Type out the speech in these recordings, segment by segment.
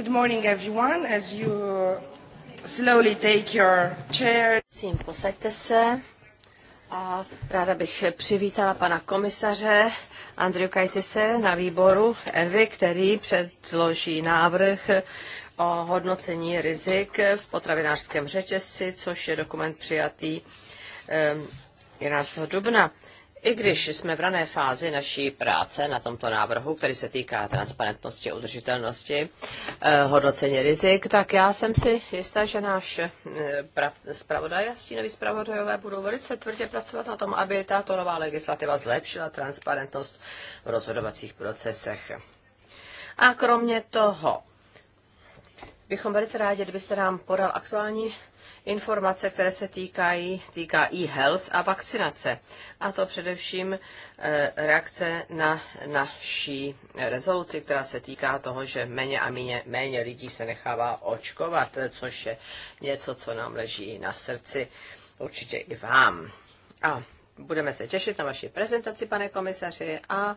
Good morning everyone, as you slowly take your chair. Prosím, posaďte se. A ráda bych přivítala pana komisaře Andriu Kajtise na výboru ENVY, který předloží návrh o hodnocení rizik v potravinářském řetězci, což je dokument přijatý 11. Ehm, dubna. I když jsme v rané fázi naší práce na tomto návrhu, který se týká transparentnosti a udržitelnosti, eh, hodnocení rizik, tak já jsem si jistá, že náš eh, zpravodaj a stínoví zpravodajové budou velice tvrdě pracovat na tom, aby tato nová legislativa zlepšila transparentnost v rozhodovacích procesech. A kromě toho bychom velice rádi, kdybyste nám podal aktuální informace, které se týkají, týká e health a vakcinace. A to především eh, reakce na naší rezoluci, která se týká toho, že méně a méně, méně lidí se nechává očkovat, což je něco, co nám leží na srdci, určitě i vám. A budeme se těšit na vaši prezentaci, pane komisaři, a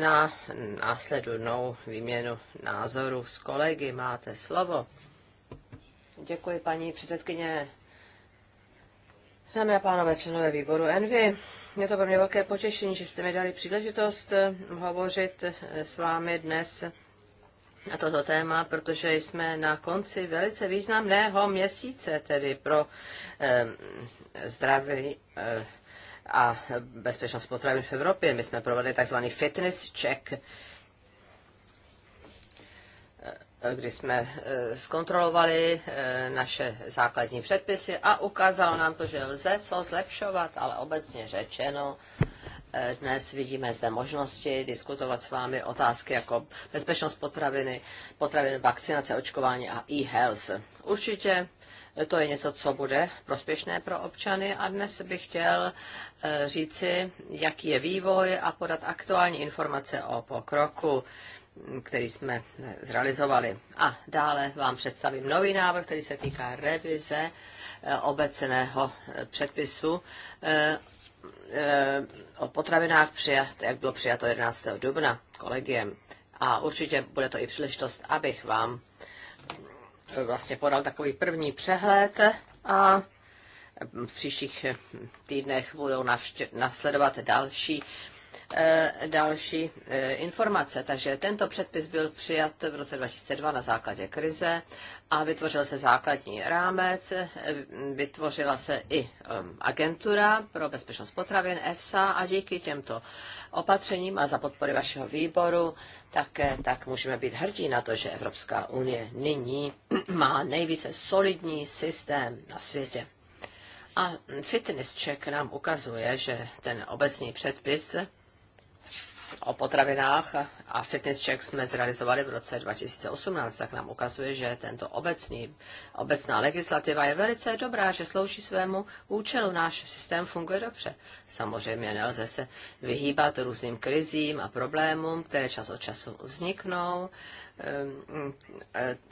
na následnou výměnu názorů s kolegy. Máte slovo. Děkuji, paní předsedkyně. Dámy a pánové, členové výboru Envy, je to pro mě velké potěšení, že jste mi dali příležitost eh, hovořit eh, s vámi dnes na toto téma, protože jsme na konci velice významného měsíce, tedy pro eh, zdraví eh, a bezpečnost potravin v Evropě. My jsme provedli tzv. fitness check, eh, kdy jsme eh, zkontrolovali eh, naše základní předpisy a ukázalo nám to, že lze co zlepšovat, ale obecně řečeno, eh, dnes vidíme zde možnosti diskutovat s vámi otázky jako bezpečnost potraviny, potraviny, vakcinace, očkování a e-health. Určitě to je něco, co bude prospěšné pro občany a dnes bych chtěl říci, jaký je vývoj a podat aktuální informace o pokroku který jsme zrealizovali. A dále vám představím nový návrh, který se týká revize eh, obecného eh, předpisu eh, o potravinách, přijat, jak bylo přijato 11. dubna kolegiem. A určitě bude to i příležitost, abych vám vlastně podal takový první přehled a v příštích týdnech budou nasledovat další Eh, další eh, informace. Takže tento předpis byl přijat v roce 2002 na základě krize a vytvořil se základní rámec, eh, vytvořila se i ehm, agentura pro bezpečnost potravin EFSA a díky těmto opatřením a za podpory vašeho výboru také tak můžeme být hrdí na to, že Evropská unie nyní má nejvíce solidní systém na světě. A fitness check nám ukazuje, že ten obecný předpis o potravinách a fitness check jsme zrealizovali v roce 2018, tak nám ukazuje, že tento obecný, obecná legislativa je velice dobrá, že slouží svému účelu. Náš systém funguje dobře. Samozřejmě nelze se vyhýbat různým krizím a problémům, které čas od času vzniknou. Ehm, ehm,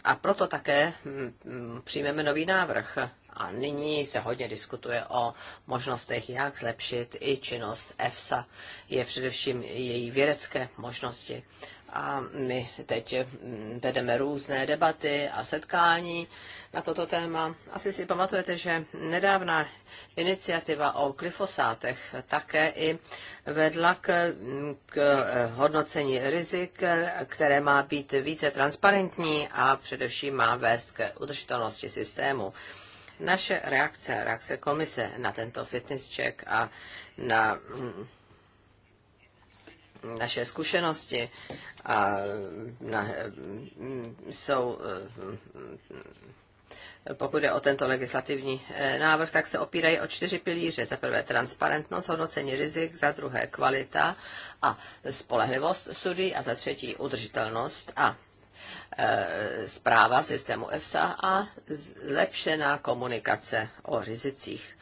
a proto také hm, hm, přijmeme nový návrh a nyní se hodně diskutuje o možnostech, jak zlepšit i činnost EFSA. Je především její vědecké možnosti. A my teď mm, vedeme různé debaty a setkání na toto téma. Asi si pamatujete, že nedávná iniciativa o glyfosátech také i vedla k, k hodnocení rizik, které má být více transparentní a především má vést k udržitelnosti systému naše reakce, reakce komise na tento fitness check a na mm, naše zkušenosti a na, mm, jsou, mm, pokud je o tento legislativní eh, návrh, tak se opírají o čtyři pilíře. Za prvé transparentnost, hodnocení rizik, za druhé kvalita a spolehlivost studií a za třetí udržitelnost a Eh, zpráva systému EFSA a zlepšená komunikace o rizicích.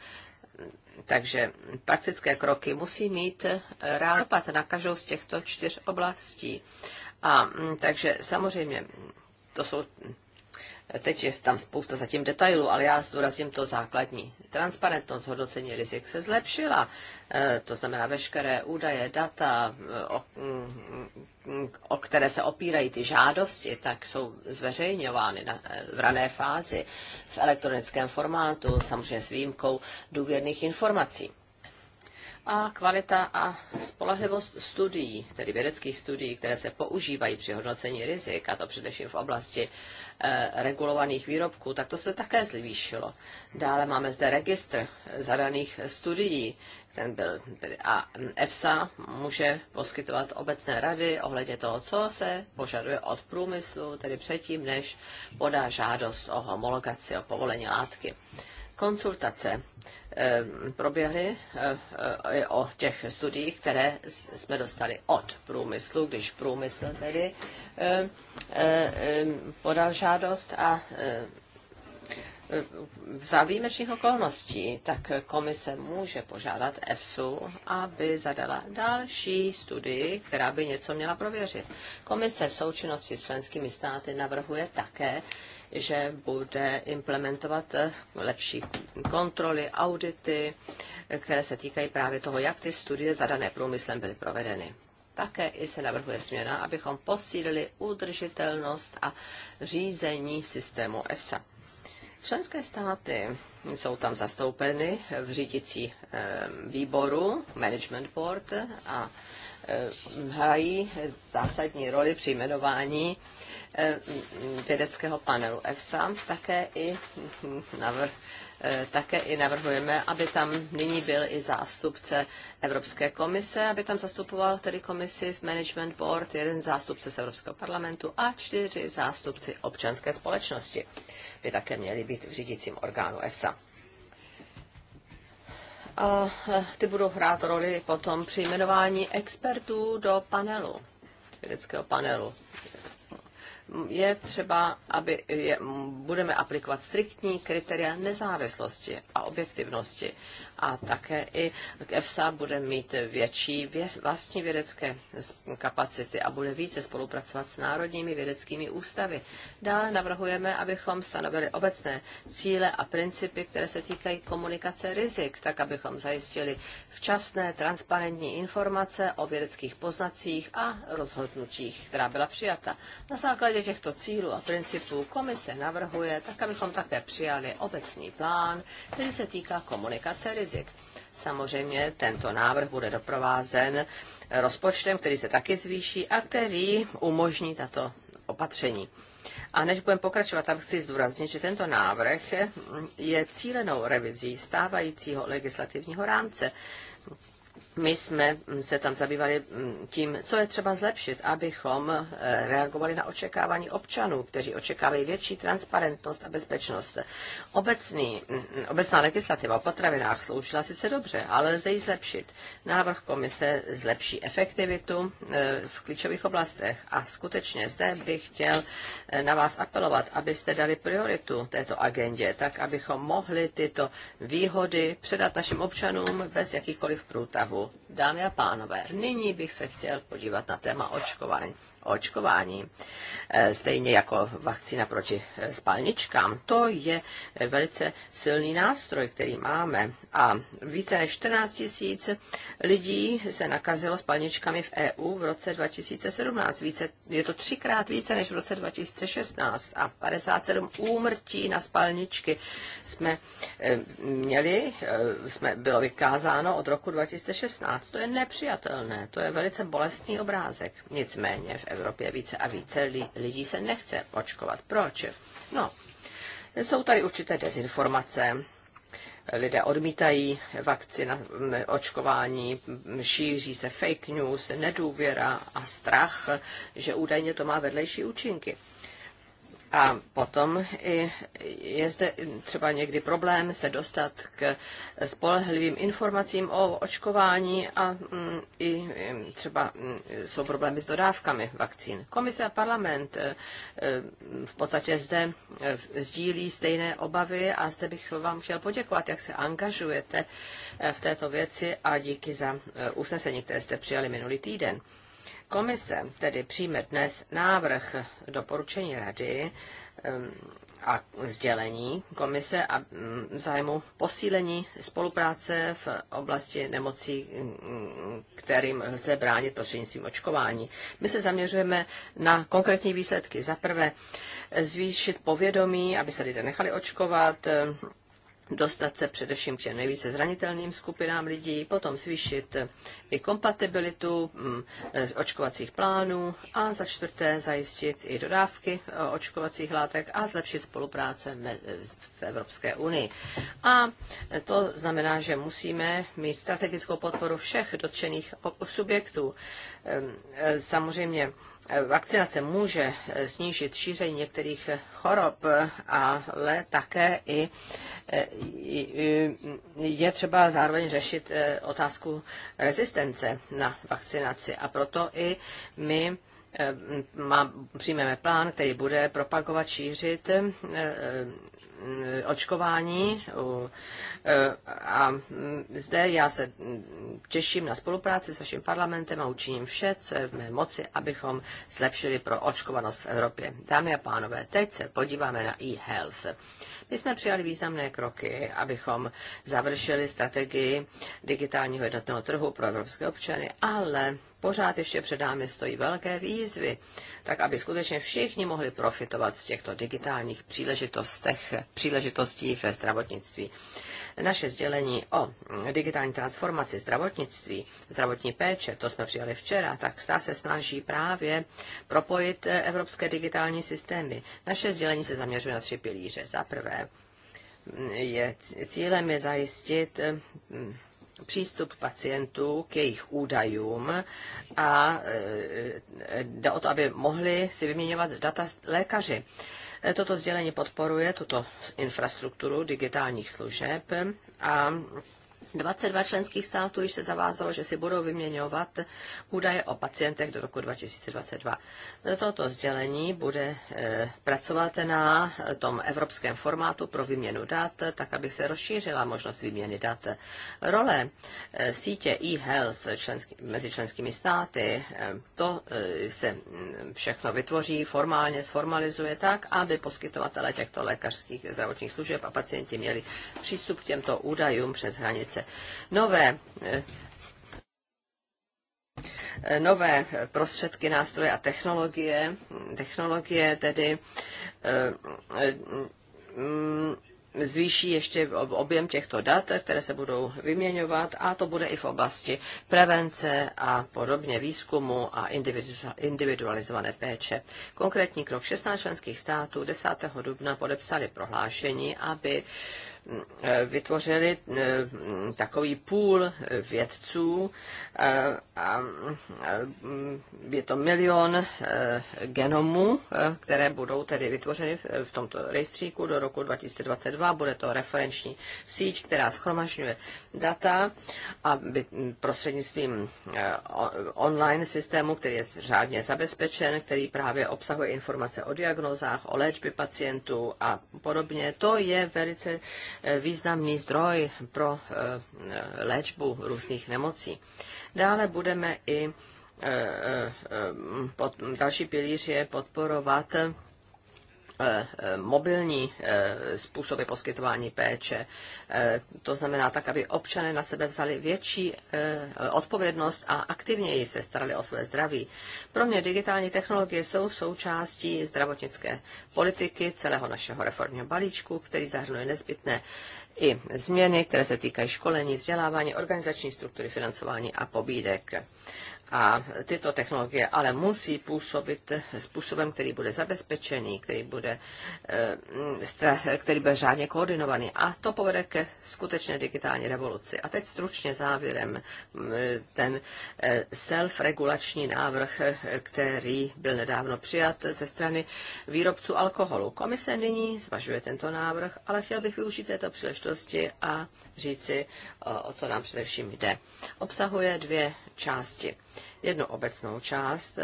Takže praktické kroky musí mít eh, rád na každou z těchto čtyř oblastí. A mm, takže samozřejmě to jsou Teď je tam spousta zatím detailů, ale já zdůrazním to základní. Transparentnost hodnocení rizik se zlepšila, e, to znamená veškeré údaje, data, e, o, mm, o které se opírají ty žádosti, tak jsou zveřejňovány na, e, v rané fázi v elektronickém formátu, samozřejmě s výjimkou důvěrných informací a kvalita a spolehlivost studií, tedy vědeckých studií, které se používají při hodnocení rizik, a to především v oblasti e, regulovaných výrobků, tak to se také zvýšilo. Dále máme zde registr zadaných studií, ten byl, tedy, a EFSA může poskytovat obecné rady ohledně toho, co se požaduje od průmyslu, tedy předtím, než podá žádost o homologaci, o povolení látky. Konsultace eh, proběhly eh, eh, o těch studiích, které jsme dostali od průmyslu, když průmysl tedy podal žádost a za výjimečných okolností, tak komise může požádat EFSU, aby zadala další studii, která by něco měla prověřit. Komise v součinnosti s členskými státy navrhuje také že bude implementovat lepší kontroly, audity, které se týkají právě toho, jak ty studie zadané průmyslem byly provedeny. Také i se navrhuje směna, abychom posílili udržitelnost a řízení systému EFSA. Členské státy jsou tam zastoupeny v řídicí výboru, management board, a hrají zásadní roli při jmenování Eh, vědeckého panelu EFSA, také i, navrh, eh, také i navrhujeme, aby tam nyní byl i zástupce Evropské komise, aby tam zastupoval tedy komisi v Management Board, jeden zástupce z Evropského parlamentu a čtyři zástupci občanské společnosti by také měli být v řídícím orgánu EFSA a eh, ty budou hrát roli potom při jmenování expertů do panelu, vědeckého panelu je třeba, aby je, budeme aplikovat striktní kritéria nezávislosti a objektivnosti a také i EFSA bude mít větší vlastní vědecké kapacity a bude více spolupracovat s národními vědeckými ústavy. Dále navrhujeme, abychom stanovili obecné cíle a principy, které se týkají komunikace rizik, tak abychom zajistili včasné, transparentní informace o vědeckých poznacích a rozhodnutích, která byla přijata. Na základě těchto cílů a principů komise navrhuje, tak abychom také přijali obecný plán, který se týká komunikace rizik rizik. Samozřejmě tento návrh bude doprovázen rozpočtem, který se taky zvýší a který umožní tato opatření. A než budeme pokračovat, tak chci zdůraznit, že tento návrh je cílenou revizí stávajícího legislativního rámce, my jsme se tam zabývali tím, co je třeba zlepšit, abychom eh, reagovali na očekávání občanů, kteří očekávají větší transparentnost a bezpečnost. Obecný, mm, obecná legislativa o potravinách sloužila sice dobře, ale lze ji zlepšit. Návrh komise zlepší efektivitu eh, v klíčových oblastech a skutečně zde bych chtěl eh, na vás apelovat, abyste dali prioritu této agendě, tak abychom mohli tyto výhody předat našim občanům bez jakýchkoliv průtahů. Dámy a pánové, nyní bych se chtěl podívat na téma očkování očkování. E, stejně jako vakcína proti e, spalničkám. To je velice silný nástroj, který máme. A více než 14 tisíc lidí se nakazilo spalničkami v EU v roce 2017. Více, je to třikrát více než v roce 2016. A 57 úmrtí na spalničky jsme e, měli, jsme, bylo vykázáno od roku 2016. To je nepřijatelné, to je velice bolestný obrázek. Nicméně v Evropě více a více lidí se nechce očkovat. Proč? No, jsou tady určité dezinformace, lidé odmítají vakcina, očkování, šíří se fake news, nedůvěra a strach, že údajně to má vedlejší účinky. A potom je zde třeba někdy problém se dostat k spolehlivým informacím o očkování a mm, i mm, třeba mm, jsou problémy s dodávkami vakcín. Komise a parlament e, e, v podstatě zde e, sdílí stejné obavy a zde bych vám chtěl poděkovat, jak se angažujete v této věci a díky za usnesení, které jste přijali minulý týden. Komise tedy přijme dnes návrh doporučení rady a sdělení komise a mm, zájmu posílení spolupráce v oblasti nemocí, mm, kterým lze bránit prostřednictvím očkování. My se zaměřujeme na konkrétní výsledky. Za prvé zvýšit povědomí, aby se lidé nechali očkovat, dostat se především k těm nejvíce zranitelným skupinám lidí, potom zvýšit i kompatibilitu mm, eh, očkovacích plánů a za čtvrté zajistit i dodávky eh, očkovacích látek a zlepšit spolupráce eh, v Evropské unii. A to znamená, že musíme mít strategickou podporu všech dotčených subjektů. Ehm, samozřejmě vakcinace může snížit šíření některých chorob, ale také i je třeba zároveň řešit e, otázku rezistence na vakcinaci. A proto i my e, přijmeme plán, který bude propagovat, šířit e, Eh, očkování eh, a mm, zde já se mm, těším na spolupráci s vaším parlamentem a učiním vše, co je v mé moci, abychom zlepšili pro očkovanost v Evropě. Dámy a pánové, teď se podíváme na e-health. My jsme přijali významné kroky, abychom završili strategii digitálního jednotného trhu pro evropské občany, ale pořád ještě před námi stojí velké výzvy, tak aby skutečně všichni mohli profitovat z těchto digitálních příležitostech, příležitostí ve zdravotnictví. Naše sdělení o digitální transformaci zdravotnictví, zdravotní péče, to jsme přijali včera, tak stá se snaží právě propojit eh, evropské digitální systémy. Naše sdělení se zaměřuje na tři pilíře. Za prvé, mm, je, cílem je zajistit eh, mm, přístup pacientů k jejich údajům a e, jde o to, aby mohli si vyměňovat data lékaři. E, toto sdělení podporuje tuto infrastrukturu digitálních služeb a 22 členských států již se zavázalo, že si budou vyměňovat údaje o pacientech do roku 2022. Toto sdělení bude eh, pracovat na tom evropském formátu pro výměnu dat, tak aby se rozšířila možnost výměny dat. Role eh, sítě e-health členský, mezi členskými státy, eh, to se mm, všechno vytvoří formálně, sformalizuje tak, aby poskytovatele těchto lékařských zdravotních služeb a pacienti měli přístup k těmto údajům přes hranice práce. Nové eh, nové prostředky, nástroje a technologie, technologie tedy eh, mm, zvýší ještě objem těchto dat, které se budou vyměňovat a to bude i v oblasti prevence a podobně výzkumu a individualizované péče. Konkrétní krok 16 členských států 10. dubna podepsali prohlášení, aby vytvořili eh, takový půl eh, vědců eh, a mm, je to milion eh, genomů, eh, které budou tedy vytvořeny v tomto rejstříku do roku 2022. Bude to referenční síť, která schromažňuje data a mm, prostřednictvím eh, online systému, který je řádně zabezpečen, který právě obsahuje informace o diagnozách, o léčbě pacientů a podobně. To je velice významný zdroj pro léčbu různých nemocí. Dále bude budeme i eh, eh, pod, další pilíř je podporovat eh, mobilní způsoby poskytování péče. To znamená tak, aby občané na sebe vzali větší odpovědnost a aktivněji se starali o své zdraví. Pro mě digitální technologie jsou součástí zdravotnické politiky celého našeho reformního balíčku, který zahrnuje nezbytné i změny, které se týkají školení, vzdělávání, organizační struktury, financování a pobídek. A tyto technologie ale musí působit způsobem, který bude zabezpečený, který bude, eh, který bude řádně koordinovaný. A to povede ke skutečné digitální revoluci. A teď stručně závěrem mm, ten eh, self-regulační návrh, eh, který byl nedávno přijat ze strany výrobců alkoholu. Komise nyní zvažuje tento návrh, ale chtěl bych využít této příležitosti a říci, o co nám především jde. Obsahuje dvě části jednu obecnou část,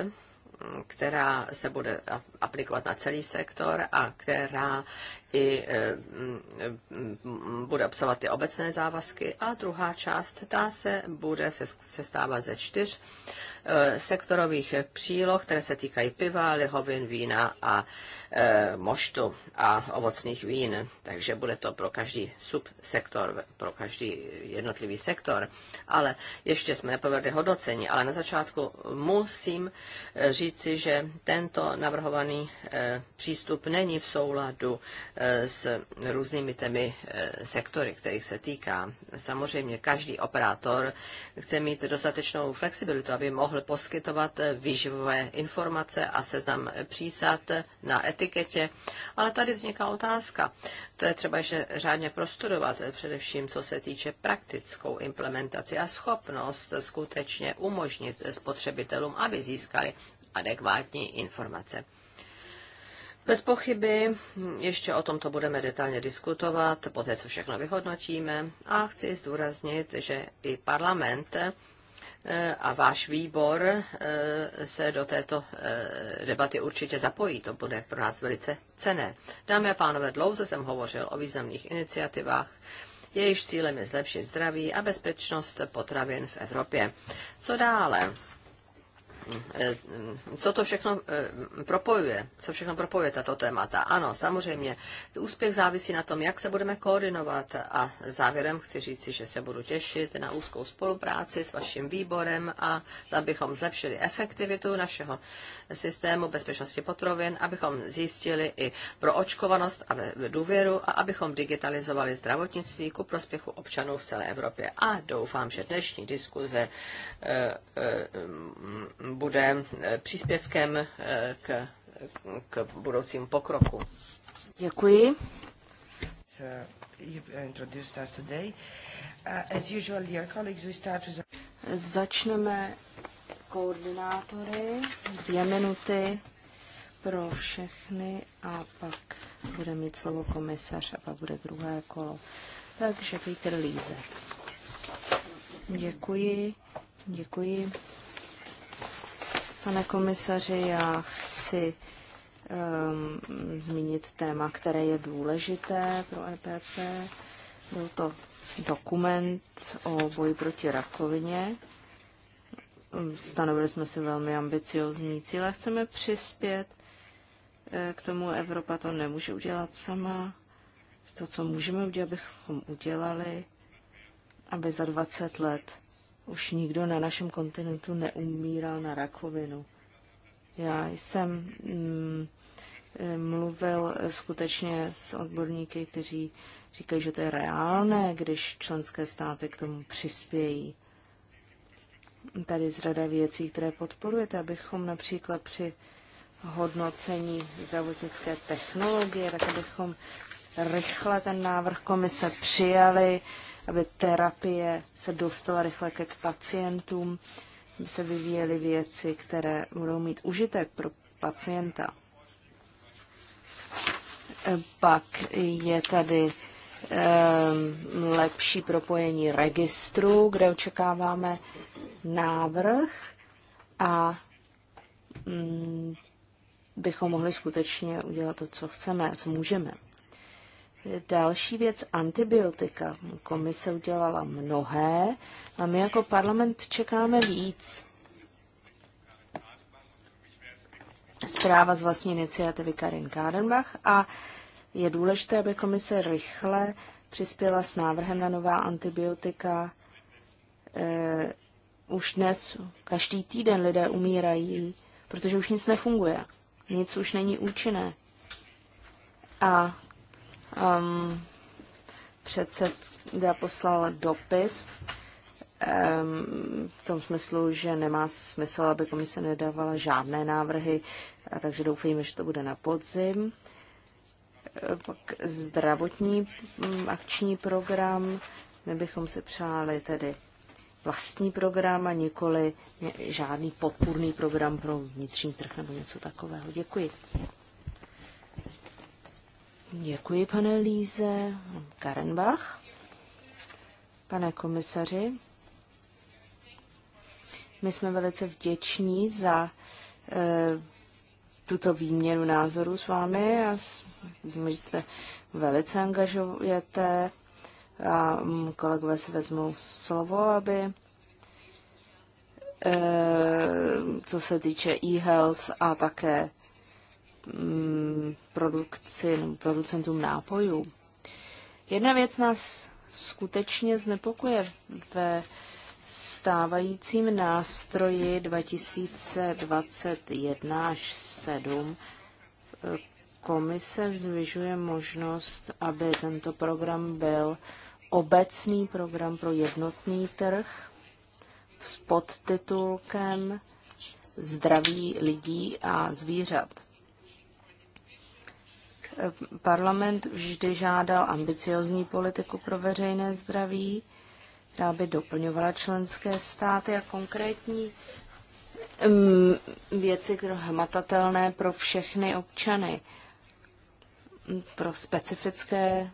která se bude aplikovat na celý sektor a která i eh, bude obsahovat ty obecné závazky a druhá část, ta se bude sestávat ze čtyř eh, sektorových příloh, které se týkají piva, lihovin, vína a eh, moštu a ovocných vín. Takže bude to pro každý subsektor, pro každý jednotlivý sektor. Ale ještě jsme nepovedli hodnocení, ale na začátku musím říci, že tento navrhovaný přístup není v souladu Eh, s různými těmi eh, sektory, kterých se týká. Samozřejmě každý operátor chce mít dostatečnou flexibilitu, aby mohl poskytovat eh, výživové informace a seznam přísad na etiketě. Ale tady vzniká otázka. To je třeba ještě řádně prostudovat, především co se týče praktickou implementaci a schopnost skutečně umožnit spotřebitelům, aby získali adekvátní informace. Bez pochyby ještě o tomto budeme detailně diskutovat, poté co všechno vyhodnotíme. A chci zdůraznit, že i parlament eh, a váš výbor eh, se do této eh, debaty určitě zapojí. To bude pro nás velice cené. Dámy a pánové, dlouze jsem hovořil o významných iniciativách, jejichž cílem je zlepšit zdraví a bezpečnost potravin v Evropě. Co dále? Eh, co to všechno eh, propojuje, co všechno propojuje tato témata. Ano, samozřejmě, úspěch závisí na tom, jak se budeme koordinovat a závěrem chci říci, že se budu těšit na úzkou spolupráci s vaším výborem a abychom zlepšili efektivitu našeho systému bezpečnosti potravin, abychom zjistili i pro očkovanost a důvěru a abychom digitalizovali zdravotnictví ku prospěchu občanů v celé Evropě. A doufám, že dnešní diskuze eh, bude eh, příspěvkem eh, k, k budoucím pokroku. Děkuji. Uh, Začneme koordinátory, dvě minuty pro všechny a pak bude mít slovo komisař a pak bude druhé kolo. Takže Peter Líze. Děkuji, děkuji. Pane komisaři, já chci um, zmínit téma, které je důležité pro EPP. Byl to dokument o boji proti rakovině. Stanovili jsme si velmi ambiciozní cíle. Chceme přispět e, k tomu. Evropa to nemůže udělat sama. To, co můžeme udělat, bychom udělali, aby za 20 let už nikdo na našem kontinentu neumíral na rakovinu. Já jsem mm, eh, mluvil eh, skutečně s odborníky, kteří říkají, že to je reálné, když členské státy k tomu přispějí. Tady zrada věcí, které podporujete, abychom například při hodnocení zdravotnické technologie, tak abychom rychle ten návrh komise přijali, aby terapie se dostala rychle ke pacientům, aby se vyvíjely věci, které budou mít užitek pro pacienta. Pak je tady ehm, lepší propojení registru, kde očekáváme návrh a mm, bychom mohli skutečně udělat to, co chceme, co můžeme. Další věc, antibiotika. Komise udělala mnohé a my jako parlament čekáme víc. Zpráva z vlastní iniciativy Karin Kádenbach a je důležité, aby komise rychle přispěla s návrhem na nová antibiotika. Eh, už dnes každý týden lidé umírají, protože už nic nefunguje. Nic už není účinné. A Um, předseda poslal dopis um, v tom smyslu, že nemá smysl, aby komise nedávala žádné návrhy, a takže doufejme, že to bude na podzim. E, pak zdravotní mm, akční program. My bychom si přáli tedy vlastní program a nikoli žádný podpůrný program pro vnitřní trh nebo něco takového. Děkuji. Děkuji, pane Líze. Karenbach. Pane komisaři, my jsme velice vděční za e, tuto výměnu názorů s vámi a víme, že jste velice angažujete a kolegové si vezmou slovo, aby e, co se týče e-health a také Mm, produkci, producentům nápojů. Jedna věc nás skutečně znepokuje ve stávajícím nástroji 2021 až 7 komise zvyžuje možnost, aby tento program byl obecný program pro jednotný trh s podtitulkem Zdraví lidí a zvířat. Parlament vždy žádal ambiciozní politiku pro veřejné zdraví, která by doplňovala členské státy a konkrétní mm, věci hmatatelné pro všechny občany, pro specifické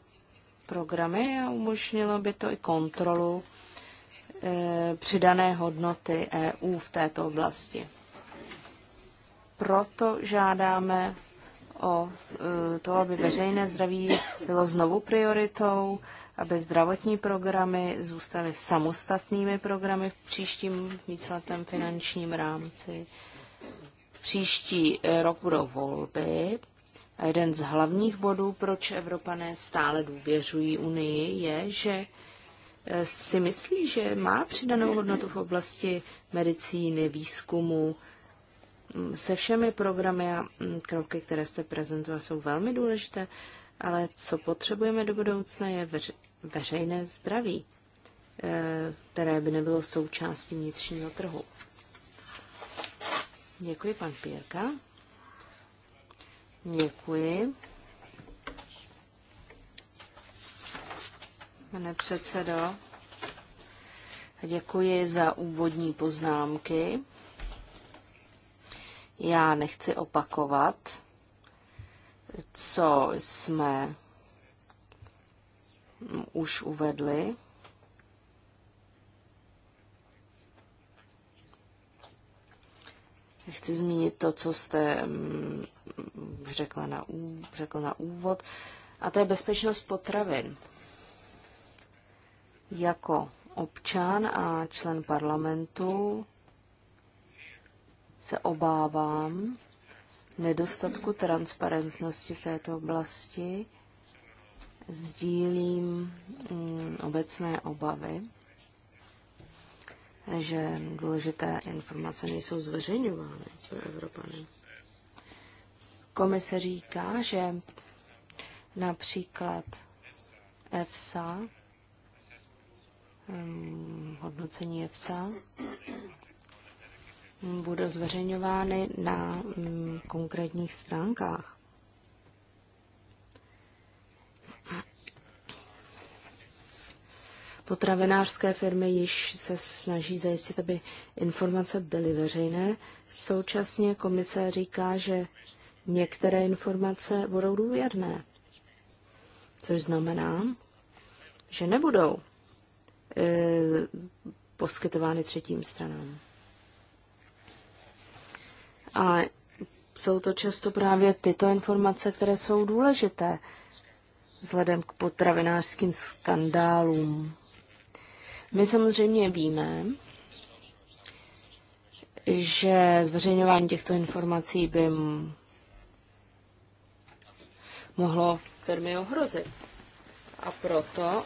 programy a umožnilo by to i kontrolu eh, přidané hodnoty EU v této oblasti. Proto žádáme o e, to, aby veřejné zdraví bylo znovu prioritou, aby zdravotní programy zůstaly samostatnými programy v příštím víceletém finančním rámci. Příští e, rok budou volby a jeden z hlavních bodů, proč Evropané stále důvěřují Unii, je, že e, si myslí, že má přidanou hodnotu v oblasti medicíny, výzkumu, se všemi programy a mm, kroky, které jste prezentoval, jsou velmi důležité, ale co potřebujeme do budoucna je veřejné zdraví, e, které by nebylo součástí vnitřního trhu. Děkuji, pan Pírka. Děkuji. Pane předsedo, děkuji za úvodní poznámky. Já nechci opakovat, co jsme už uvedli. Chci zmínit to, co jste mm, řekla na, řekl na úvod, a to je bezpečnost potravin. Jako občan a člen parlamentu se obávám nedostatku transparentnosti v této oblasti. Sdílím mm, obecné obavy, že důležité informace nejsou zveřejňovány pro Evropany. Komise říká, že například EFSA, mm, hodnocení EFSA, budou zveřejňovány na mm, konkrétních stránkách. Potravinářské firmy již se snaží zajistit, aby informace byly veřejné. Současně komise říká, že některé informace budou důvěrné, což znamená, že nebudou e, poskytovány třetím stranám. A jsou to často právě tyto informace, které jsou důležité vzhledem k potravinářským skandálům. My samozřejmě víme, že zveřejňování těchto informací by mohlo firmy ohrozit. A proto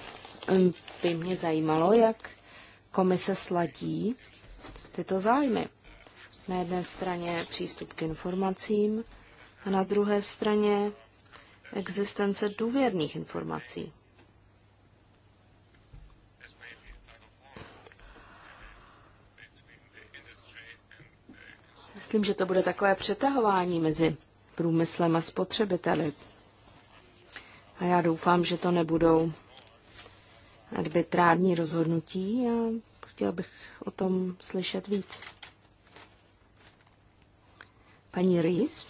by mě zajímalo, jak komise sladí tyto zájmy. Na jedné straně přístup k informacím a na druhé straně existence důvěrných informací. Myslím, že to bude takové přetahování mezi průmyslem a spotřebiteli. A já doufám, že to nebudou arbitrární rozhodnutí a chtěl bych o tom slyšet víc. Paní Rýs.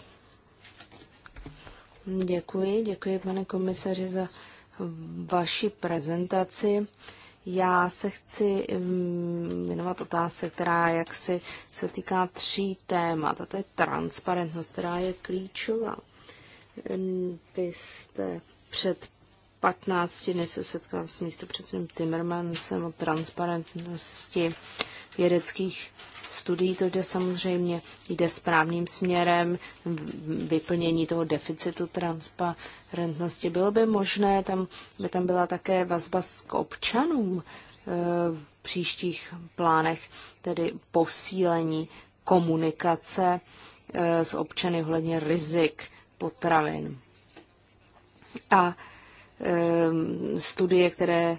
Děkuji, děkuji pane komisaři za vaši prezentaci. Já se chci mm, věnovat otázce, která jaksi se týká tří témat. A to je transparentnost, která je klíčová. Vy jste před 15 dny se setkal s místopředsedem Timmermansem o transparentnosti vědeckých studií to jde samozřejmě, jde správným směrem, vyplnění toho deficitu transparentnosti. Bylo by možné, tam, by tam byla také vazba k občanům eh, v příštích plánech, tedy posílení komunikace eh, s občany ohledně rizik potravin. A eh, studie, které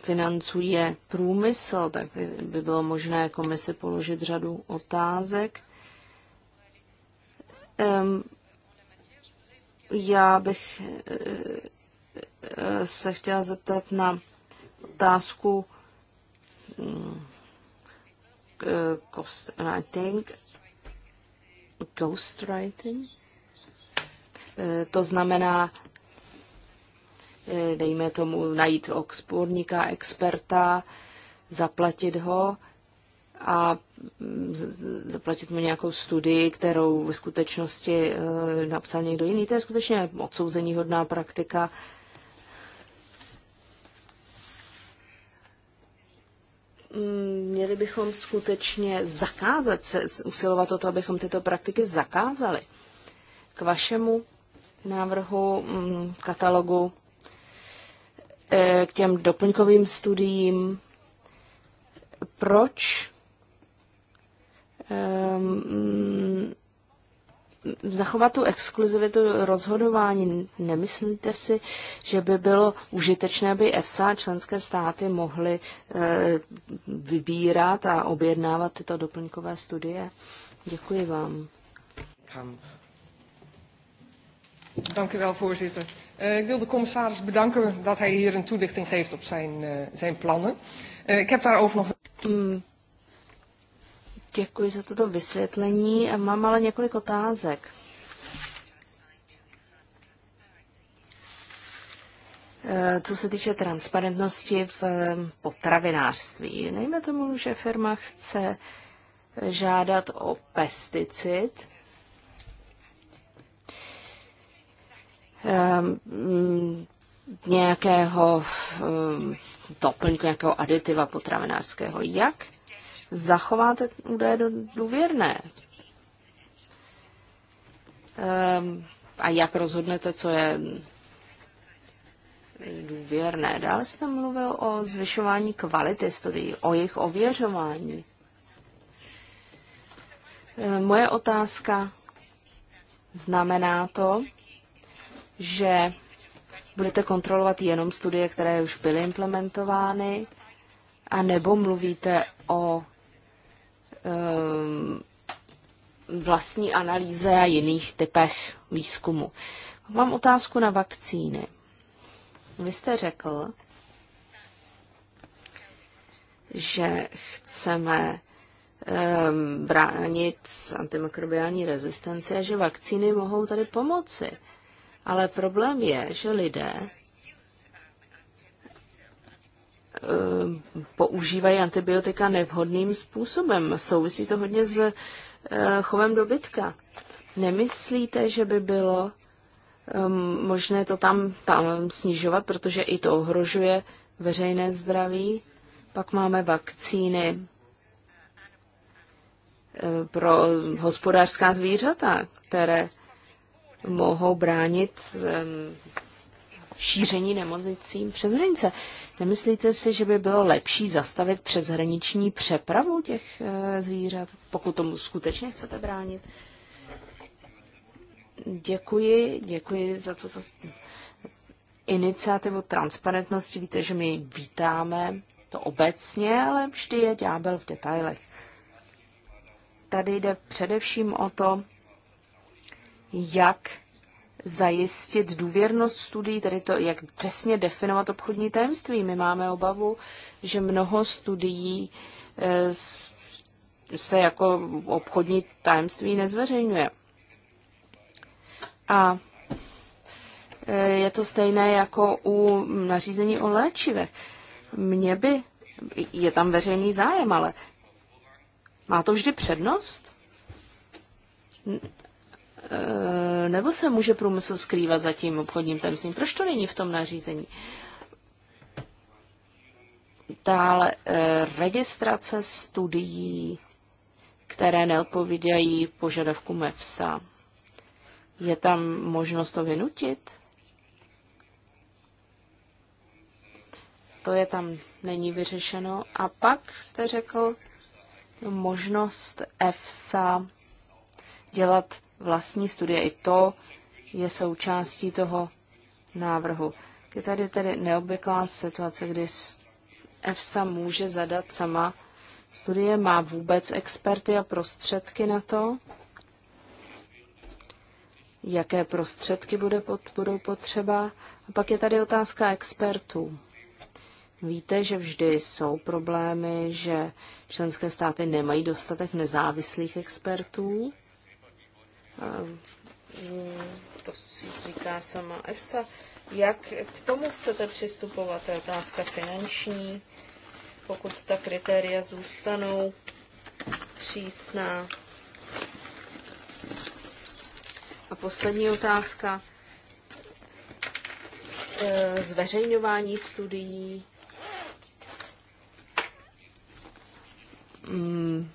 financuje průmysl, tak by bylo možné komisi položit řadu otázek. Já bych eh, se chtěla zeptat na otázku ghostwriting. Hm, writing, ghostwriting. Eh, to znamená dejme tomu najít odborníka, experta, zaplatit ho a zaplatit mu nějakou studii, kterou ve skutečnosti eh, napsal někdo jiný. To je skutečně odsouzení hodná praktika. Mm, měli bychom skutečně zakázat se, usilovat o to, abychom tyto praktiky zakázali. K vašemu návrhu mm, katalogu Eh, k těm doplňkovým studiím. Proč um, zachovat tu exkluzivitu rozhodování. Nemyslíte si, že by bylo užitečné, aby FSA a členské státy mohly uh, vybírat a objednávat tyto doplňkové studie? Děkuji vám. Kam. Dank u wel, voorzitter. Uh, ik wil de commissaris bedanken dat hij hier een toelichting geeft op zijn, uh, zijn plannen. Uh, ik heb daarover nog... Mm. Děkuji za toto vysvětlení. Mám ale několik otázek. Co se týče transparentnosti v potravinářství, nejme tomu, že firma chce žádat o pesticid, Ehm, mm, nějakého ehm, doplňku, nějakého aditiva potravinářského. Jak zachováte údaje důvěrné? Ehm, a jak rozhodnete, co je důvěrné? Dále jste mluvil o zvyšování kvality studií, o jejich ověřování. Moje otázka, znamená to, že budete kontrolovat jenom studie, které už byly implementovány, a nebo mluvíte o um, vlastní analýze a jiných typech výzkumu. Mám otázku na vakcíny. Vy jste řekl, že chceme um, bránit antimikrobiální rezistenci a že vakcíny mohou tady pomoci. Ale problém je, že lidé eh, používají antibiotika nevhodným způsobem. Souvisí to hodně s eh, chovem dobytka. Nemyslíte, že by bylo ehm, možné to tam, tam snižovat, protože i to ohrožuje veřejné zdraví? Pak máme vakcíny eh, pro hospodářská zvířata, které mohou bránit šíření nemocnicím přes hranice. Nemyslíte si, že by bylo lepší zastavit přeshraniční přepravu těch eh, zvířat, pokud tomu skutečně chcete bránit? Děkuji, děkuji za tuto iniciativu transparentnosti. Víte, že my vítáme to obecně, ale vždy je ďábel v detailech. Tady jde především o to, jak zajistit důvěrnost studií, tedy to, jak přesně definovat obchodní tajemství. My máme obavu, že mnoho studií eh, se jako obchodní tajemství nezveřejňuje. A eh, je to stejné jako u nařízení o léčivech. Mně by, je tam veřejný zájem, ale má to vždy přednost? Eh, nebo se může průmysl skrývat za tím obchodním tajemstvím? Proč to není v tom nařízení? Dále eh, registrace studií, které neodpovídají požadavku MEFSA. Je tam možnost to vynutit? To je tam, není vyřešeno. A pak jste řekl možnost EFSA dělat vlastní studie. I to je součástí toho návrhu. Je tady tedy neobvyklá situace, kdy EFSA může zadat sama studie, má vůbec experty a prostředky na to, jaké prostředky bude pod, budou potřeba. A pak je tady otázka expertů. Víte, že vždy jsou problémy, že členské státy nemají dostatek nezávislých expertů. Ehm, to říká sama EFSA. Jak k tomu chcete přistupovat? To je otázka finanční. Pokud ta kritéria zůstanou přísná. A poslední otázka. Ehm, zveřejňování studií. Hmm.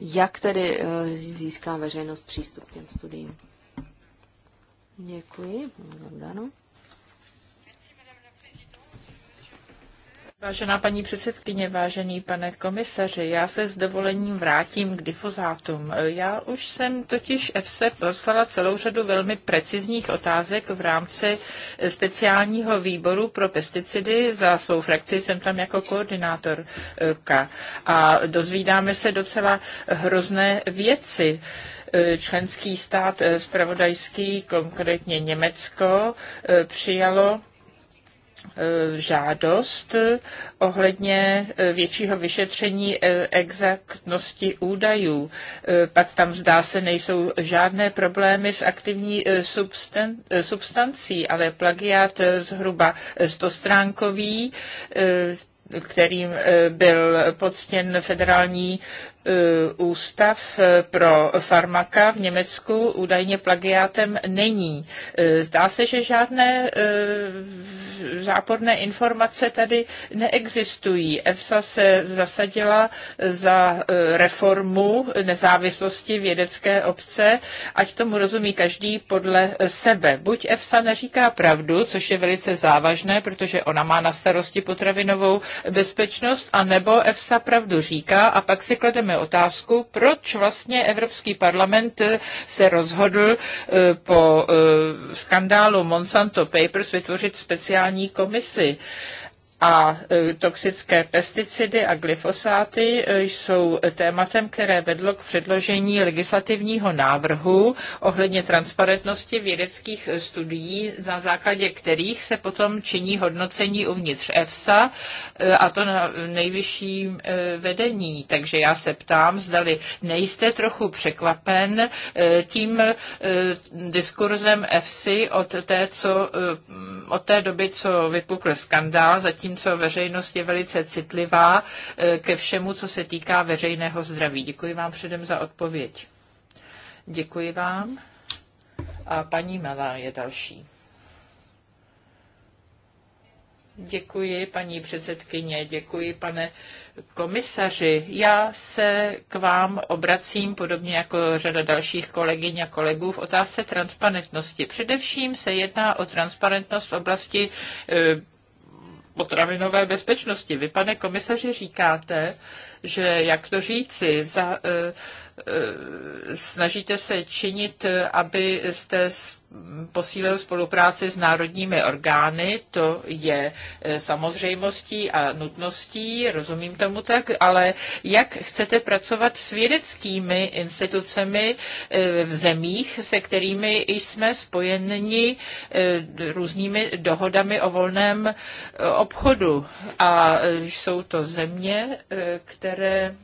Jak tedy eh, získá veřejnost přístup k těm studiím? Děkuji, Dano. Vážená paní předsedkyně, vážený pane komisaři, já se s dovolením vrátím k difozátům. Já už jsem totiž EFSE poslala celou řadu velmi precizních otázek v rámci speciálního výboru pro pesticidy. Za svou frakci jsem tam jako koordinátorka a dozvídáme se docela hrozné věci členský stát spravodajský, eh, konkrétně Německo, eh, přijalo Eh, žádost eh, ohledně eh, většího vyšetření exaktnosti údajů. Pak tam zdá se nejsou žádné problémy s aktivní substan- substancí, ale plagiat zhruba stostránkový, kterým byl poctěn federální Eh, ústav eh, pro farmaka v Německu údajně plagiátem není. Eh, zdá se, že žádné záporné informace tady neexistují. EFSA se zasadila za reformu nezávislosti vědecké obce, ať tomu rozumí každý podle sebe. Buď EFSA neříká pravdu, což je velice závažné, protože ona má na starosti potravinovou bezpečnost, anebo EFSA pravdu říká a pak si klademe otázku, proč vlastně Evropský parlament se rozhodl eh, po eh, skandálu Monsanto Papers vytvořit speciální komisi a e, toxické pesticidy a glyfosáty e, jsou tématem, které vedlo k předložení legislativního návrhu ohledně transparentnosti vědeckých studií, na základě kterých se potom činí hodnocení uvnitř EFSA e, a to na nejvyšším vedení. Takže já se ptám, zdali nejste trochu překvapen tím diskurzem EFSI od té, co, od té doby, co vypukl skandál, zatím zatímco veřejnost je velice citlivá e, ke všemu, co se týká veřejného zdraví. Děkuji vám předem za odpověď. Děkuji vám. A paní Malá je další. Děkuji, paní předsedkyně, děkuji, pane komisaři. Já se k vám obracím, podobně jako řada dalších kolegyň a kolegů, v otázce transparentnosti. Především se jedná o transparentnost v oblasti e, potravinové bezpečnosti. Vy, pane komisaři, říkáte, že, jak to říci, za, eh, Eh, snažíte se činit, abyste posílil spolupráci s národními orgány, to je eh, samozřejmostí a nutností, rozumím tomu tak, ale jak chcete pracovat s vědeckými institucemi eh, v zemích, se kterými jsme spojeni různými dohodami o volném obchodu. A jsou to země, které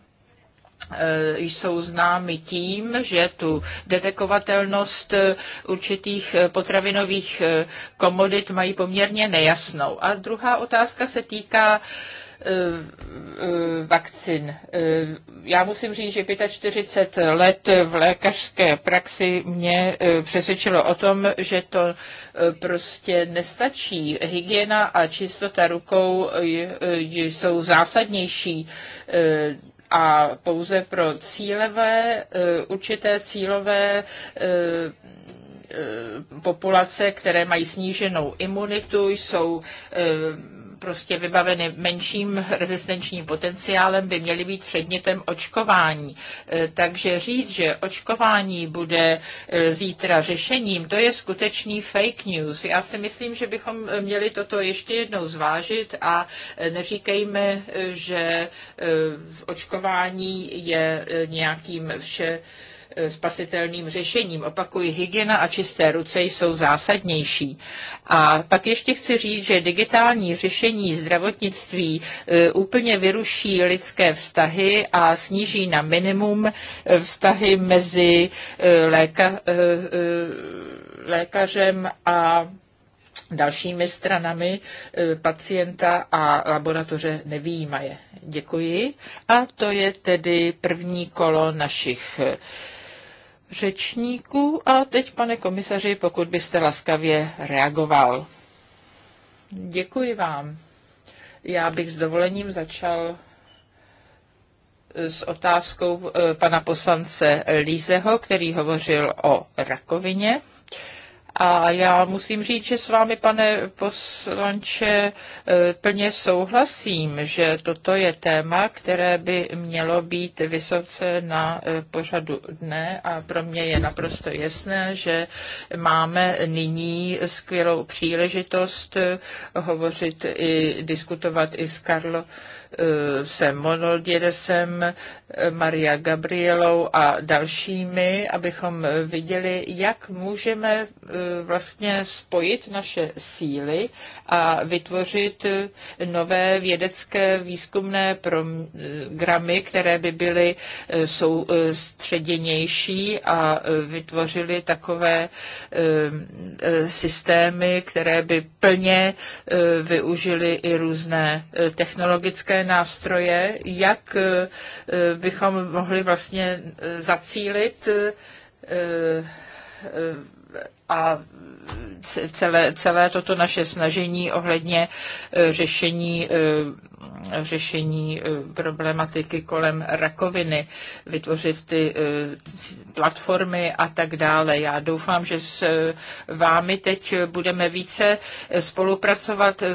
Eh, jsou známy tím, že tu detekovatelnost eh, určitých eh, potravinových komodit mají poměrně nejasnou. A druhá otázka se týká vakcin. Já musím říct, že 45 let v lékařské praxi mě přesvědčilo o tom, že to prostě nestačí. Hygiena a čistota rukou jsou zásadnější a pouze pro cílové, eh, určité cílové eh, eh, populace, které mají sníženou imunitu, jsou prostě vybaveny menším rezistenčním potenciálem, by měly být předmětem očkování. E, takže říct, že očkování bude e, zítra řešením, to je skutečný fake news. Já si myslím, že bychom měli toto ještě jednou zvážit a e, neříkejme, že očkování je nějakým vše E, spasitelným řešením. Opakuji, hygiena a čisté ruce jsou zásadnější. A pak ještě chci říct, že digitální řešení zdravotnictví e, úplně vyruší lidské vztahy a sníží na minimum e, vztahy mezi léka, lékařem a dalšími stranami pacienta a laboratoře nevýjímaje. Děkuji. A to je tedy první kolo našich řečníků. A teď, pane komisaři, pokud byste laskavě reagoval. Děkuji vám. Já bych s dovolením začal s otázkou eh, pana poslance Lízeho, který hovořil o rakovině. A já musím říct, že s vámi, pane poslanče, e, plně souhlasím, že toto je téma, které by mělo být vysoce na e, pořadu dne a pro mě je naprosto jasné, že máme nyní skvělou příležitost e, hovořit i diskutovat i s Karlo se Monoldjedesem, Maria Gabrielou a dalšími, abychom viděli, jak můžeme Eh, vlastně spojit naše síly a vytvořit eh, nové vědecké výzkumné programy, které by byly eh, soustředěnější a vytvořily takové systémy, které by plně využily i různé technologické nástroje, jak bychom mohli vlastně zacílit a celé, celé toto naše snažení ohledně e, řešení, e, řešení e, problematiky kolem rakoviny, vytvořit ty platformy a tak dále. Já doufám, že s eh, vámi teď budeme více eh, spolupracovat, eh,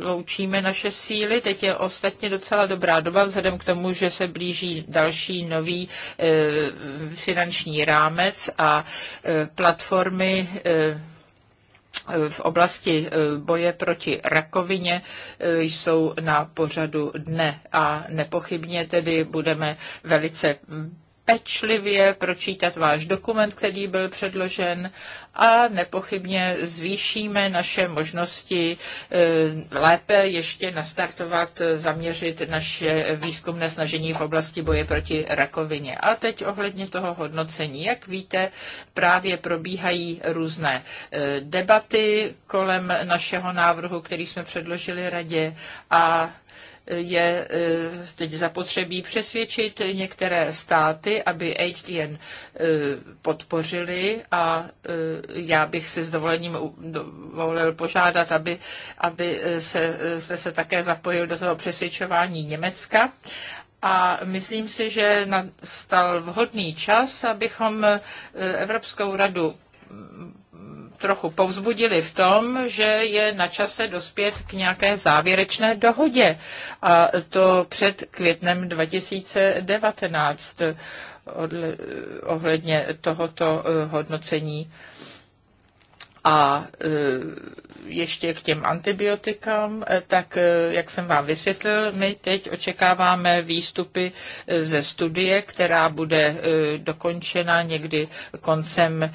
sloučíme naše síly. Teď je ostatně docela dobrá doba, vzhledem k tomu, že se blíží další nový finanční rámec a platformy v oblasti boje proti rakovině jsou na pořadu dne a nepochybně tedy budeme velice pečlivě pročítat váš dokument, který byl předložen a nepochybně zvýšíme naše možnosti eh, lépe ještě nastartovat, eh, zaměřit naše výzkumné snažení v oblasti boje proti rakovině. A teď ohledně toho hodnocení. Jak víte, právě probíhají různé eh, debaty kolem našeho návrhu, který jsme předložili radě a je e, teď zapotřebí přesvědčit některé státy, aby HDN e, podpořili a e, já bych si s dovolením dovolil požádat, aby, aby se, se, se také zapojil do toho přesvědčování Německa. A myslím si, že nastal vhodný čas, abychom Evropskou radu trochu povzbudili v tom, že je na čase dospět k nějaké závěrečné dohodě. A to před květnem 2019 ohledně tohoto eh, hodnocení. A eh, ještě k těm antibiotikám, eh, tak jak jsem vám vysvětlil, my teď očekáváme výstupy ze studie, která bude dokončena někdy koncem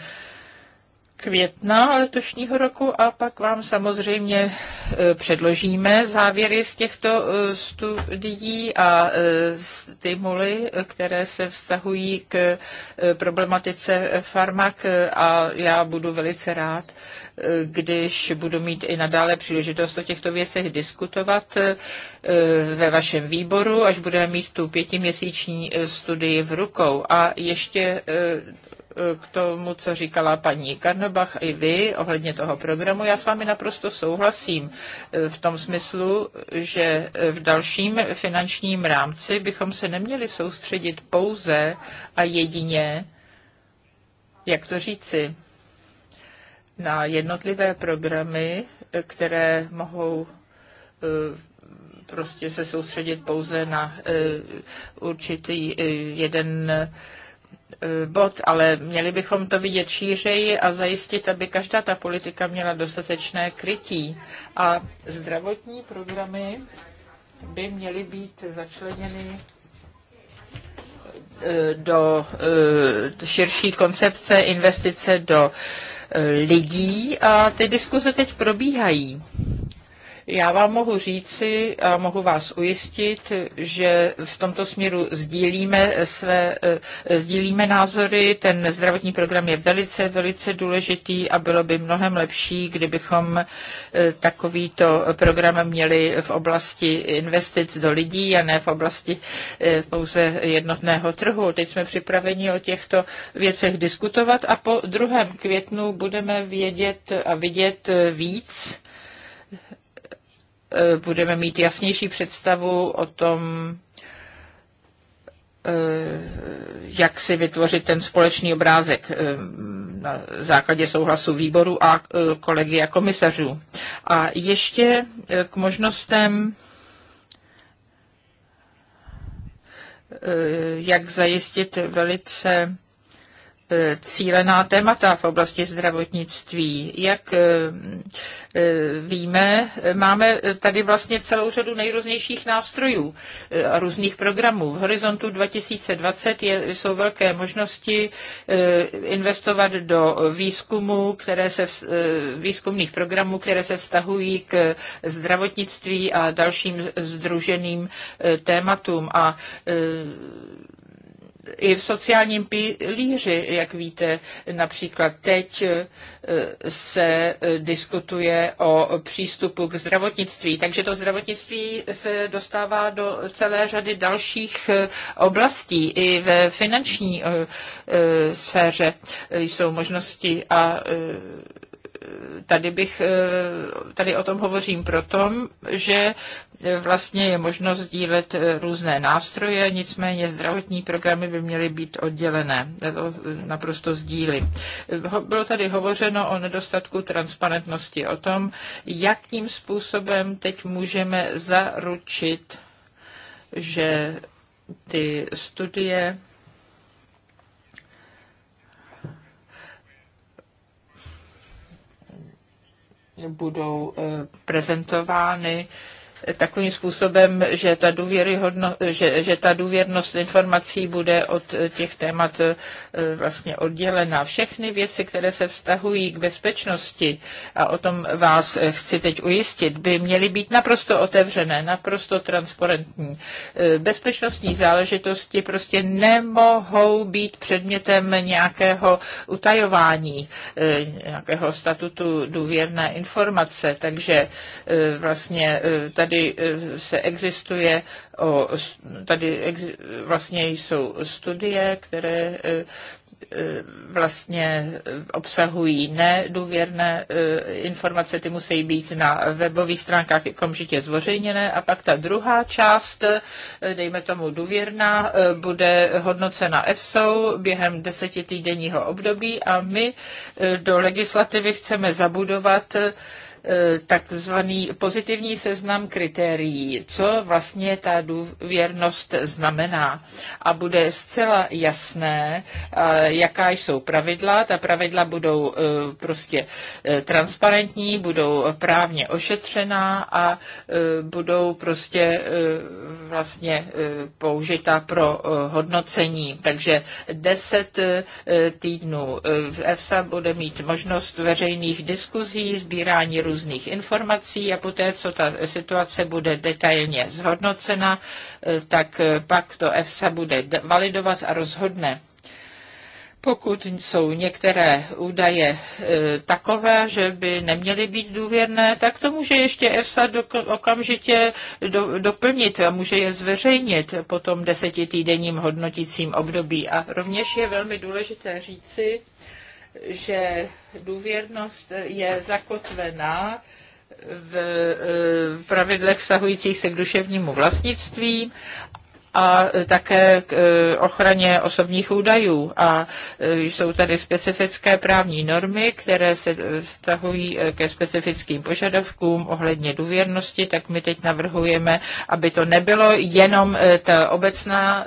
května letošního roku a pak vám samozřejmě e, předložíme závěry z těchto e, studií a e, stimuly, které se vztahují k problematice farmak a já budu velice rád, když budu mít i nadále příležitost o těchto věcech diskutovat ve vašem výboru, až budeme mít tu pětiměsíční studii v rukou. A ještě k tomu, co říkala paní Karnobach i vy ohledně toho programu. Já s vámi naprosto souhlasím e, v tom smyslu, že e, v dalším finančním rámci bychom se neměli soustředit pouze a jedině, jak to říci, na jednotlivé programy, e, které mohou prostě se soustředit pouze na určitý jeden E, bod, ale měli bychom to vidět šířeji a zajistit, aby každá ta politika měla dostatečné krytí. A zdravotní programy by měly být začleněny e, do e, širší koncepce investice do lidí a ty diskuze teď probíhají. Já vám mohu říci a mohu vás ujistit, že v tomto směru sdílíme, své, eh, sdílíme názory. Ten zdravotní program je velice, velice důležitý a bylo by mnohem lepší, kdybychom eh, takovýto program měli v oblasti investic do lidí a ne v oblasti eh, pouze jednotného trhu. Teď jsme připraveni o těchto věcech diskutovat a po 2. květnu budeme vědět a vidět víc Eh, budeme mít jasnější představu o tom, eh, jak si vytvořit ten společný obrázek eh, na základě souhlasu výboru a kolegy a komisařů. A ještě k možnostem, jak zajistit velice E, cílená témata v oblasti zdravotnictví. Jak e, e, víme, máme tady vlastně celou řadu nejrůznějších nástrojů a různých programů. V horizontu 2020 je, jsou velké možnosti investovat do výzkumu, které se, výzkumných programů, které se vztahují k zdravotnictví a dalším združeným tématům. A i v sociálním pilíři, jak víte, například teď eh, se eh, diskutuje o přístupu k zdravotnictví, takže to zdravotnictví se dostává do celé řady dalších eh, oblastí. I ve finanční sféře jsou možnosti a tady bych, eh, tady o tom hovořím proto, že vlastně je možno sdílet eh, různé nástroje, nicméně zdravotní programy by měly být oddělené. Já to eh, naprosto sdílím. Bylo tady hovořeno o nedostatku transparentnosti, o tom, jakým způsobem teď můžeme zaručit, že ty studie budou eh, prezentovány takovým způsobem, že ta, důvěryhodno, že, že ta důvěrnost informací bude od eh, těch témat eh, vlastně oddělená. Všechny věci, které se vztahují k bezpečnosti, a o tom vás eh, chci teď ujistit, by měly být naprosto otevřené, naprosto transparentní. Bezpečnostní záležitosti prostě nemohou být předmětem nějakého utajování, nějakého statutu důvěrné informace, takže vlastně tady tady eh, se existuje, o, tady ex, vlastně jsou studie, které eh, eh, vlastně obsahují nedůvěrné informace, ty musí být na webových stránkách okamžitě zvořejněné a pak ta druhá část, dejme tomu důvěrná, bude hodnocena EFSO během desetitýdenního období a my do legislativy chceme zabudovat E, takzvaný pozitivní seznam kritérií, co vlastně ta důvěrnost znamená. A bude zcela jasné, e, jaká jsou pravidla. Ta pravidla budou e, prostě transparentní, budou právně ošetřená a budou prostě vlastně použita pro hodnocení. Takže deset týdnů v EFSA bude mít možnost veřejných diskuzí, sbírání různých různých informací a poté, co ta situace bude detailně zhodnocena, eh, tak eh, pak to EFSA bude validovat a rozhodne pokud jsou některé údaje eh, takové, že by neměly být důvěrné, tak to může ještě EFSA do, okamžitě do, doplnit a může je zveřejnit po tom desetitýdenním hodnotícím období. A rovněž je velmi důležité říci, že důvěrnost je zakotvená v eh, pravidlech vztahujících se k duševnímu vlastnictví a také k e, ochraně osobních údajů. A e, jsou tady specifické právní normy, které se vztahují e, ke specifickým požadavkům ohledně důvěrnosti, tak my teď navrhujeme, aby to nebylo jenom ta obecná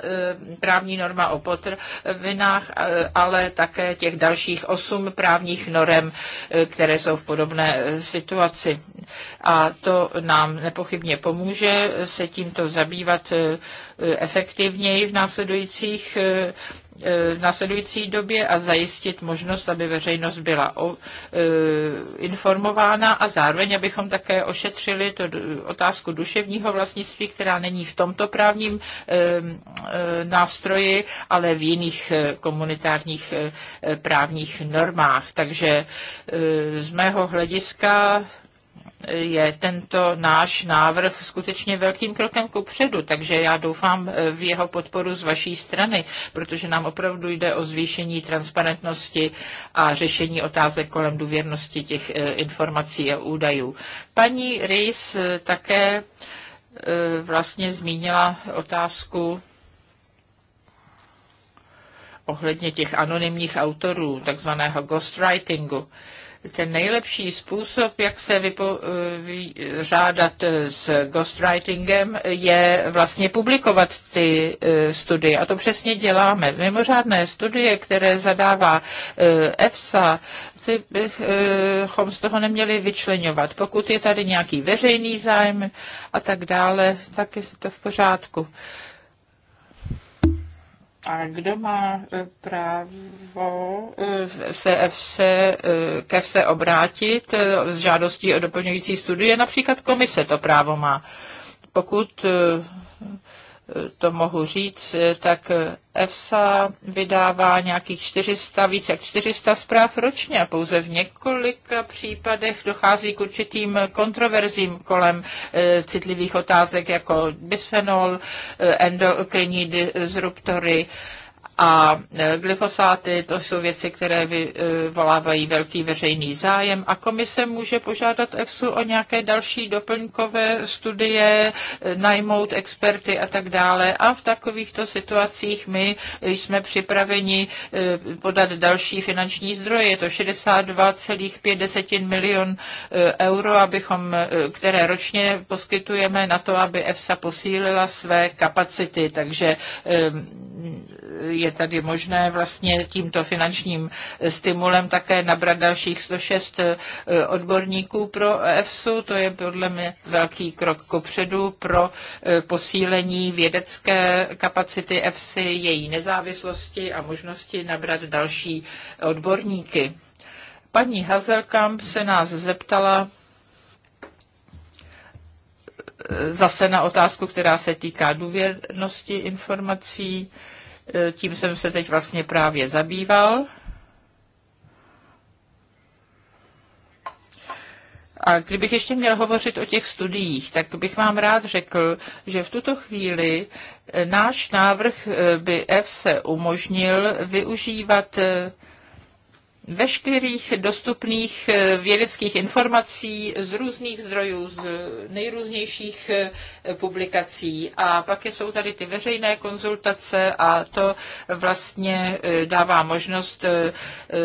právní norma o potravinách, ale také těch dalších osm právních norem, které jsou v podobné situaci. A to nám nepochybně pomůže se tímto zabývat efektivněji v následujících eh, eh, v následující době a zajistit možnost, aby veřejnost byla o, e, informována a zároveň, abychom také ošetřili to otázku duševního vlastnictví, která není v tomto právním e, e, nástroji, ale v jiných komunitárních e, právních normách. Takže e, z mého hlediska je tento náš návrh skutečně velkým krokem ku předu, takže já doufám eh, v jeho podporu z vaší strany, protože nám opravdu jde o zvýšení transparentnosti a řešení otázek kolem důvěrnosti těch eh, informací a údajů. Paní Rys eh, také vlastně zmínila otázku ohledně těch anonymních autorů, takzvaného ghostwritingu ten nejlepší způsob, jak se vyřádat eh, eh, s ghostwritingem, je vlastně publikovat ty eh, studie. A to přesně děláme. Mimořádné studie, které zadává EFSA, ty bychom z toho neměli vyčlenovat. Pokud je tady nějaký veřejný zájem a tak dále, tak je to v pořádku. A kdo má e, právo e, se se, e, ke se obrátit s žádostí o doplňující studie? Například komise to právo má. Pokud to mohu říct, tak EFSA vydává nějakých 400, více jak 400 zpráv ročně a pouze v několika případech dochází k určitým kontroverzím kolem eh, citlivých otázek jako bisfenol, eh, endokrinní disruptory, a e, glyfosáty, to jsou věci, které vyvolávají velký veřejný zájem a komise může požádat EFSU o nějaké další doplňkové studie, e, najmout experty a tak dále a v takovýchto situacích my jsme připraveni e, podat další finanční zdroje, je to 62,5 milion euro, abychom, které ročně poskytujeme na to, aby EFSA posílila své kapacity, takže je tady možné vlastně tímto finančním stimulem také nabrat dalších 106 eh, odborníků pro EFSU. To je podle mě velký krok kopředu pro eh, posílení vědecké kapacity EFSI, její nezávislosti a možnosti nabrat další odborníky. Paní Hazelkamp se nás zeptala, eh, zase na otázku, která se týká důvěrnosti informací. Eh, tím jsem se teď vlastně právě zabýval. A kdybych ještě měl hovořit o těch studiích, tak bych vám rád řekl, že v tuto chvíli eh, náš návrh eh, by EFSE umožnil využívat veškerých dostupných eh, vědeckých informací z různých zdrojů, z nejrůznějších eh, publikací. A pak jsou tady ty veřejné konzultace a to vlastně eh, dává možnost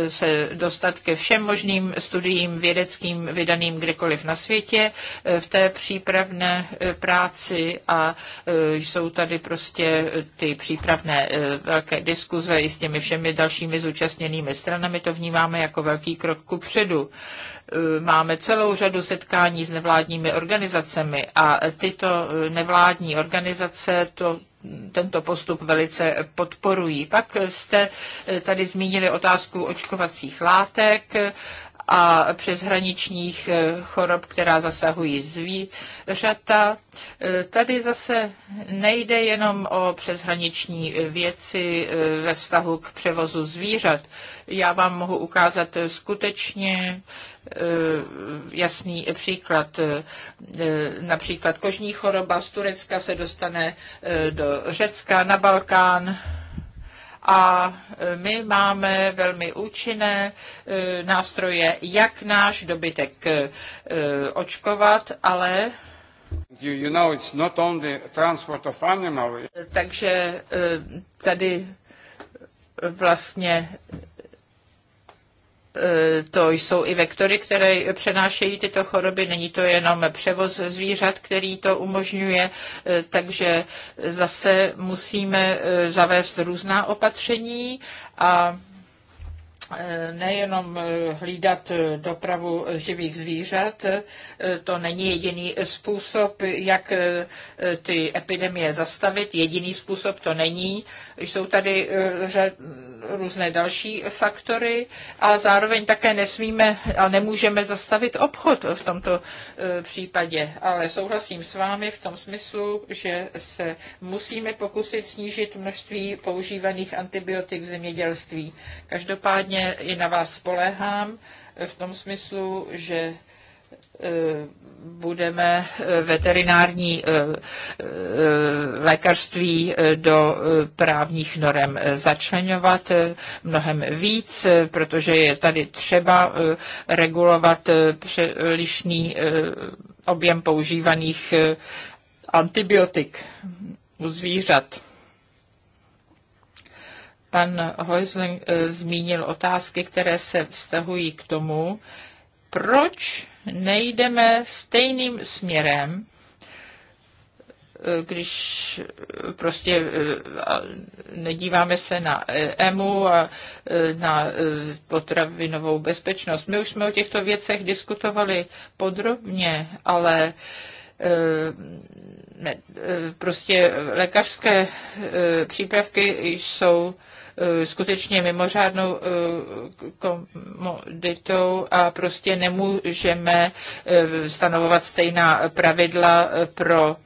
se dostat ke všem možným studiím vědeckým vydaným kdekoliv na světě v té přípravné práci a jsou tady prostě ty přípravné velké diskuze i s těmi všemi dalšími zúčastněnými stranami. To vní vnímáme jako velký krok ku předu. Eh, máme celou řadu setkání s nevládními organizacemi a tyto eh, nevládní organizace to tento postup velice podporují. Pak jste eh, tady zmínili otázku očkovacích látek a přeshraničních chorob, která zasahují zvířata. Tady zase nejde jenom o přeshraniční věci ve vztahu k převozu zvířat. Já vám mohu ukázat skutečně eh, jasný příklad. Eh, například kožní choroba z Turecka se dostane eh, do Řecka, na Balkán. A my máme velmi účinné nástroje, jak náš dobytek očkovat, ale You know, it's not only transport of animal. Takže tady vlastně E, to jsou i vektory, které přenášejí tyto choroby. Není to jenom převoz zvířat, který to umožňuje, e, takže zase musíme e, zavést různá opatření a nejenom hlídat dopravu živých zvířat, to není jediný způsob, jak ty epidemie zastavit, jediný způsob to není, jsou tady eh, řad, různé další faktory a zároveň také nesmíme a nemůžeme zastavit obchod v tomto eh, případě. Ale souhlasím s vámi v tom smyslu, že se musíme pokusit snížit množství používaných antibiotik v zemědělství. Každopádně i na vás spolehám eh, v tom smyslu, že E, budeme e, veterinární e, lékařství do právních norem začlenovat mnohem víc, protože je tady třeba regulovat přelišný objem používaných antibiotik u zvířat. Pan Heusling zmínil otázky, které se vztahují k tomu, proč nejdeme stejným směrem, eh, když eh, prostě eh, nedíváme se na EMU a na potravinovou bezpečnost. My už jsme o těchto věcech diskutovali podrobně, ale prostě lékařské přípravky jsou Eh, skutečně mimořádnou eh, komoditou a prostě nemůžeme eh, stanovovat stejná pravidla pro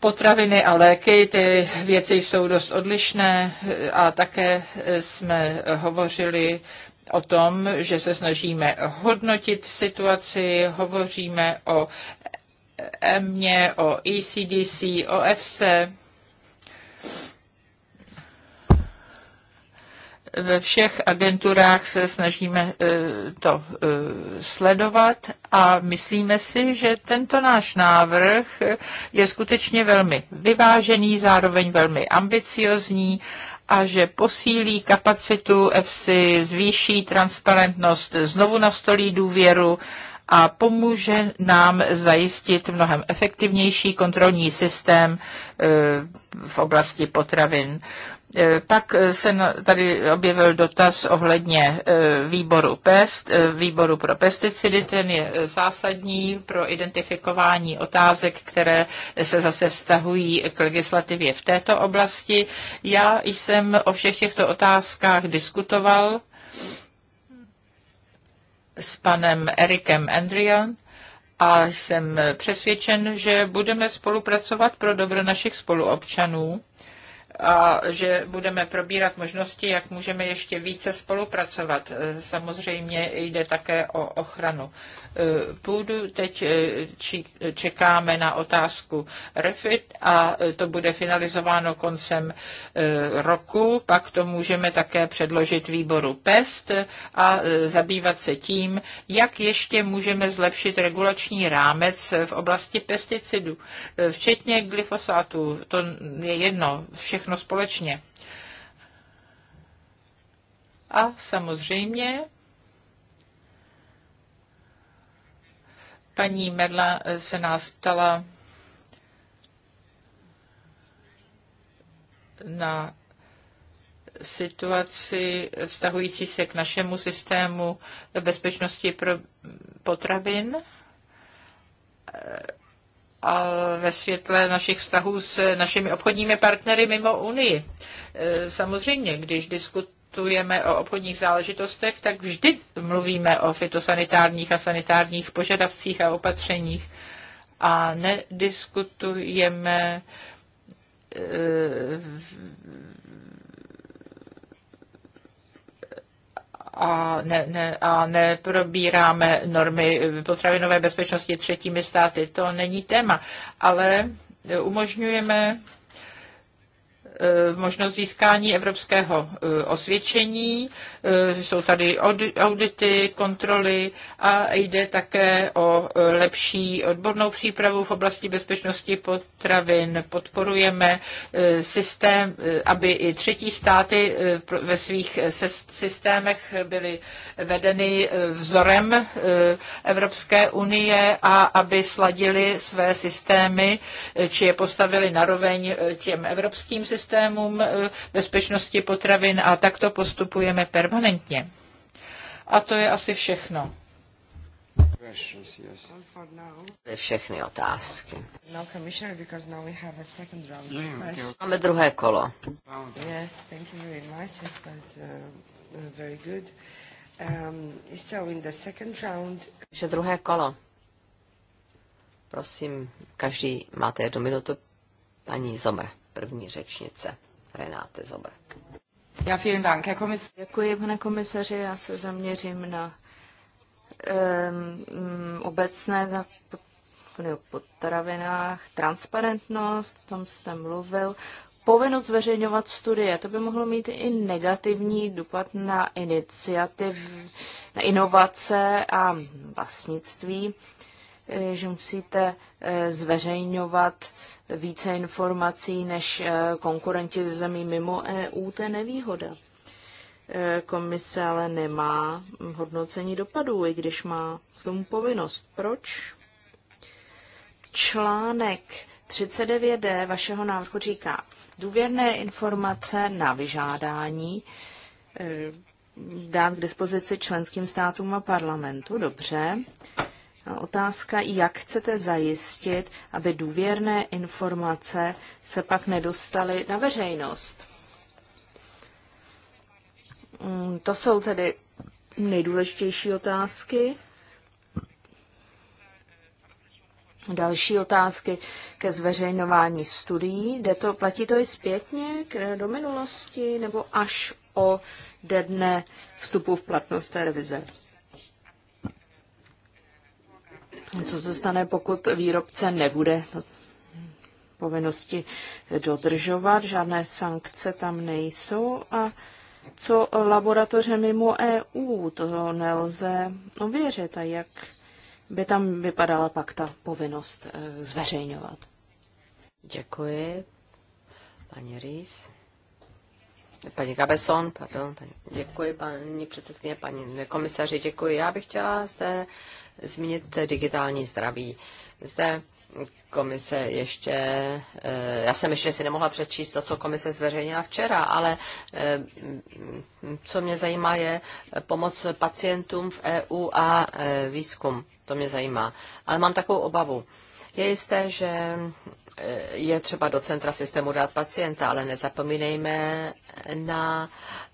potraviny a léky, ty věci jsou dost odlišné a také jsme hovořili o tom, že se snažíme hodnotit situaci, hovoříme o EMě, e, o ECDC, o EFSE Ve všech agenturách se snažíme eh, to eh, sledovat a myslíme si, že tento náš návrh je skutečně velmi vyvážený, zároveň velmi ambiciozní a že posílí kapacitu EFSI, zvýší transparentnost, znovu nastolí důvěru a pomůže nám zajistit mnohem efektivnější kontrolní systém eh, v oblasti potravin. Pak eh, eh, se tady objevil dotaz ohledně eh, výboru, pest, výboru pro pesticidy. Ten je zásadní pro identifikování otázek, které se zase vztahují k legislativě v této oblasti. Já jsem o všech těchto otázkách diskutoval s panem Erikem Andrion a jsem přesvědčen, že budeme spolupracovat pro dobro našich spoluobčanů a že budeme probírat možnosti, jak můžeme ještě více spolupracovat. E, samozřejmě jde také o ochranu e, půdu. Teď e, čekáme na otázku refit a to bude finalizováno koncem roku. Pak to můžeme také předložit výboru PEST a zabývat se tím, jak ještě můžeme zlepšit regulační rámec v oblasti pesticidů, včetně glyfosátu. To je jedno, všechno všechno společně. A samozřejmě paní Medla se nás ptala na situaci vztahující se k našemu systému bezpečnosti pro potravin a ve světle našich vztahů s našimi obchodními partnery mimo Unii. E, samozřejmě, když diskutujeme o obchodních záležitostech, tak vždy mluvíme o fitosanitárních a sanitárních požadavcích a opatřeních a nediskutujeme e, a, ne, ne, a neprobíráme normy potravinové bezpečnosti třetími státy. To není téma, ale umožňujeme Eh, možnost získání evropského eh, osvědčení. Eh, jsou tady audity, kontroly a jde také o lepší odbornou přípravu v oblasti bezpečnosti potravin. Podporujeme systém, aby i třetí státy ve svých systémech byly vedeny vzorem Evropské unie a aby sladili své systémy, či je postavili naroveň těm evropským systémům systémům eh, bezpečnosti potravin a takto postupujeme permanentně. A to je asi všechno. Všechny otázky. No, Máme druhé kolo. Uh, uh, um, Že druhé kolo. Prosím, každý máte jednu minutu. Paní Zomr první řečnice Renáte Zobr. Já vielen Dank, Herr Komis- Děkuji, pane komisaři, já se zaměřím na um, obecné zákony o potravinách, transparentnost, o tom jste mluvil, povinnost zveřejňovat studie. To by mohlo mít i negativní dopad na iniciativ, na inovace a vlastnictví. Eh, že musíte eh, zveřejňovat více informací než eh, konkurenti ze zemí mimo EU, to je nevýhoda. Komise ale nemá hodnocení dopadů, i když má k tomu povinnost. Proč? Článek 39d vašeho návrhu říká, důvěrné informace na vyžádání dát k dispozici členským státům a parlamentu, dobře, Otázka, jak chcete zajistit, aby důvěrné informace se pak nedostaly na veřejnost. Mm, to jsou tedy nejdůležitější otázky. Další otázky ke zveřejňování studií. Jde to, platí to i zpětně k, eh, do minulosti nebo až o de dne vstupu v platnost té revize? Co se stane, pokud výrobce nebude povinnosti dodržovat, žádné sankce tam nejsou a co laboratoře mimo EU, to nelze ověřit a jak by tam vypadala pak ta povinnost eh, zveřejňovat. Děkuji. Paní Rýs. Paní Gabeson, pardon, paní, děkuji, paní předsedkyně, paní komisaři, děkuji. Já bych chtěla zde zmínit digitální zdraví. Zde komise ještě, eh, já jsem ještě si nemohla přečíst to, co komise zveřejnila včera, ale eh, co mě zajímá je pomoc pacientům v EU a eh, výzkum. To mě zajímá. Ale mám takovou obavu. Je jisté, že eh, je třeba do centra systému dát pacienta, ale nezapomínejme na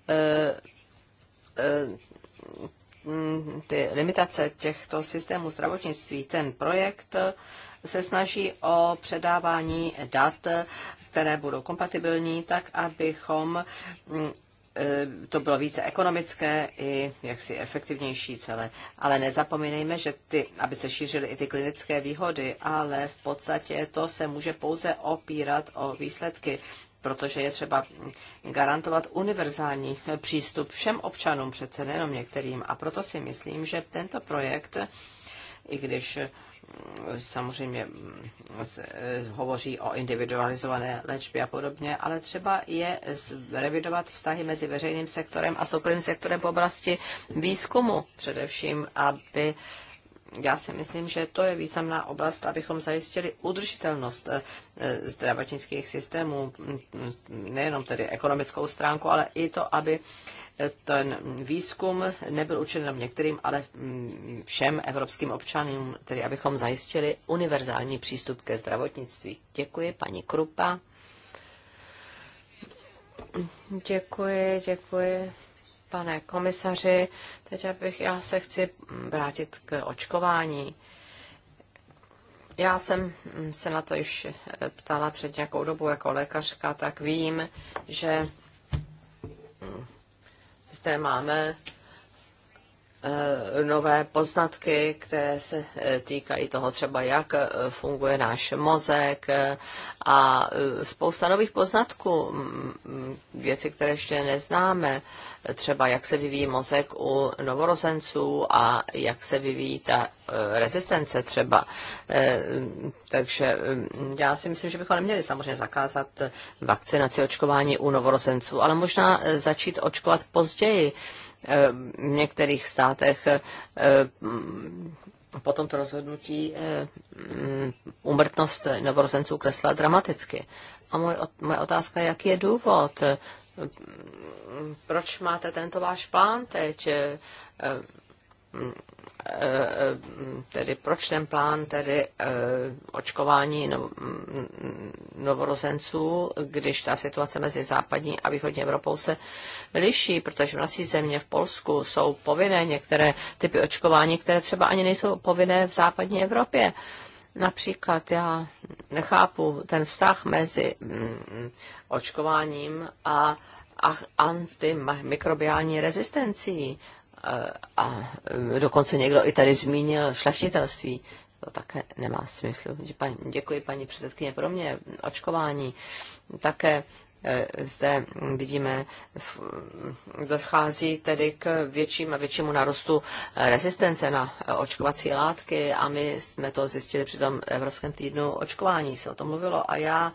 eh, eh, ty limitace těchto systémů zdravotnictví. Ten projekt se snaží o předávání dat, které budou kompatibilní, tak abychom mm, Eh, to bylo více ekonomické i jaksi efektivnější celé. Ale nezapomínejme, že ty, aby se šířily i ty klinické výhody, ale v podstatě to se může pouze opírat o výsledky protože je třeba garantovat univerzální přístup všem občanům, přece nejenom některým. A proto si myslím, že tento projekt, i když samozřejmě mm, eh, hovoří o individualizované léčbě a podobně, ale třeba je revidovat vztahy mezi veřejným sektorem a soukromým sektorem v oblasti výzkumu především, aby já si myslím, že to je významná oblast, abychom zajistili udržitelnost eh, eh, zdravotnických systémů, mm, mm, nejenom tedy ekonomickou stránku, ale i to, aby ten výzkum nebyl určen jenom některým, ale všem evropským občanům, tedy abychom zajistili univerzální přístup ke zdravotnictví. Děkuji, paní Krupa. Děkuji, děkuji, pane komisaři. Teď abych, já se chci vrátit k očkování. Já jsem se na to již ptala před nějakou dobu jako lékařka, tak vím, že zde máme Eh, nové poznatky, které se eh, týkají toho třeba, jak eh, funguje náš mozek a spousta nových poznatků, mm, mm, věci, které ještě neznáme, třeba jak se vyvíjí mozek u novorozenců a jak se vyvíjí ta rezistence třeba. Mm, takže já si myslím, že bychom neměli samozřejmě zakázat vakcinaci očkování u novorozenců, ale možná začít očkovat později v některých státech eh, po tomto rozhodnutí umrtnost eh, novorozenců klesla dramaticky. A moje, otázka je, jaký je důvod, proč máte tento váš plán teď? Eh, tedy proč ten plán tedy eh, očkování no, mm, novorozenců, když ta situace mezi západní a východní Evropou se liší, protože v naší země v Polsku jsou povinné některé typy očkování, které třeba ani nejsou povinné v západní Evropě. Například já nechápu ten vztah mezi mm, očkováním a a antimikrobiální rezistencí a dokonce někdo i tady zmínil šlechtitelství. To také nemá smysl. Děkuji paní předsedkyně pro mě. Očkování také Eh, zde vidíme, dochází tedy k větším a většímu narostu eh, rezistence na eh, očkovací látky a my jsme to zjistili při tom Evropském týdnu očkování, se o tom mluvilo a já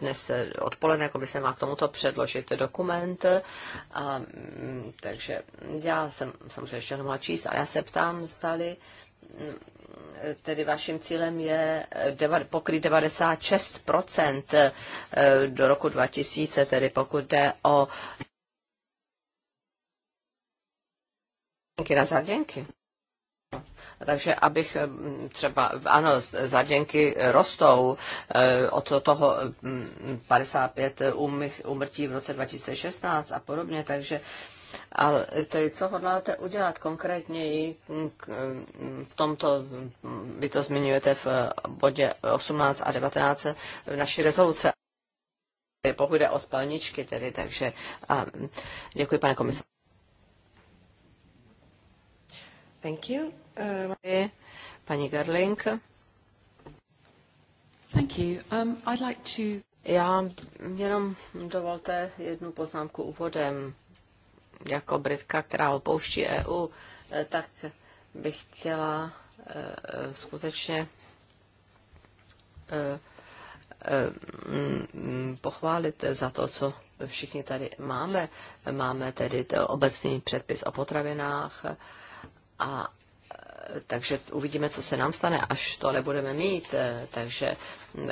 dnes odpoledne jako se má k tomuto předložit dokument, a, mm, takže já jsem samozřejmě ještě nemohla číst, ale já se ptám, zdali mm, tedy vaším cílem je eh, pokryt 96 eh, do roku 2000, tedy pokud jde o na zaděnky. Takže abych eh, třeba, ano, zaděnky rostou od toho 55 mm, úmrtí v roce 2016 a podobně, takže ale tedy co hodláte udělat konkrétněji v tomto, vy to zmiňujete v bodě 18 a 19 v naší rezoluce, pokud jde o spalničky tedy, takže a, děkuji pane komisaři. Thank you. Uh, Paní Gerling. Thank you. Um, I'd like to... Já jenom dovolte jednu poznámku úvodem jako Britka, která opouští EU, eh, tak bych chtěla eh, eh, skutečně mm, mm, pochválit za to, co všichni tady máme. Máme tedy obecný předpis o potravinách a takže uvidíme, co se nám stane, až to nebudeme mít. Takže mm,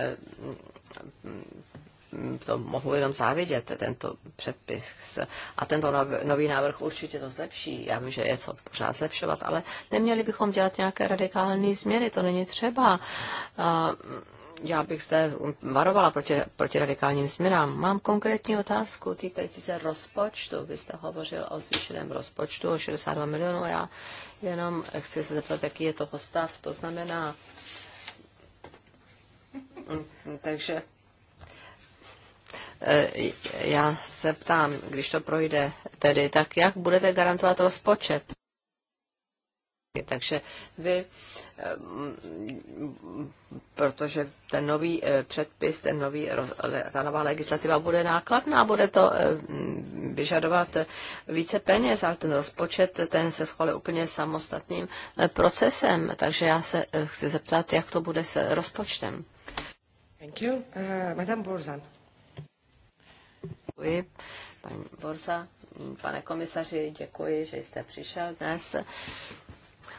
to mohu jenom závidět, tento předpis. A tento nový návrh určitě to zlepší. Já vím, že je co pořád zlepšovat, ale neměli bychom dělat nějaké radikální změny, to není třeba. Já bych zde varovala proti, proti radikálním změnám. Mám konkrétní otázku týkající se rozpočtu. Vy jste hovořil o zvýšeném rozpočtu o 62 milionů. Já jenom chci se zeptat, jaký je toho stav. To znamená, takže E, já se ptám, když to projde tedy, tak jak budete garantovat rozpočet? Takže vy, e, protože ten nový e, předpis, ten nový, ta nová legislativa bude nákladná, bude to vyžadovat více peněz, ale ten rozpočet, ten se schválil úplně samostatným procesem. Takže já se chci zeptat, jak to bude s rozpočtem. Thank you. Uh, Madame Borzan. Děkuji. Pani Borza, pane komisaři, děkuji, že jste přišel dnes.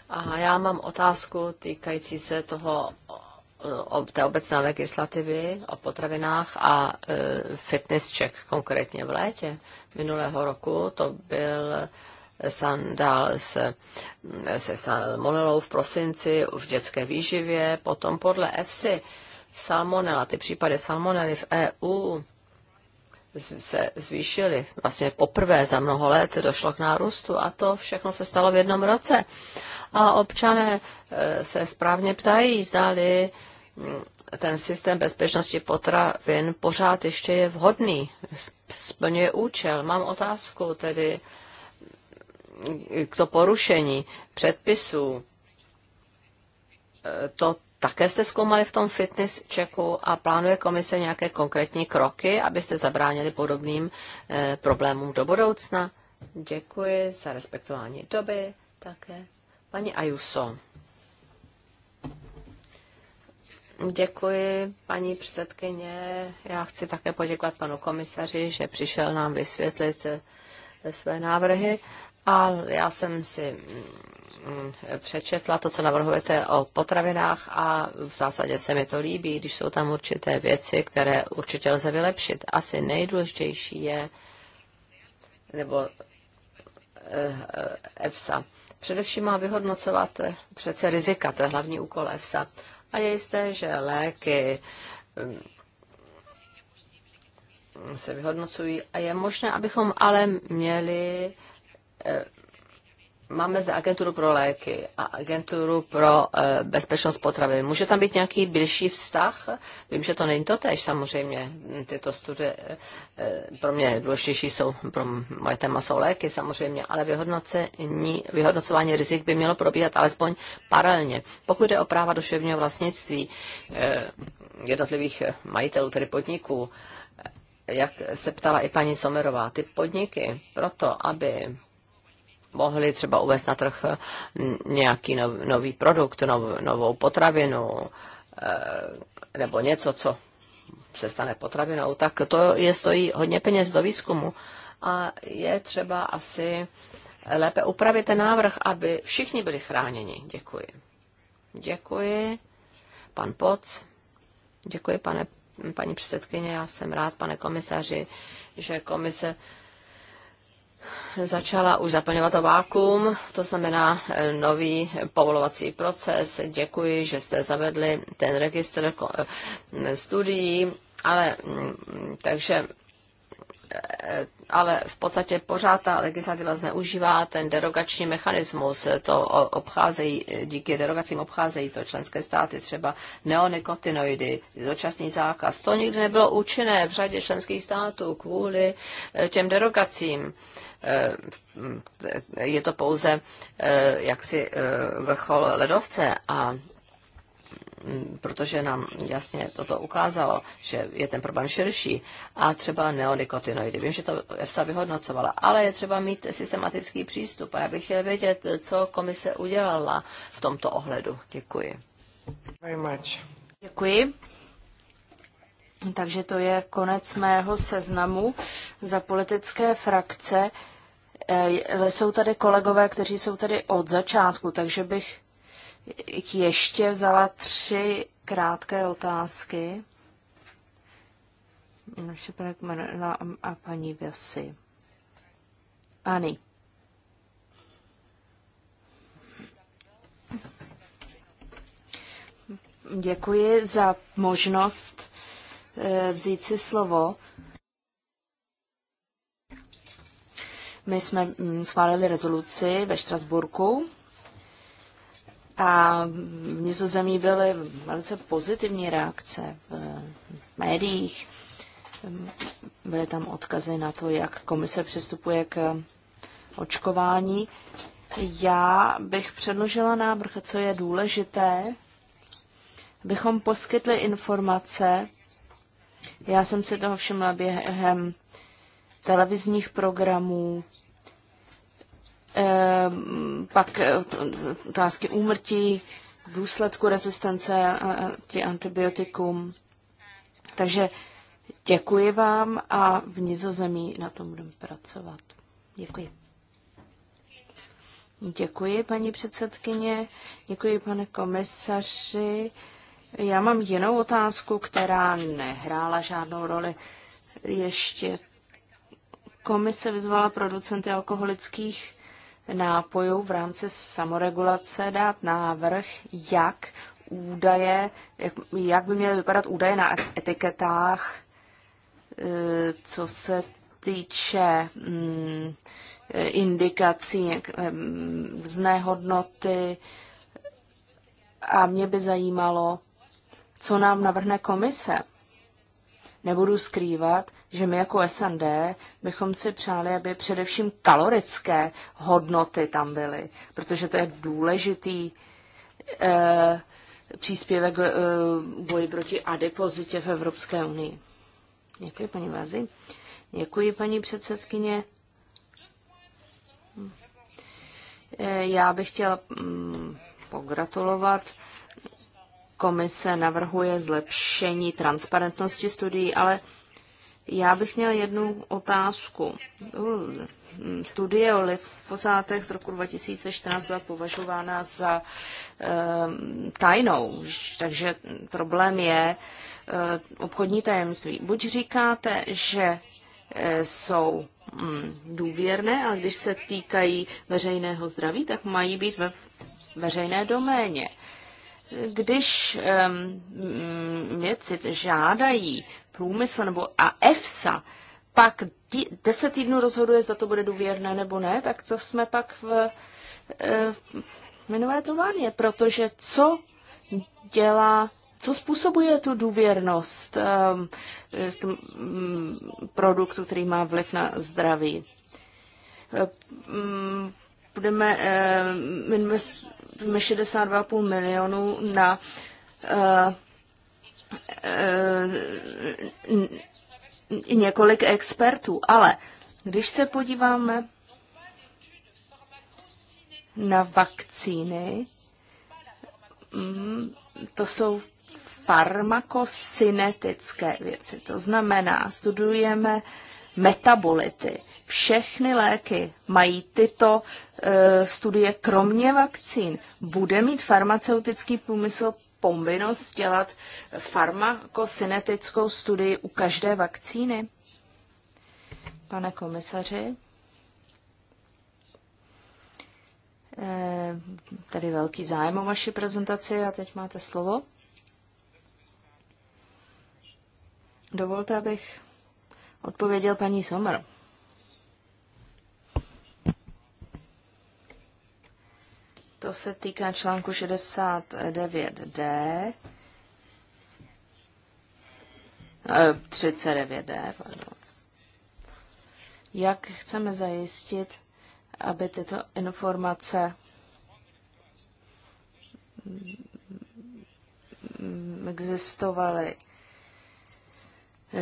A já mám otázku týkající se toho o té obecné legislativy o potravinách a e, fitness check konkrétně v létě minulého roku. To byl sandál se, se salmonelou v prosinci v dětské výživě, potom podle EFSI salmonela, ty případy salmonely v EU se zvýšily. Vlastně poprvé za mnoho let došlo k nárůstu a to všechno se stalo v jednom roce. A občané e, se správně ptají, zdali mm, ten systém bezpečnosti potravin pořád ještě je vhodný, splňuje účel. Mám otázku tedy k to porušení předpisů. E, to také jste zkoumali v tom fitness checku a plánuje komise nějaké konkrétní kroky, abyste zabránili podobným e, problémům do budoucna? Děkuji za respektování doby také. Paní Ajuso. Děkuji, paní předsedkyně. Já chci také poděkovat panu komisaři, že přišel nám vysvětlit eh, své návrhy a já jsem si mm, mm, přečetla to, co navrhujete o potravinách a v zásadě se mi to líbí, když jsou tam určité věci, které určitě lze vylepšit. Asi nejdůležitější je, nebo eh, EFSA. Především má vyhodnocovat přece rizika, to je hlavní úkol EFSA. A je jisté, že léky mm, se vyhodnocují a je možné, abychom ale měli Eh, máme zde agenturu pro léky a agenturu pro eh, bezpečnost potravin. Může tam být nějaký blížší vztah? Vím, že to není to tež, samozřejmě. Tyto studie eh, pro mě důležitější jsou, pro moje téma jsou léky samozřejmě, ale vyhodnocení, vyhodnocování rizik by mělo probíhat alespoň paralelně. Pokud jde o práva duševního vlastnictví jednotlivých majitelů, tedy podniků, jak se ptala i paní Somerová, ty podniky proto, aby mohli třeba uvést na trh nějaký nový produkt, novou potravinu eh, nebo něco, co se stane potravinou, tak to je stojí hodně peněz do výzkumu a je třeba asi lépe upravit ten návrh, aby všichni byli chráněni. Děkuji. Děkuji. Pan Poc. Děkuji, pane, paní předsedkyně. Já jsem rád, pane komisaři, že komise začala už zaplňovat to vákum, to znamená eh, nový povolovací proces. Děkuji, že jste zavedli ten registr eh, studií, ale mm, takže eh, ale v podstatě pořád ta legislativa zneužívá ten derogační mechanismus, to obcházejí, díky derogacím obcházejí to členské státy, třeba neonikotinoidy, dočasný zákaz. To nikdy nebylo účinné v řadě členských států kvůli těm derogacím. Eh, je to pouze eh, jaksi eh, vrchol ledovce a mm, protože nám jasně toto ukázalo, že je ten problém širší a třeba neonikotinoidy. Vím, že to EFSA vyhodnocovala, ale je třeba mít systematický přístup a já bych chtěl vědět, co komise udělala v tomto ohledu. Děkuji. Very much. Děkuji. Takže to je konec mého seznamu za politické frakce. Eh, jsou tady kolegové, kteří jsou tady od začátku, takže bych ještě vzala tři krátké otázky. Naše paní a paní Vesy. Ani. Děkuji za možnost eh, vzít si slovo. My jsme mm, schválili rezoluci ve Štrasburku a v Nizozemí byly velice pozitivní reakce v médiích. Byly tam odkazy na to, jak komise přistupuje k očkování. Já bych předložila návrh, co je důležité, bychom poskytli informace. Já jsem si toho všimla během televizních programů, ehm, pak eh, otázky úmrtí, důsledku rezistence eh, eh, antibiotikum. Takže děkuji vám a v Nizozemí na tom budeme pracovat. Děkuji. Děkuji, paní předsedkyně. Děkuji, pane komisaři. Já mám jinou otázku, která nehrála žádnou roli ještě Komise vyzvala producenty alkoholických nápojů v rámci samoregulace dát návrh, jak údaje, jak, jak by měly vypadat údaje na etiketách, eh, co se týče mm, indikací různé hodnoty. A mě by zajímalo, co nám navrhne komise Nebudu skrývat, že my jako SND bychom si přáli, aby především kalorické hodnoty tam byly, protože to je důležitý eh, příspěvek eh, boji proti adipozitě v Evropské unii. Děkuji, paní Vazi. Děkuji, paní předsedkyně. Eh, já bych chtěla mm, pogratulovat komise navrhuje zlepšení transparentnosti studií, ale já bych měl jednu otázku. Studie o lifosátech z roku 2014 byla považována za ehm, tajnou, takže problém je eh, obchodní tajemství. Buď říkáte, že eh, jsou mm, důvěrné, ale když se týkají veřejného zdraví, tak mají být ve veřejné doméně když um, mm, věci žádají průmysl nebo a EFSA, pak deset týdnů rozhoduje, zda to bude důvěrné nebo ne, tak to jsme pak v, e, v minulé továrně, protože co dělá, co způsobuje tu důvěrnost um, tu, um, produktu, který má vliv na zdraví. Um, budeme um, 62,5 milionů na eh, eh, několik expertů. Ale když se podíváme na vakcíny, mm, to jsou farmakosynetické věci. To znamená, studujeme metabolity. Všechny léky mají tyto uh, studie, kromě vakcín. Bude mít farmaceutický průmysl povinnost dělat farmakosynetickou studii u každé vakcíny? Pane komisaři? E, tady velký zájem o vaši prezentaci a teď máte slovo. Dovolte, abych odpověděl paní Sommer. To se týká článku 69D, 39D, eh, pardon. Jak chceme zajistit, aby tyto informace mm, mm, mm, existovaly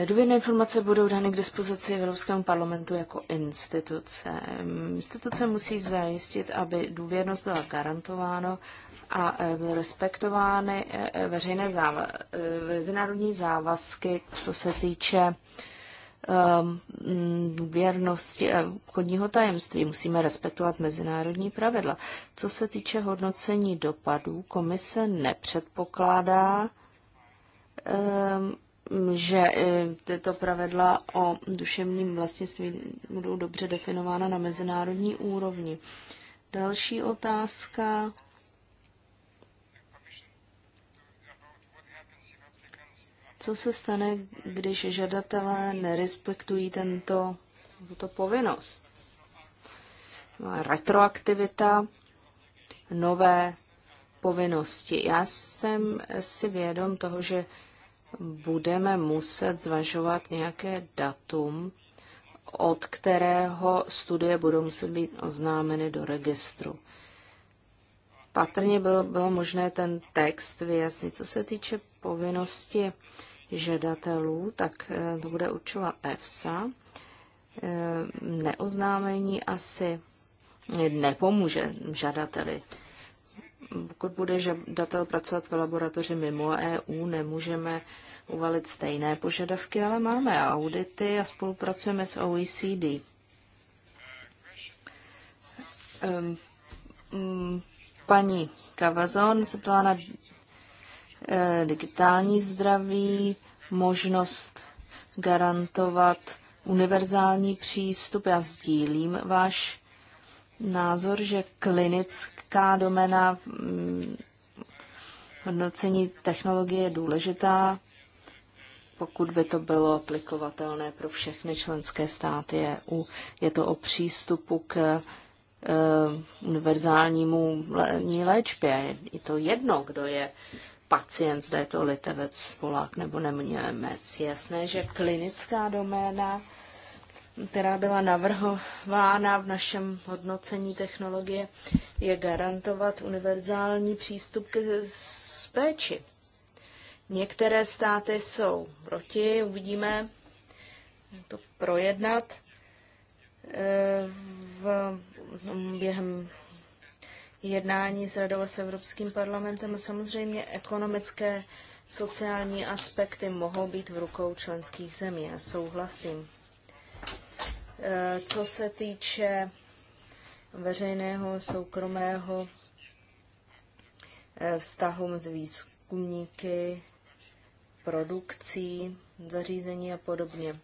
Důvěrné informace budou dány k dispozici Evropskému parlamentu jako instituce. Instituce musí zajistit, aby důvěrnost byla garantována a e, byly respektovány e, e, veřejné záva- mezinárodní závazky, co se týče um, důvěrnosti obchodního tajemství. Musíme respektovat mezinárodní pravidla. Co se týče hodnocení dopadů, komise nepředpokládá um, že e, tyto pravidla o duševním vlastnictví budou dobře definována na mezinárodní úrovni. Další otázka. Co se stane, když žadatelé nerespektují tento, tuto povinnost? Retroaktivita, nové povinnosti. Já jsem si vědom toho, že budeme muset zvažovat nějaké datum, od kterého studie budou muset být oznámeny do registru. Patrně bylo, bylo možné ten text vyjasnit. Co se týče povinnosti žadatelů, tak eh, to bude určovat EFSA. Eh, neoznámení asi nepomůže žadateli pokud bude žadatel pracovat v laboratoři mimo EU, nemůžeme uvalit stejné požadavky, ale máme audity a spolupracujeme s OECD. Mm, paní Kavazon se ptala na e, digitální zdraví, možnost garantovat univerzální přístup. Já sdílím váš názor, že klinická domena mm, hodnocení technologie je důležitá, pokud by to bylo aplikovatelné pro všechny členské státy EU. Je to o přístupu k e, univerzálnímu léčbě. Je to jedno, kdo je pacient, zda je to litevec, Polák nebo Němec. Jasné, že klinická doména která byla navrhována v našem hodnocení technologie, je garantovat univerzální přístup k péči. Některé státy jsou proti, uvidíme to projednat eh, v, během jednání s Radou s Evropským parlamentem. Samozřejmě ekonomické sociální aspekty mohou být v rukou členských zemí. Já souhlasím Eh, co se týče veřejného, soukromého eh, vztahu mezi výzkumníky, produkcí, zařízení a podobně.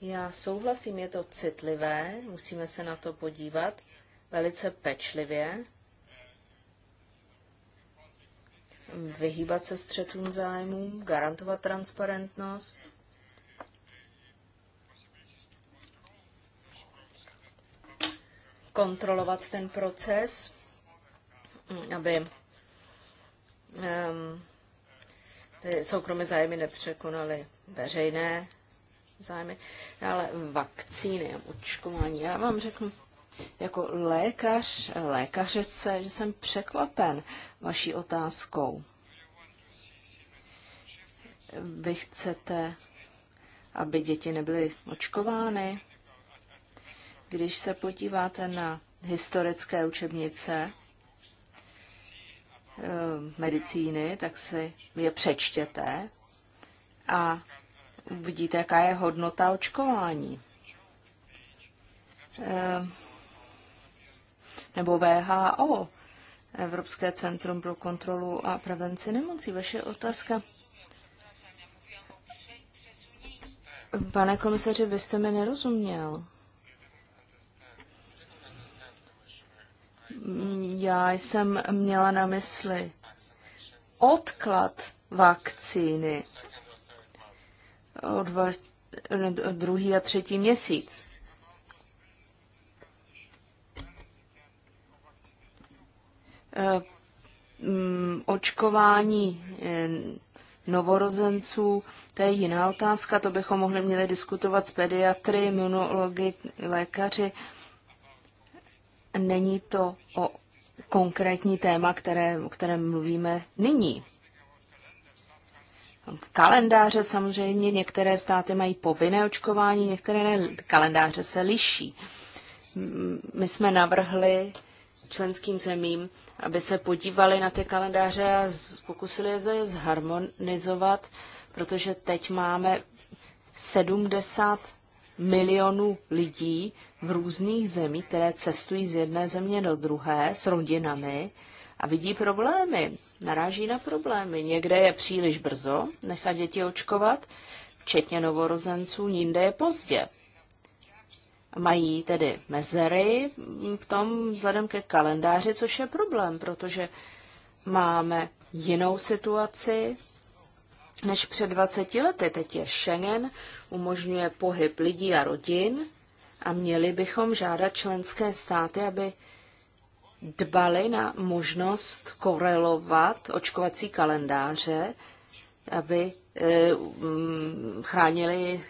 Já souhlasím, je to citlivé, musíme se na to podívat velice pečlivě, vyhýbat se střetům zájmů, garantovat transparentnost kontrolovat ten proces, aby ehm, ty soukromé zájmy nepřekonaly veřejné zájmy. Ale vakcíny a očkování, já vám řeknu, jako lékař, lékařice, že jsem překvapen vaší otázkou. Vy chcete, aby děti nebyly očkovány? Když se podíváte na historické učebnice eh, medicíny, tak si je přečtěte a uvidíte, jaká je hodnota očkování. Eh, nebo VHO, Evropské centrum pro kontrolu a prevenci nemocí. Vaše otázka. Pane komisaři, vy jste mi nerozuměl. Já jsem měla na mysli odklad vakcíny o dva, druhý a třetí měsíc. Eh, mm, očkování eh, novorozenců, to je jiná otázka, to bychom mohli měli diskutovat s pediatry, imunologi, lékaři není to o konkrétní téma, které, o kterém mluvíme nyní. V kalendáře samozřejmě některé státy mají povinné očkování, některé ne, kalendáře se liší. My jsme navrhli členským zemím, aby se podívali na ty kalendáře a pokusili je zharmonizovat, protože teď máme 70 milionů lidí, v různých zemích, které cestují z jedné země do druhé s rodinami a vidí problémy, naráží na problémy. Někde je příliš brzo nechat děti očkovat, včetně novorozenců, jinde je pozdě. Mají tedy mezery v tom vzhledem ke kalendáři, což je problém, protože máme jinou situaci než před 20 lety. Teď je Schengen, umožňuje pohyb lidí a rodin, a měli bychom žádat členské státy, aby dbali na možnost korelovat očkovací kalendáře, aby e, mm, chránili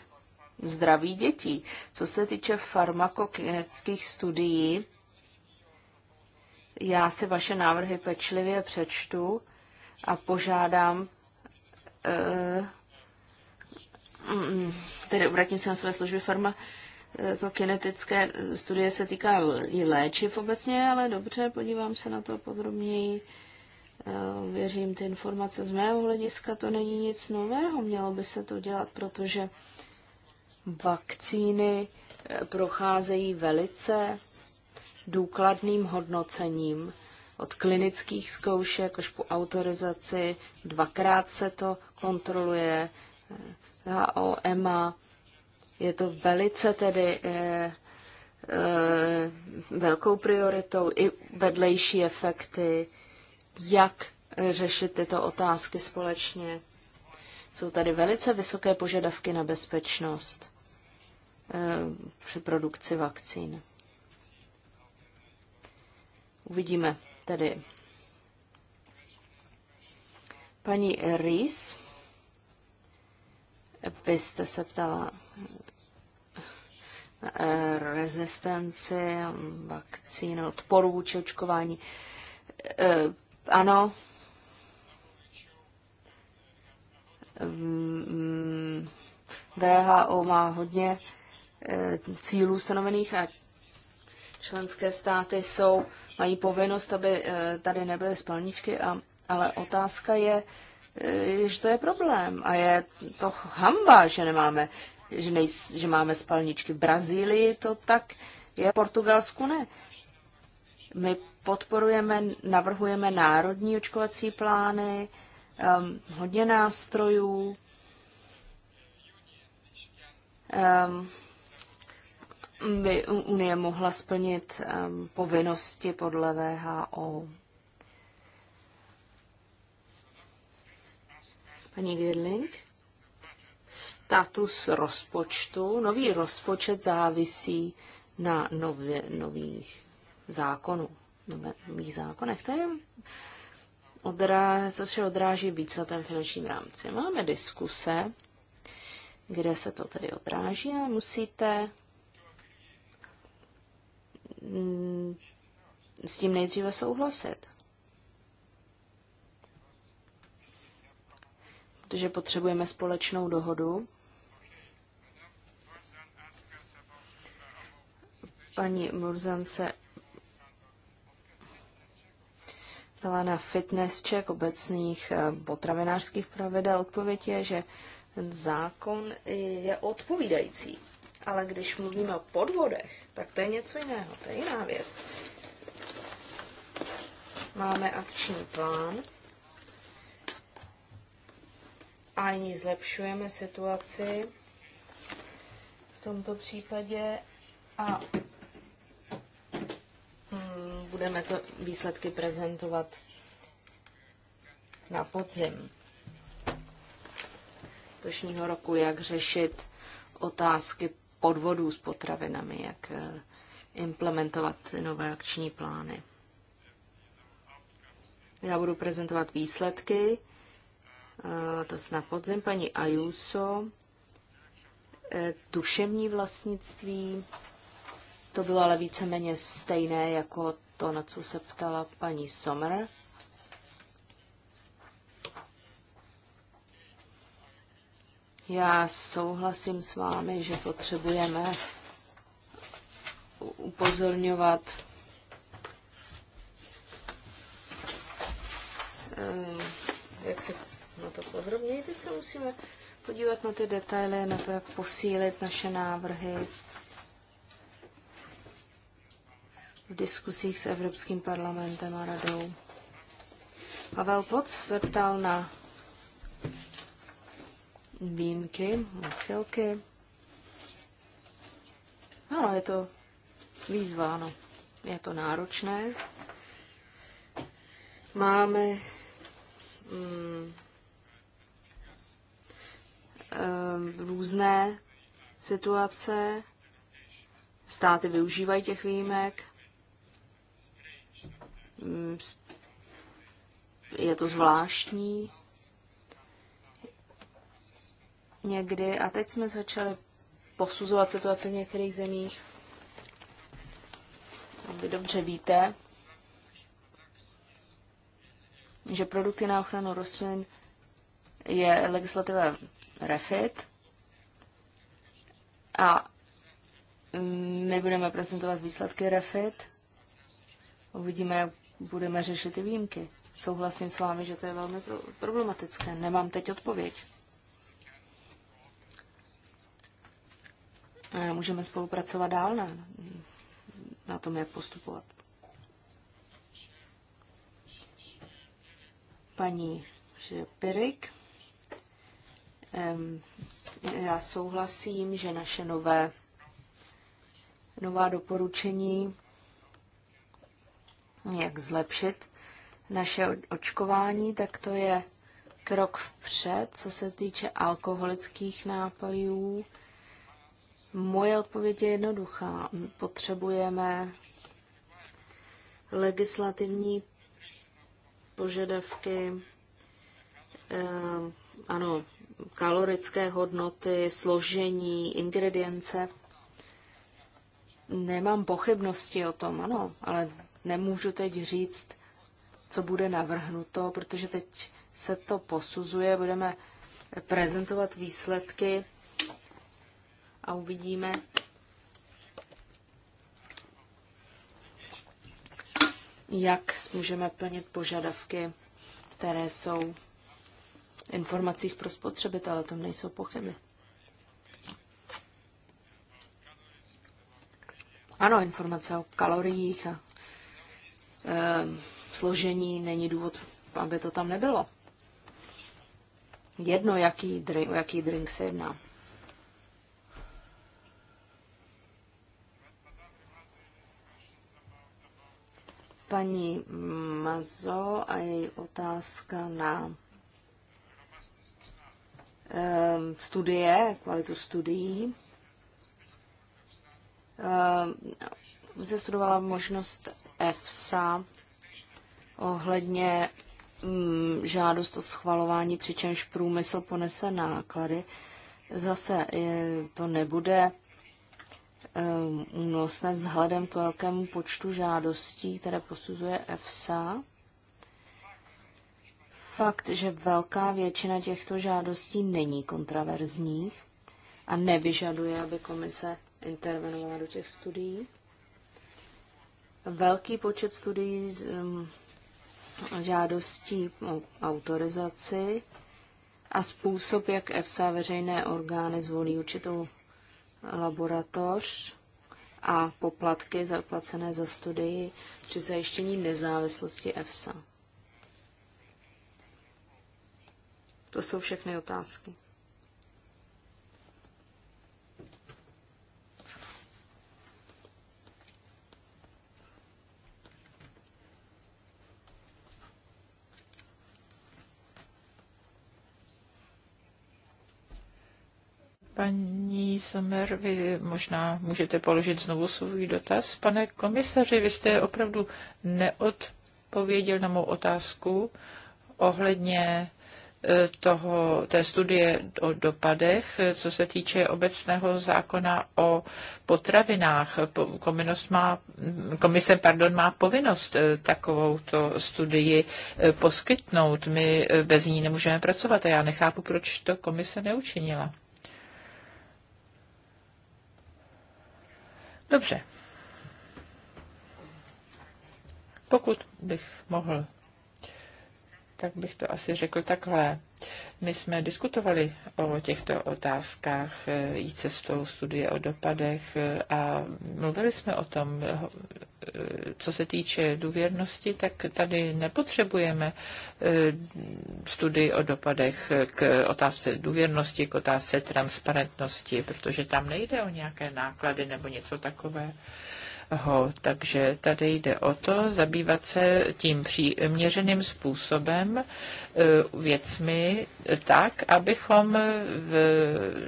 zdraví dětí. Co se týče farmakokinetických studií, já si vaše návrhy pečlivě přečtu a požádám, e, mm, mm, tedy obratím se na své služby farma, jako kinetické studie se týká i léčiv obecně, ale dobře, podívám se na to podrobněji. Eh, věřím, ty informace z mého hlediska to není nic nového. Mělo by se to dělat, protože vakcíny eh, procházejí velice důkladným hodnocením od klinických zkoušek až po autorizaci. Dvakrát se to kontroluje. HO, eh, je to velice tedy eh, eh, velkou prioritou i vedlejší efekty, jak řešit tyto otázky společně. Jsou tady velice vysoké požadavky na bezpečnost eh, při produkci vakcín. Uvidíme tedy. Paní Rys vy jste se ptala eh, rezistenci vakcín, odporu vůči očkování. Eh, ano, mm, VHO má hodně eh, cílů stanovených a členské státy jsou, mají povinnost, aby tady nebyly spalničky, a, ale otázka je, že to je problém. A je to hamba, že nemáme, že, nej, že máme spalničky v Brazílii, to tak je, v Portugalsku ne. My podporujeme, navrhujeme národní očkovací plány, um, hodně nástrojů, um, by Unie mohla splnit um, povinnosti podle VHO. Paní Girling, status rozpočtu. Nový rozpočet závisí na nově, nových zákonů, nových zákonech. To je odrá, co se odráží v víceletém finančním rámci. Máme diskuse, kde se to tedy odráží a musíte mm, s tím nejdříve souhlasit. protože potřebujeme společnou dohodu. Paní Murzan se ptala na fitness check obecných eh, potravinářských pravidel. Odpověď je, že ten zákon je odpovídající. Ale když mluvíme o podvodech, tak to je něco jiného, to je jiná věc. Máme akční plán, ani zlepšujeme situaci v tomto případě a hm, budeme to výsledky prezentovat na podzim letošního roku, jak řešit otázky podvodů s potravinami, jak eh, implementovat nové akční plány. Já budu prezentovat výsledky Eh, to na podzem paní Ayuso, eh, duševní vlastnictví, to bylo ale víceméně stejné jako to, na co se ptala paní Sommer. Já souhlasím s vámi, že potřebujeme upozorňovat eh, jak se na to podrobněji. Teď se musíme podívat na ty detaily, na to, jak posílit naše návrhy v diskusích s Evropským parlamentem a radou. Pavel Poc se ptal na výjimky, chvilky. Ano, je to výzva, ano. Je to náročné. Máme mm, Eh, různé situace, státy využívají těch výjimek, mm, je to zvláštní někdy. A teď jsme začali posuzovat situaci v některých zemích. Vy dobře víte, že produkty na ochranu rostlin je legislativa Refit. A my budeme prezentovat výsledky Refit. Uvidíme, jak budeme řešit ty výjimky. Souhlasím s vámi, že to je velmi problematické. Nemám teď odpověď. A můžeme spolupracovat dál na, na tom, jak postupovat. Paní Pirik. Já souhlasím, že naše nové, nová doporučení, jak zlepšit naše očkování, tak to je krok vpřed, co se týče alkoholických nápojů. Moje odpověď je jednoduchá. Potřebujeme legislativní požadavky. Ano, kalorické hodnoty, složení, ingredience. Nemám pochybnosti o tom, ano, ale nemůžu teď říct, co bude navrhnuto, protože teď se to posuzuje, budeme prezentovat výsledky a uvidíme, jak můžeme plnit požadavky, které jsou informacích pro spotřebitele, to nejsou pochyby. Ano, informace o kaloriích a e, složení není důvod, aby to tam nebylo. Jedno, jaký drink, o jaký drink se jedná. Paní Mazo a její otázka na Ehm, studie, kvalitu studií. Se ehm, studovala možnost EFSA ohledně mm, žádost o schvalování, přičemž průmysl ponese náklady. Zase to nebude ehm, únosné vzhledem k velkému počtu žádostí, které posuzuje EFSA fakt, že velká většina těchto žádostí není kontraverzních a nevyžaduje, aby komise intervenovala do těch studií. Velký počet studií um, žádostí o autorizaci a způsob, jak EFSA veřejné orgány zvolí určitou laboratoř a poplatky zaplacené za studii při zajištění nezávislosti EFSA. To jsou všechny otázky. Paní Somer, vy možná můžete položit znovu svůj dotaz. Pane komisaři, vy jste opravdu neodpověděl na mou otázku ohledně E, toho, té studie o dopadech, co se týče obecného zákona o potravinách. Kominost má, komise pardon, má povinnost e, to studii e, poskytnout. My bez ní nemůžeme pracovat a já nechápu, proč to komise neučinila. Dobře. Pokud bych mohl tak bych to asi řekl takhle. My jsme diskutovali o těchto otázkách, jít eh, cestou studie o dopadech eh, a mluvili jsme o tom, eh, co se týče důvěrnosti, tak tady nepotřebujeme studii o dopadech k otázce důvěrnosti, k otázce transparentnosti, protože tam nejde o nějaké náklady nebo něco takové ho. Takže tady jde o to zabývat se tím přiměřeným způsobem e, věcmi tak, abychom v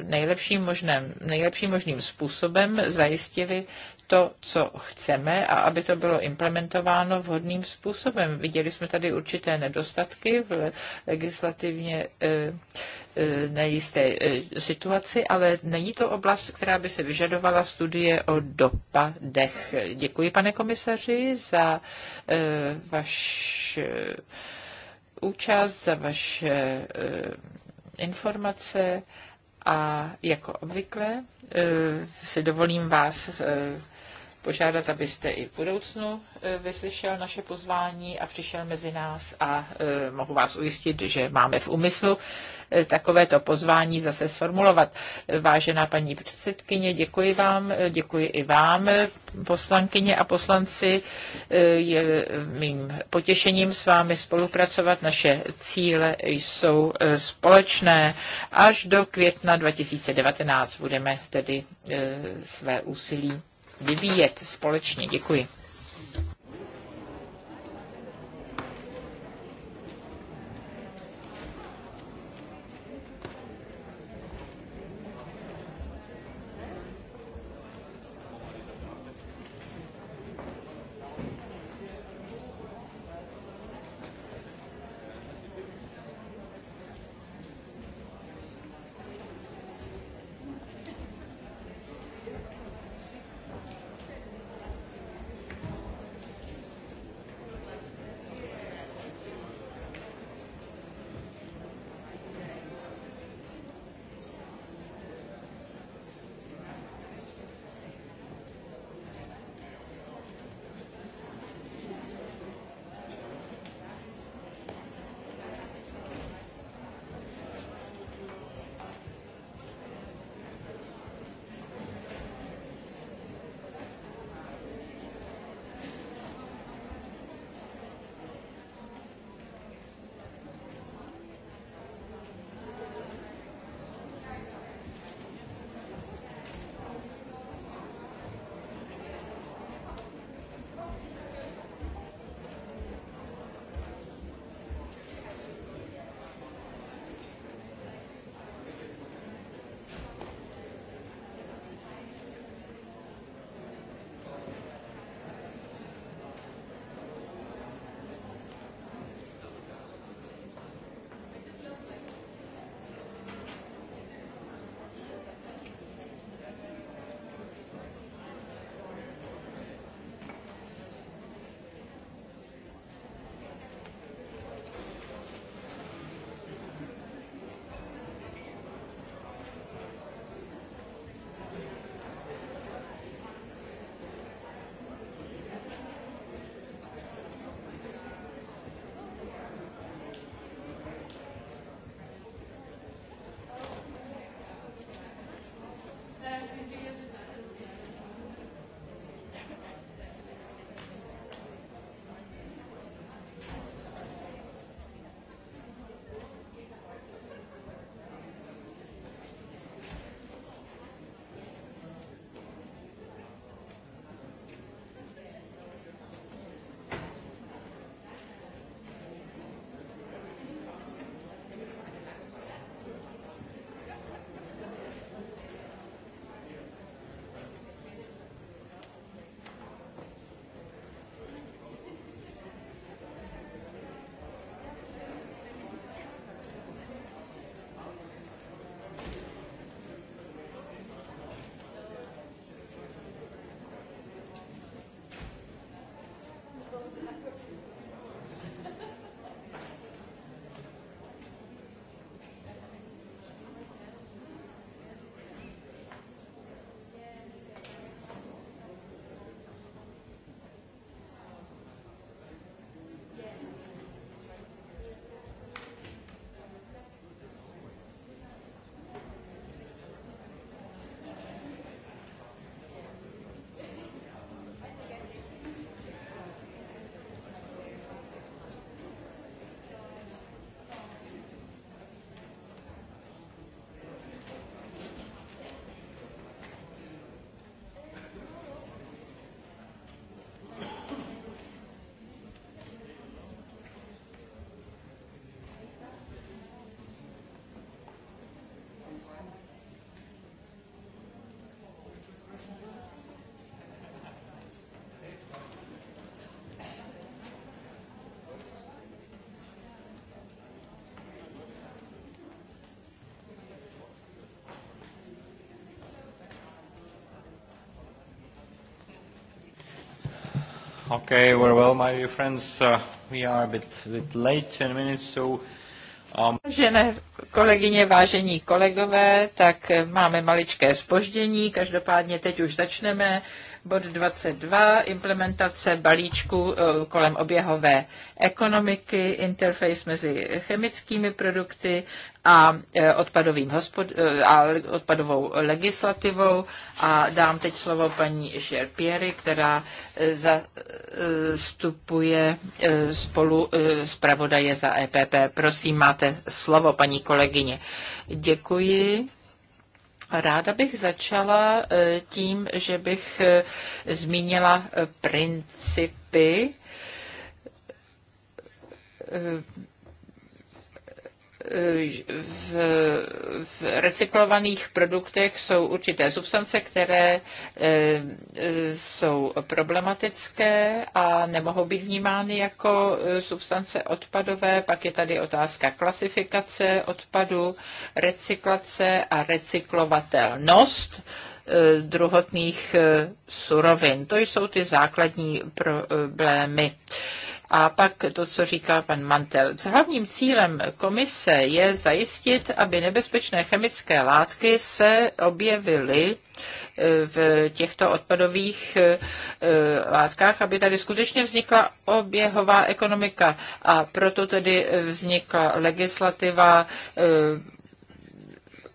nejlepším, možném, nejlepším možným způsobem zajistili to, co chceme a aby to bylo implementováno vhodným způsobem. Viděli jsme tady určité nedostatky v legislativně e, nejisté eh, situaci, ale není to oblast, která by se vyžadovala studie o dopadech. Děkuji, pane komisaři, za eh, vaš eh, účast, za vaše informace a jako obvykle si dovolím vás požádat, abyste i v budoucnu vyslyšel naše pozvání a přišel mezi nás a mohu vás ujistit, že máme v úmyslu takovéto pozvání zase sformulovat. Vážená paní předsedkyně, děkuji vám, děkuji i vám, poslankyně a poslanci. Je mým potěšením s vámi spolupracovat. Naše cíle jsou společné. Až do května 2019 budeme tedy eh, své úsilí vyvíjet společně. Děkuji. Okay, well, well, my dear friends, uh, we are a bit, bit late, 10 minutes, so... Um... Vážené kolegyně, vážení kolegové, tak máme maličké spoždění, každopádně teď už začneme. Uh, Bod 22. Implementace balíčku eh, kolem oběhové ekonomiky, interface mezi chemickými produkty a, eh, odpadovým hospod- eh, a odpadovou legislativou. A dám teď slovo paní Šerpěry, která zastupuje spolu zpravodaje za EPP. Prosím, máte slovo, paní kolegyně. Děkuji. Ráda bych začala e, tím, že bych e, zmínila e, principy v, v recyklovaných produktech jsou určité substance, které e, jsou problematické a nemohou být vnímány jako substance odpadové. Pak je tady otázka klasifikace odpadu, recyklace a recyklovatelnost e, druhotných e, surovin. To jsou ty základní problémy. A pak to, co říkal pan Mantel. Hlavním cílem komise je zajistit, aby nebezpečné chemické látky se objevily eh, v těchto odpadových eh, látkách, aby tady skutečně vznikla oběhová ekonomika. A proto tedy vznikla legislativa eh,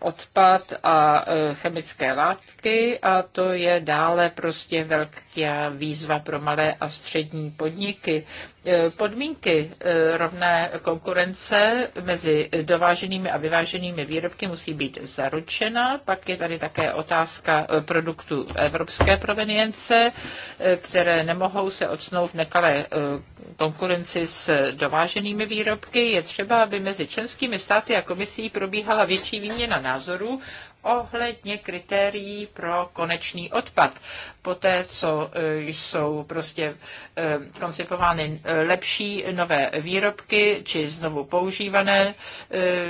odpad a chemické látky a to je dále prostě velká výzva pro malé a střední podniky. E, podmínky e, rovné konkurence mezi dováženými a vyváženými výrobky musí být zaručena. Pak je tady také otázka e, produktů evropské provenience, které nemohou se odsnout v nekalé konkurenci s dováženými výrobky. Je třeba, aby mezi členskými státy a komisí probíhala větší výměna názorů ohledně kritérií pro konečný odpad. Poté, co e, jsou prostě e, koncipovány e, lepší nové výrobky či znovu používané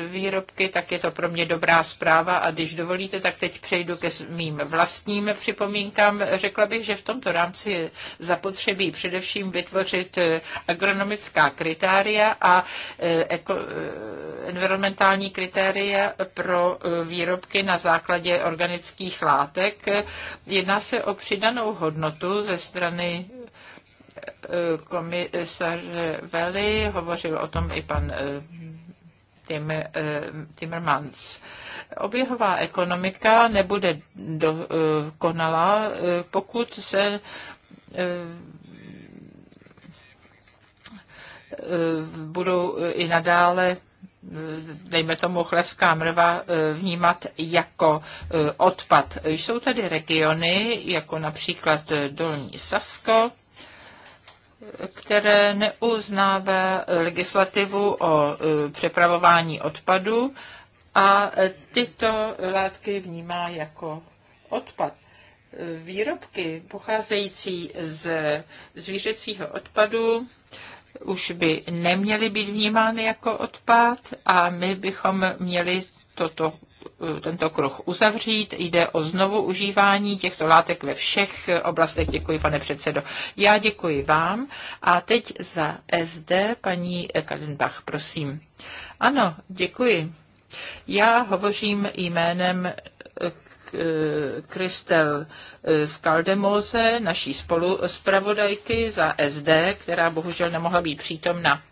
výrobky, tak je to pro mě dobrá zpráva a když dovolíte, tak teď přejdu ke mým vlastním připomínkám. Řekla bych, že v tomto rámci je zapotřebí především vytvořit agronomická kritéria a environmentální kritéria pro výrobky na základě organických látek. Jedná se o přidanou hodnotu ze strany eh, komisaře Veli, hovořil o tom i pan eh, eh, Timmermans. Oběhová ekonomika nebude dokonalá, pokud se budou i nadále dejme tomu chlevská mrva, eh, vnímat jako eh, odpad. Jsou tady regiony, jako například eh, Dolní Sasko, které neuznává legislativu o přepravování odpadu a tyto látky vnímá jako odpad. Výrobky pocházející z zvířecího odpadu už by neměly být vnímány jako odpad a my bychom měli toto tento kruh uzavřít. Jde o znovu užívání těchto látek ve všech oblastech. Děkuji, pane předsedo. Já děkuji vám. A teď za SD paní Kalinbach, prosím. Ano, děkuji. Já hovořím jménem Eh, Kristel Skaldemose, eh, naší spolu zpravodajky za SD, která bohužel nemohla být přítomna.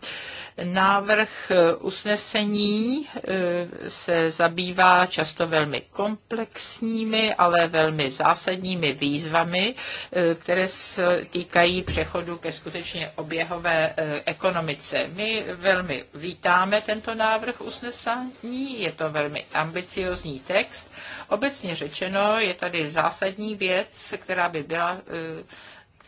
Návrh eh, usnesení eh, se zabývá často velmi komplexními, ale velmi zásadními výzvami, eh, které se týkají přechodu ke skutečně oběhové ekonomice. My velmi vítáme tento návrh usnesení, je to velmi ambiciozní text. Obecně řečeno je tady zásadní věc, která by byla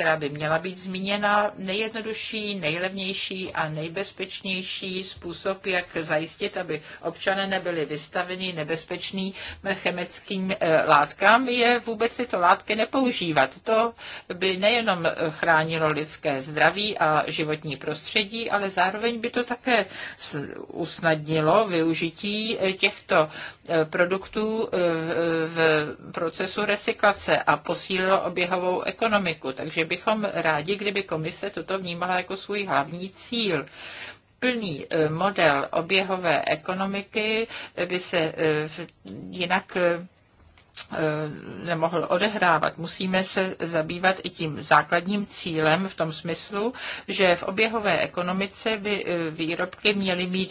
která by měla být zmíněna, nejjednodušší, nejlevnější a nejbezpečnější způsob, jak zajistit, aby občané nebyli vystaveni nebezpečným chemickým eh, látkám, je vůbec tyto látky nepoužívat. To by nejenom chránilo lidské zdraví a životní prostředí, ale zároveň by to také usnadnilo využití eh, těchto eh, produktů v procesu recyklace a posílilo oběhovou ekonomiku. Takže bychom rádi, kdyby komise toto vnímala jako svůj hlavní cíl plný eh, model oběhové ekonomiky by se eh, jinak eh, Eh, nemohl odehrávat. Musíme se zabývat i tím základním cílem v tom smyslu, že v oběhové ekonomice by eh, výrobky měly mít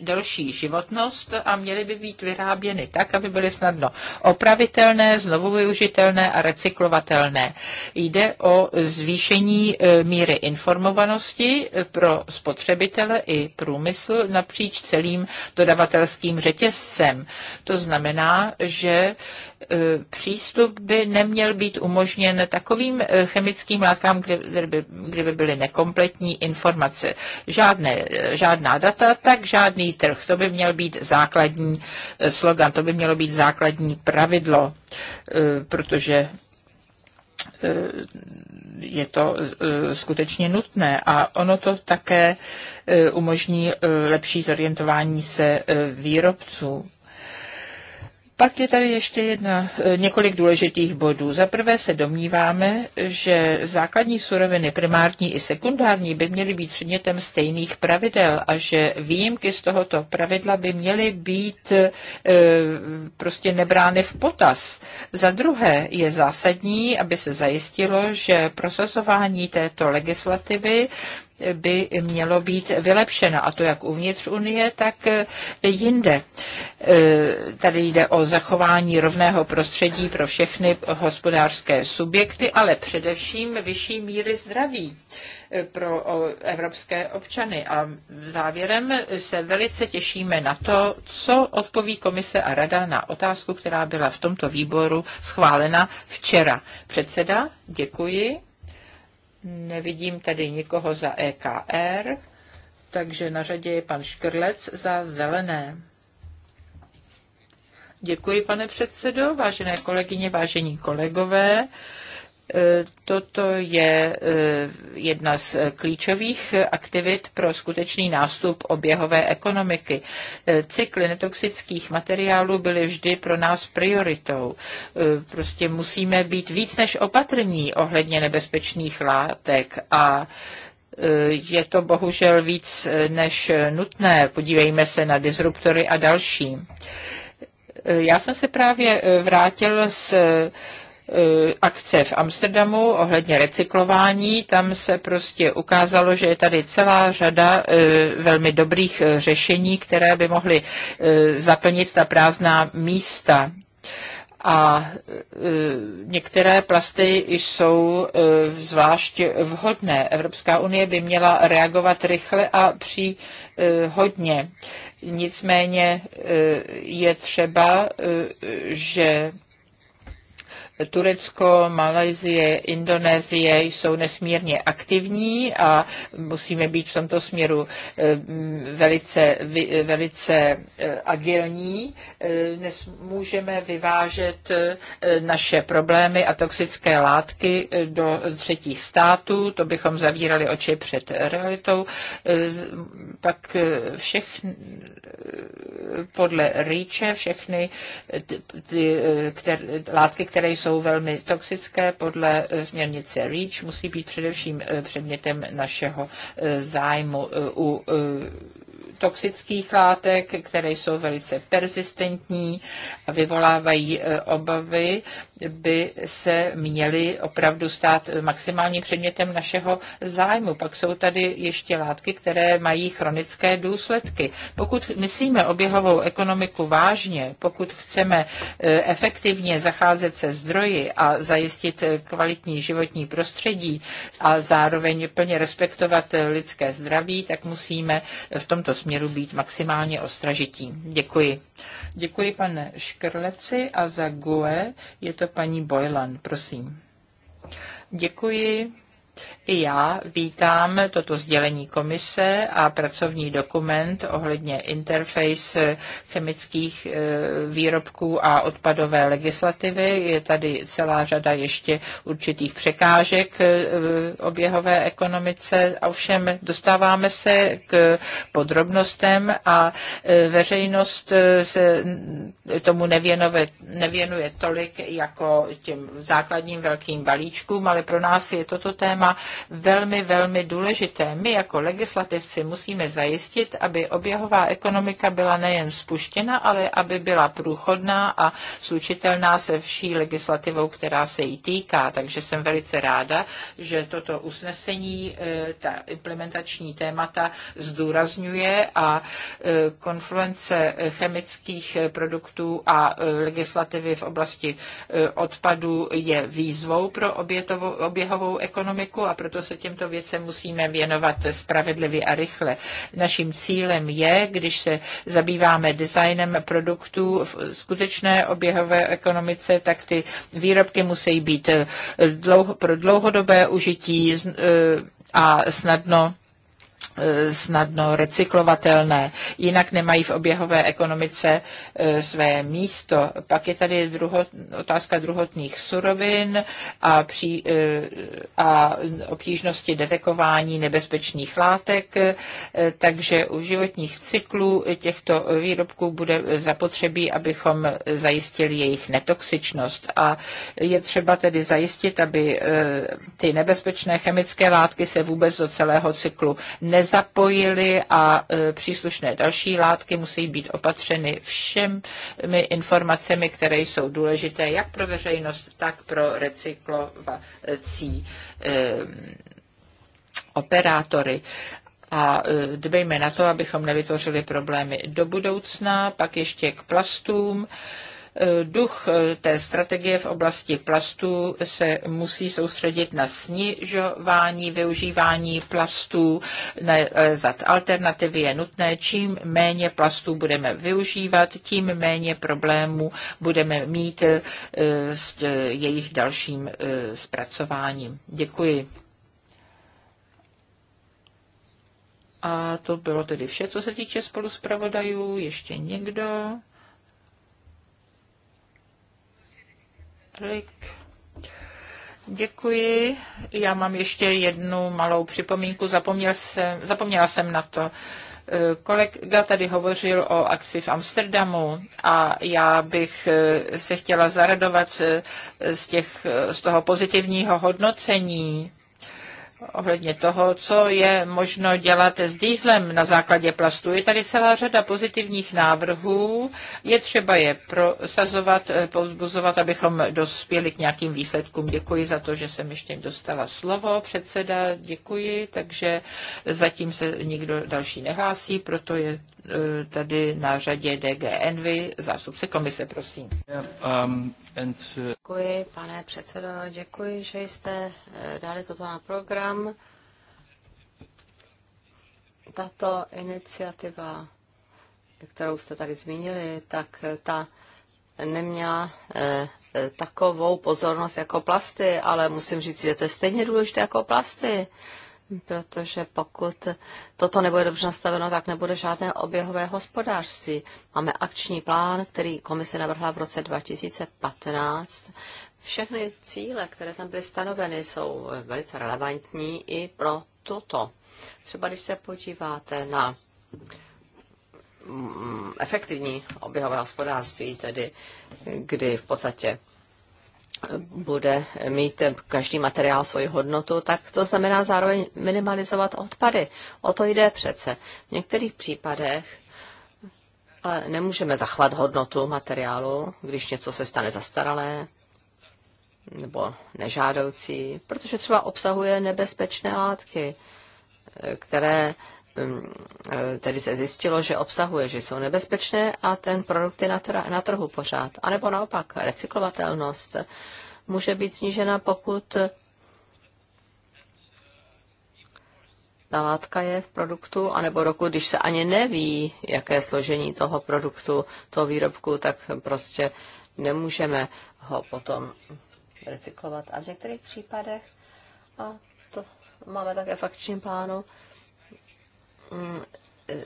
delší životnost a měly by být vyráběny tak, aby byly snadno opravitelné, znovu využitelné a recyklovatelné. Jde o zvýšení eh, míry informovanosti pro spotřebitele i průmysl napříč celým dodavatelským řetězcem. To znamená, že E, přístup by neměl být umožněn takovým e, chemickým látkám, kdyby, kdyby byly nekompletní informace. Žádné, e, žádná data, tak žádný trh. To by měl být základní slogan, to by mělo být základní pravidlo, protože je to skutečně nutné a ono to také umožní lepší zorientování se výrobců. Pak je tady ještě jedna, eh, několik důležitých bodů. Za prvé se domníváme, že základní suroviny, primární i sekundární, by měly být předmětem stejných pravidel a že výjimky z tohoto pravidla by měly být e, prostě nebrány v potaz. Za druhé je zásadní, aby se zajistilo, že prosazování této legislativy by mělo být vylepšena, a to jak uvnitř Unie, tak eh, jinde. Eh, tady jde o zachování rovného prostředí pro všechny hospodářské subjekty, ale především vyšší míry zdraví eh, pro evropské občany. A závěrem se velice těšíme na to, co odpoví komise a rada na otázku, která byla v tomto výboru schválena včera. Předseda, děkuji. Nevidím tady nikoho za EKR, takže na řadě je pan Škrlec za zelené. Děkuji, pane předsedo, vážené kolegyně, vážení kolegové. Toto je eh, jedna z eh, klíčových aktivit pro skutečný nástup oběhové ekonomiky. Eh, cykly netoxických materiálů byly vždy pro nás prioritou. Prostě musíme být víc než opatrní ohledně nebezpečných látek a je to bohužel víc než nutné. Podívejme se na disruptory a další. Já jsem se právě vrátil z Eh, akce v Amsterdamu ohledně recyklování. Tam se prostě ukázalo, že je tady celá řada eh, velmi dobrých eh, řešení, které by mohly zaplnit ta prázdná místa a některé plasty jsou zvlášť vhodné. Evropská unie by měla reagovat rychle a při hodně. Nicméně je třeba, že Turecko, Malajzie, Indonésie jsou nesmírně aktivní a musíme být v tomto směru eh, velice, eh, velice eh, agilní. Dnes můžeme vyvážet naše problémy a toxické látky do třetích států, to bychom zavírali oči před realitou. Pak všech, podle Rýče všechny ty, ty, které, látky, které jsou jsou velmi toxické podle eh, směrnice REACH, musí být především eh, předmětem našeho eh, zájmu u toxických látek, které jsou velice persistentní a vyvolávají obavy, by se měly opravdu stát maximálním předmětem našeho zájmu. Pak jsou tady ještě látky, které mají chronické důsledky. Pokud myslíme oběhovou ekonomiku vážně, pokud chceme e, efektivně zacházet se zdroji a zajistit kvalitní životní prostředí a zároveň plně respektovat lidské zdraví, tak musíme v tomto směru být maximálně ostražití. Děkuji. Děkuji, pane Škrleci, a za GUE je to paní Boylan, prosím. Děkuji, i já vítám toto sdělení komise a pracovní dokument ohledně interface chemických e, výrobků a odpadové legislativy. Je tady celá řada ještě určitých překážek e, oběhové ekonomice, ovšem dostáváme se k podrobnostem a e, veřejnost se tomu nevěnuje, nevěnuje tolik jako těm základním velkým balíčkům, ale pro nás je toto téma téma velmi, velmi důležité. My jako legislativci musíme zajistit, aby oběhová ekonomika byla nejen spuštěna, ale aby byla průchodná a slučitelná se vší legislativou, která se jí týká. Takže jsem velice ráda, že toto usnesení, eh, ta implementační témata zdůrazňuje a eh, konfluence chemických produktů a eh, legislativy v oblasti odpadů je výzvou pro oběhovou ekonomiku věku a proto se těmto věcem musíme věnovat spravedlivě a rychle. Naším cílem je, když se zabýváme designem produktů v skutečné oběhové ekonomice, tak ty výrobky musí být eh, dlouho, pro dlouhodobé užití eh, a snadno E, snadno recyklovatelné, jinak nemají v oběhové ekonomice e, své místo. Pak je tady druho, otázka druhotných surovin a, při, e, a obtížnosti detekování nebezpečných látek, takže u životních cyklů těchto výrobků bude zapotřebí, abychom zajistili jejich netoxičnost. A je třeba tedy zajistit, aby ty nebezpečné chemické látky se vůbec do celého cyklu nezapojili a e, příslušné další látky musí být opatřeny všemi informacemi, které jsou důležité jak pro veřejnost, tak pro recyklovací e, operátory a e, dbejme na to, abychom nevytvořili problémy do budoucna, pak ještě k plastům. Eh, duch eh, té strategie v oblasti plastů se musí soustředit na snižování využívání plastů, nalézat eh, alternativy je nutné. Čím méně plastů budeme využívat, tím méně problémů budeme mít s jejich dalším zpracováním. Děkuji. A to bylo tedy vše, co se týče spoluspravodajů. Ještě někdo? Klik. Děkuji. Já mám ještě jednu malou připomínku. Zapomněl jsem, zapomněla jsem na to. Eh, kolega tady hovořil o akci v Amsterdamu a já bych eh, se chtěla zaradovat eh, z, těch, z toho pozitivního hodnocení ohledně toho, co je možno dělat s dýzlem na základě plastu. Je tady celá řada pozitivních návrhů, je třeba je prosazovat, eh, povzbuzovat, abychom dospěli k nějakým výsledkům. Děkuji za to, že jsem ještě dostala slovo. Předseda, děkuji, takže zatím se nikdo další nehlásí, proto je Eh, tady na řadě DG Envy. Zástupce komise, prosím. Um, uh, děkuji, pane předsedo, děkuji, že jste eh, dali toto na program. Tato iniciativa, kterou jste tady zmínili, tak eh, ta neměla takovou pozornost jako plasty, ale musím říct, že to je stejně důležité jako plasty protože pokud toto nebude dobře nastaveno, tak nebude žádné oběhové hospodářství. Máme akční plán, který komise navrhla v roce 2015. Všechny cíle, které tam byly stanoveny, jsou velice relevantní i pro tuto. Třeba když se podíváte na mm, efektivní oběhové hospodářství, tedy kdy v podstatě bude mít každý materiál svoji hodnotu, tak to znamená zároveň minimalizovat odpady. O to jde přece. V některých případech ale nemůžeme zachovat hodnotu materiálu, když něco se stane zastaralé nebo nežádoucí, protože třeba obsahuje nebezpečné látky, které Ehm, e, tedy se zjistilo, že obsahuje, že jsou nebezpečné a ten produkt je na, trhu pořád. A nebo naopak, recyklovatelnost může být snížena, pokud ta látka je v produktu, anebo roku, když se ani neví, jaké složení toho produktu, toho výrobku, tak prostě nemůžeme ho potom recyklovat. A v některých případech, a to máme také v akčním plánu, Eh,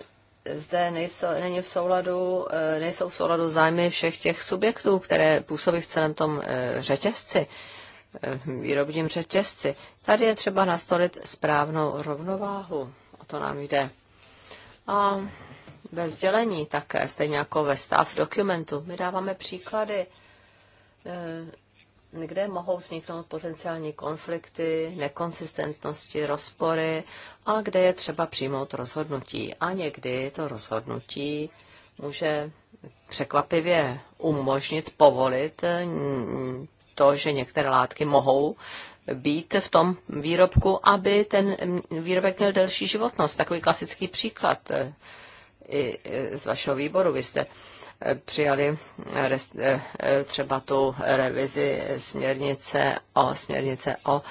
zde nejsou, není v souladu, eh, nejsou v souladu zájmy všech těch subjektů, které působí v celém tom eh, řetězci, výrobním řetězci. Tady je třeba nastolit správnou rovnováhu. O to nám jde. A ve sdělení také, stejně jako ve stav dokumentu, my dáváme příklady kde mohou vzniknout potenciální konflikty, nekonsistentnosti, rozpory a kde je třeba přijmout rozhodnutí. A někdy to rozhodnutí může překvapivě umožnit, povolit eh, to, že některé látky mohou být v tom výrobku, aby ten výrobek měl delší životnost. Takový klasický příklad eh, i eh, z vašeho výboru. Vy jste přijali eh, eh, eh, třeba tu revizi směrnice o, směrnice o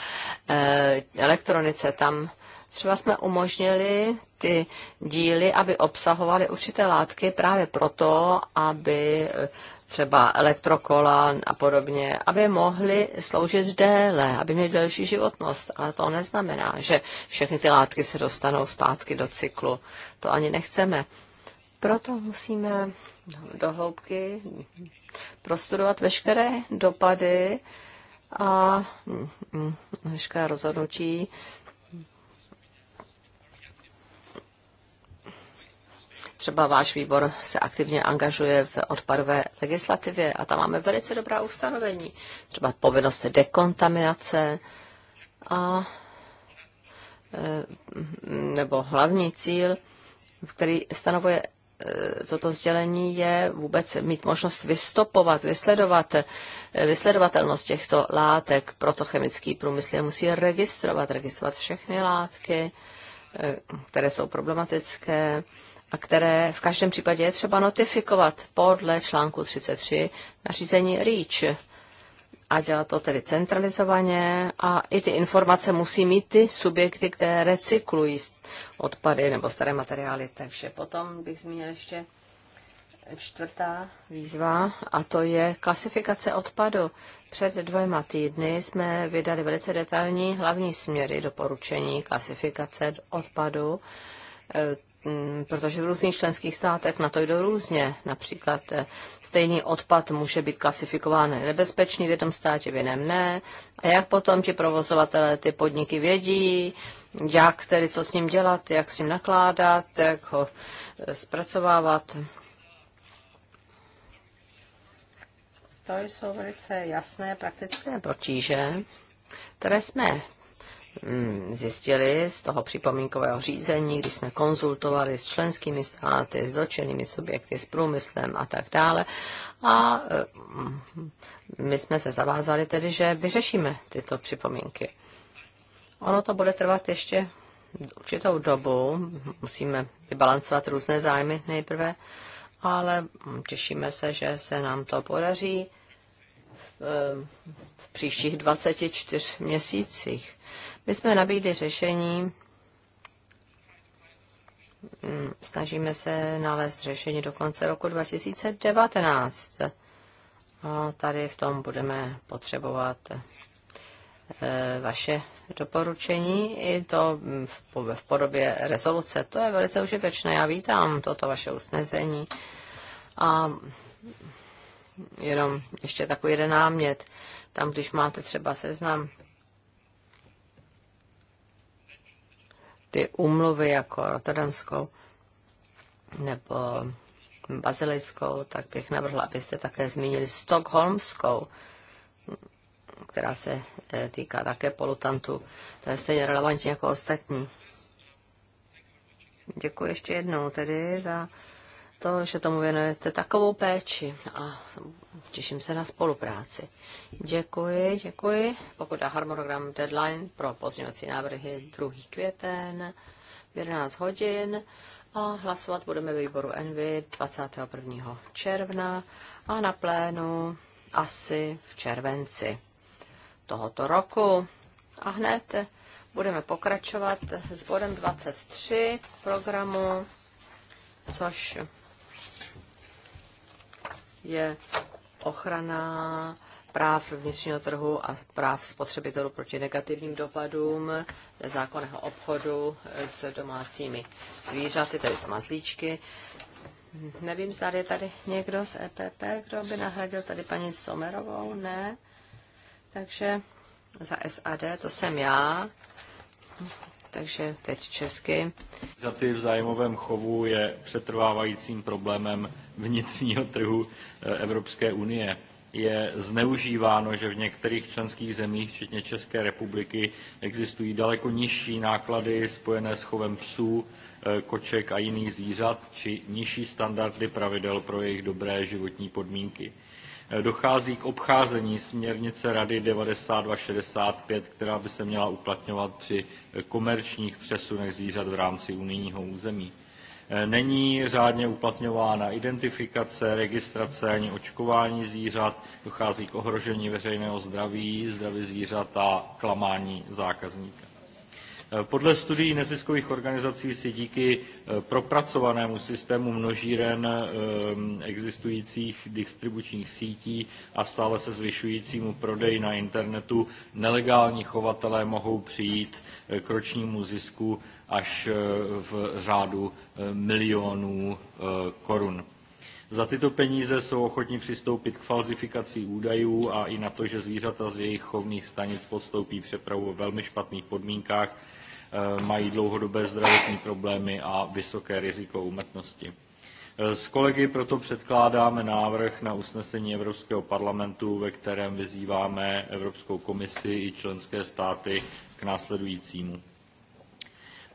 elektronice. Tam třeba jsme umožnili ty díly, aby obsahovaly určité látky právě proto, aby třeba elektrokola a podobně, aby mohly sloužit déle, aby měly delší životnost. Ale to neznamená, že všechny ty látky se dostanou zpátky do cyklu. To ani nechceme. Proto musíme do hloubky prostudovat veškeré dopady a veškerá rozhodnutí, třeba váš výbor se aktivně angažuje v odpadové legislativě a tam máme velice dobrá ustanovení, třeba povinnost dekontaminace a e, nebo hlavní cíl, který stanovuje E, toto sdělení je vůbec mít možnost vystopovat, vysledovat e, vysledovatelnost těchto látek. Proto chemický průmysl je musí registrovat, registrovat všechny látky, e, které jsou problematické a které v každém případě je třeba notifikovat podle článku 33 nařízení REACH a dělat to tedy centralizovaně a i ty informace musí mít ty subjekty, které recyklují odpady nebo staré materiály. Takže potom bych zmínil ještě čtvrtá výzva a to je klasifikace odpadu. Před dvěma týdny jsme vydali velice detailní hlavní směry doporučení klasifikace odpadu Mm, protože v různých členských státech na to jdou různě. Například eh, stejný odpad může být klasifikován nebezpečný v jednom státě, v jiném ne. A jak potom ti provozovatelé, ty podniky vědí, jak tedy co s ním dělat, jak s ním nakládat, jak ho eh, zpracovávat. To jsou velice jasné praktické potíže, které jsme Mm, zjistili z toho připomínkového řízení, když jsme konzultovali s členskými státy, s dočenými subjekty, s průmyslem a tak dále. A mm, my jsme se zavázali tedy, že vyřešíme tyto připomínky. Ono to bude trvat ještě určitou dobu, musíme vybalancovat různé zájmy nejprve, ale mm, těšíme se, že se nám to podaří eh, v příštích 24 měsících. My jsme nabídli řešení, mm, snažíme se nalézt řešení do konce roku 2019. A tady v tom budeme potřebovat eh, vaše doporučení i to mm, v podobě rezoluce. To je velice užitečné. Já vítám toto vaše usnesení. A jenom ještě takový jeden námět. Tam, když máte třeba seznam ty umluvy jako Rotterdamskou nebo Bazilejskou, tak bych navrhla, abyste také zmínili Stockholmskou, která se e, týká také polutantů. To je stejně relevantní jako ostatní. Děkuji ještě jednou tedy za to, že tomu věnujete takovou péči a těším se na spolupráci. Děkuji, děkuji. Pokud dá harmonogram deadline pro pozdňovací návrhy 2. květen v 11 hodin a hlasovat budeme ve výboru Envy 21. června a na plénu asi v červenci tohoto roku. A hned budeme pokračovat s bodem 23 programu, což je ochrana práv vnitřního trhu a práv spotřebitelů proti negativním dopadům nezákonného obchodu s domácími zvířaty, tedy s mazlíčky. Nevím, zda je tady někdo z EPP, kdo by nahradil tady paní Somerovou, ne. Takže za SAD, to jsem já. Takže teď česky. Za ty v zájmovém chovu je přetrvávajícím problémem vnitřního trhu eh, Evropské unie je zneužíváno, že v některých členských zemích, včetně České republiky, existují daleko nižší náklady spojené s chovem psů, eh, koček a jiných zvířat, či nižší standardy pravidel pro jejich dobré životní podmínky. Eh, dochází k obcházení směrnice Rady 9265, která by se měla uplatňovat při komerčních přesunech zvířat v rámci unijního území. Není řádně uplatňována identifikace, registrace ani očkování zvířat, dochází k ohrožení veřejného zdraví, zdraví zvířat a klamání zákazníka. Eh, podle studií neziskových organizací si díky eh, propracovanému systému množíren eh, existujících distribučních sítí a stále se zvyšujícímu prodeji na internetu nelegální chovatelé mohou přijít k ročnímu zisku až v řádu milionů korun. Za tyto peníze jsou ochotni přistoupit k falzifikaci údajů a i na to, že zvířata z jejich chovných stanic podstoupí přepravu ve velmi špatných podmínkách, Eh, mají dlouhodobé zdravotní problémy a vysoké riziko úmrtnosti. Eh, s kolegy proto předkládáme návrh na usnesení Evropského parlamentu, ve kterém vyzýváme Evropskou komisi i členské státy k následujícímu.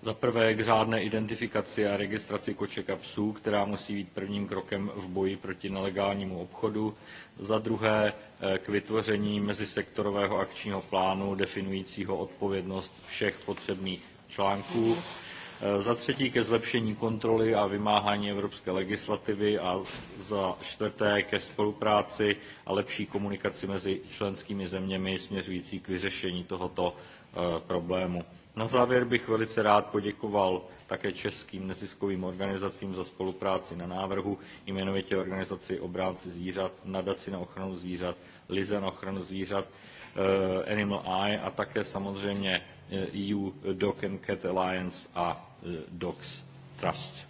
Za prvé k řádné identifikaci a registraci koček a psů, která musí být prvním krokem v boji proti nelegálnímu obchodu. Za druhé eh, k vytvoření mezisektorového akčního plánu definujícího odpovědnost všech potřebných článků. Eh, za třetí ke zlepšení kontroly a vymáhání evropské legislativy a za čtvrté ke spolupráci a lepší komunikaci mezi členskými zeměmi směřující k vyřešení tohoto eh, problému. Na závěr bych velice rád poděkoval také českým neziskovým organizacím za spolupráci na návrhu, jmenovitě organizaci Obránci zvířat, Nadaci na ochranu zvířat, Lize na ochranu zvířat, eh, Animal Eye a také samozřejmě EU eh, e eh, Dog and Cat Alliance a eh, Dogs Trust.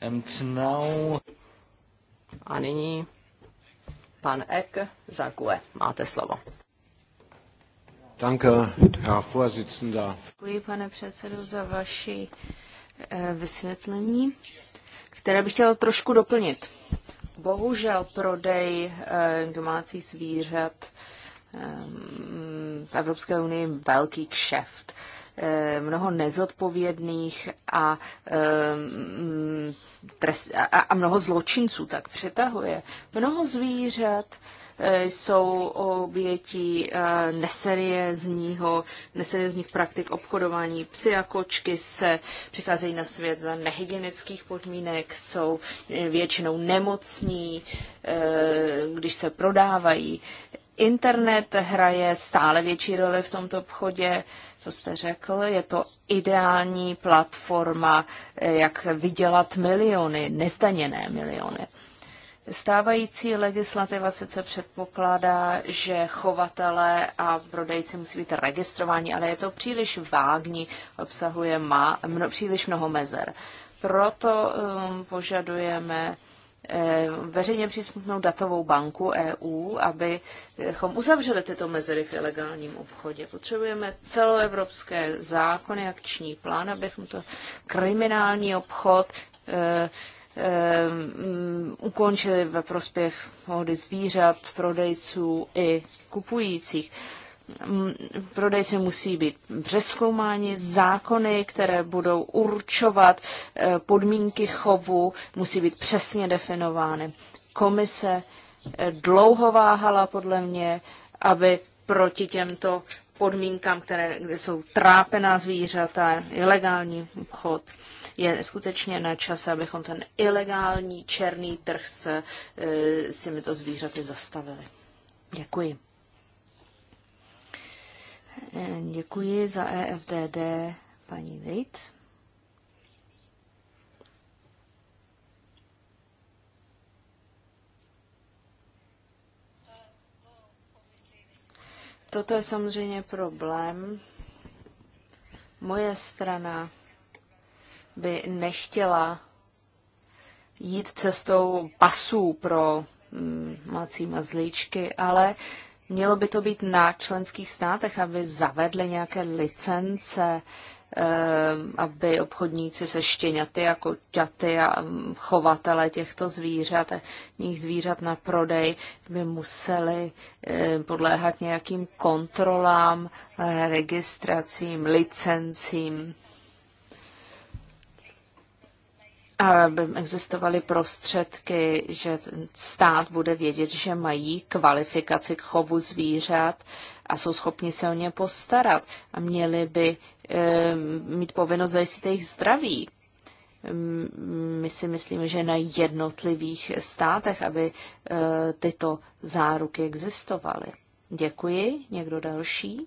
And now... A nyní pan Ek za GUE. Máte slovo. Danke, Herr Vorsitzender. Děkuji, pane předsedo, za vaši vysvětlení, které bych chtěl trošku doplnit. Bohužel prodej domácích zvířat v Evropské unii velký kšeft. Eh, mnoho nezodpovědných eh, a, a mnoho zločinců tak přetahuje. Mnoho zvířat eh, jsou obětí neseriézního, neseriézních praktik obchodování. Psy a kočky se přicházejí na svět za nehygienických podmínek, jsou většinou nemocní, když se prodávají. Internet hraje stále větší roli v tomto obchodě, co jste řekl, je to ideální platforma, eh, jak vydělat miliony, nezdaněné miliony. Stávající legislativa sice předpokládá, že chovatele a prodejci musí být registrováni, ale je to příliš vágní, obsahuje má, mno, příliš mnoho mezer. Proto um, požadujeme Eh, veřejně přístupnou datovou banku EU, abychom uzavřeli tyto mezery v ilegálním obchodě. Potřebujeme celoevropské zákony, akční plán, abychom to kriminální obchod eh, eh, ukončili ve prospěch pohody zvířat, prodejců i kupujících prodejci musí být přeskoumáni, zákony, které budou určovat eh, podmínky chovu, musí být přesně definovány. Komise eh, dlouho váhala podle mě, aby proti těmto podmínkám, které jsou trápená zvířata, ilegální obchod, je skutečně na čase, abychom ten ilegální černý trh s, eh, s těmito zvířaty zastavili. Děkuji. Eh, děkuji za EFDD paní Vejt. Toto je samozřejmě problém. Moje strana by nechtěla jít cestou pasů pro mací mm, mazlíčky, ale Mělo by to být na členských státech, aby zavedly nějaké licence, eh, aby obchodníci se štěňaty a koťaty a mm, chovatele těchto zvířat, nich zvířat na prodej, by museli eh, podléhat nějakým kontrolám, registracím, licencím. aby existovaly prostředky, že stát bude vědět, že mají kvalifikaci k chovu zvířat a jsou schopni se o ně postarat a měli by e, mít povinnost zajistit jejich zdraví. My si myslíme, že na jednotlivých státech, aby e, tyto záruky existovaly. Děkuji. Někdo další?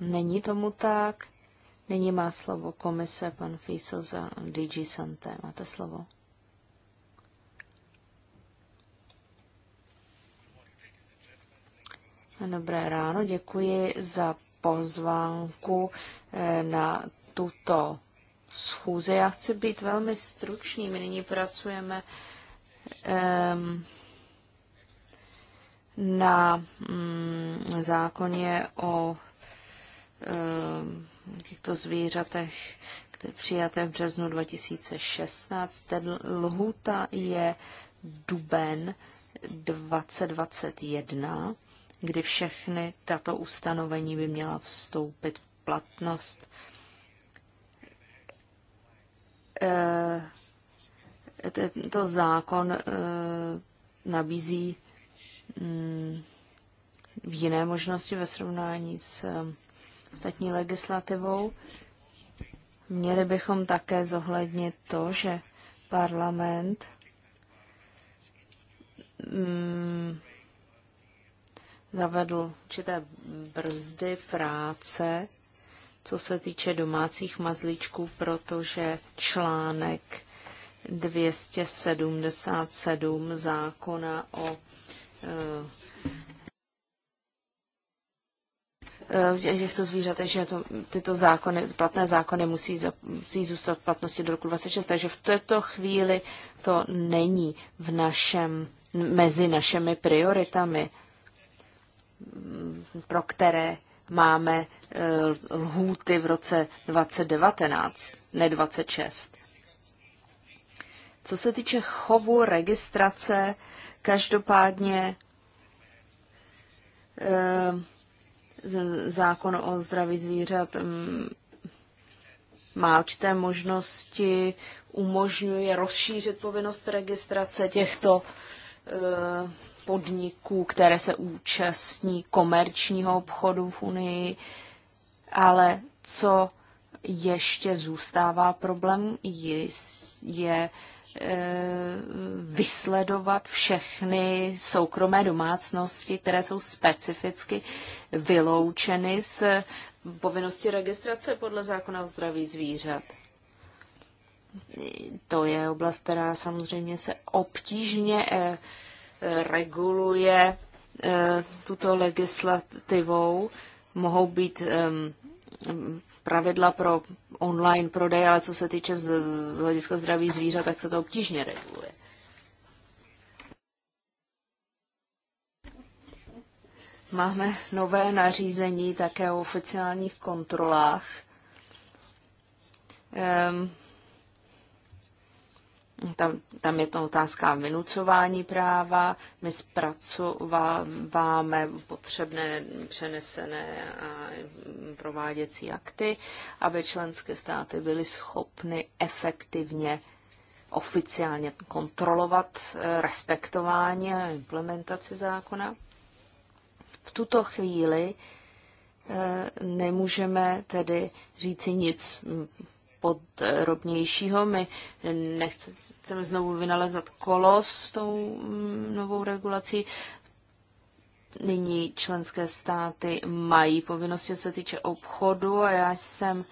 Není tomu tak. Nyní má slovo komise pan Fiesel za DG Santé. Máte slovo. Dobré ráno, děkuji za pozvánku eh, na tuto schůze. Já chci být velmi stručný. My nyní pracujeme um, na um, zákoně o um, těchto zvířatech, které přijaté v březnu 2016. Ten lhůta je duben 2021, kdy všechny tato ustanovení by měla vstoupit v platnost. Eh, tento zákon eh, nabízí mm, jiné možnosti ve srovnání s eh, ostatní legislativou. Měli bychom také zohlednit to, že parlament mm, zavedl určité brzdy práce, co se týče domácích mazlíčků, protože článek 277 zákona o eh, těchto eh, zvířat, že to, tyto zákony, platné zákony musí, za, musí zůstat v platnosti do roku 26, takže v této chvíli to není v našem, mezi našimi prioritami, mm, pro které máme eh, lhůty v roce 2019, ne 26. Co se týče chovu, registrace, každopádně eh, zákon o zdraví zvířat mm, má určité možnosti, umožňuje rozšířit povinnost registrace těchto eh, podniků, které se účastní komerčního obchodu v Unii, ale co ještě zůstává problém, je Eh, vysledovat všechny soukromé domácnosti, které jsou specificky vyloučeny z povinnosti registrace podle zákona o zdraví zvířat. To je oblast, která samozřejmě se obtížně eh, reguluje eh, tuto legislativou. Mohou být pravidla pro online prodej, ale co se týče z, z hlediska zdraví zvířat, tak se to obtížně reguluje. Máme nové nařízení také o oficiálních kontrolách. Um, tam, tam je to otázka vynucování práva. My zpracováváme potřebné přenesené a prováděcí akty, aby členské státy byly schopny efektivně oficiálně kontrolovat eh, respektování a implementaci zákona. V tuto chvíli eh, nemůžeme tedy říci nic podrobnějšího. My nechce, chceme znovu vynalezat kolo s tou mm, novou regulací. Nyní členské státy mají povinnosti, se týče obchodu a já jsem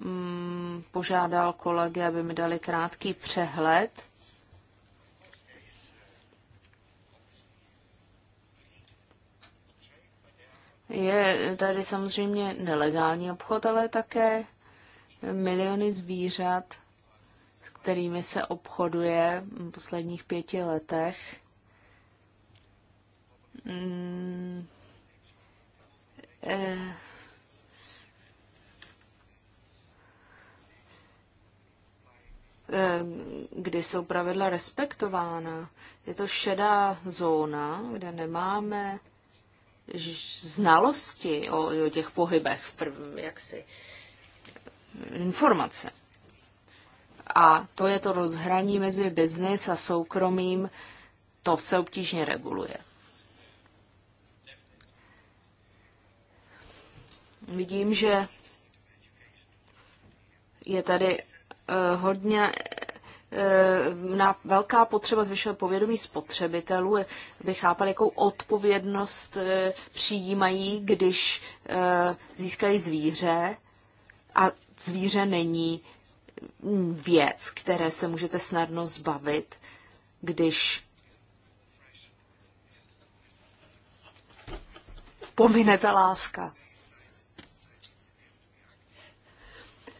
mm, požádal kolegy, aby mi dali krátký přehled. Je tady samozřejmě nelegální obchod, ale také miliony zvířat, kterými se obchoduje v posledních pěti letech. Mm. Eh, eh, kdy jsou pravidla respektována. Je to šedá zóna, kde nemáme znalosti o, o těch pohybech, v prv, jaksi informace. A to je to rozhraní mezi biznis a soukromým, to se obtížně reguluje. Vidím, že je tady uh, hodně uh, na velká potřeba zvyšovat povědomí spotřebitelů, aby chápali, jakou odpovědnost uh, přijímají, když uh, získají zvíře a zvíře není věc, které se můžete snadno zbavit, když pomine ta láska.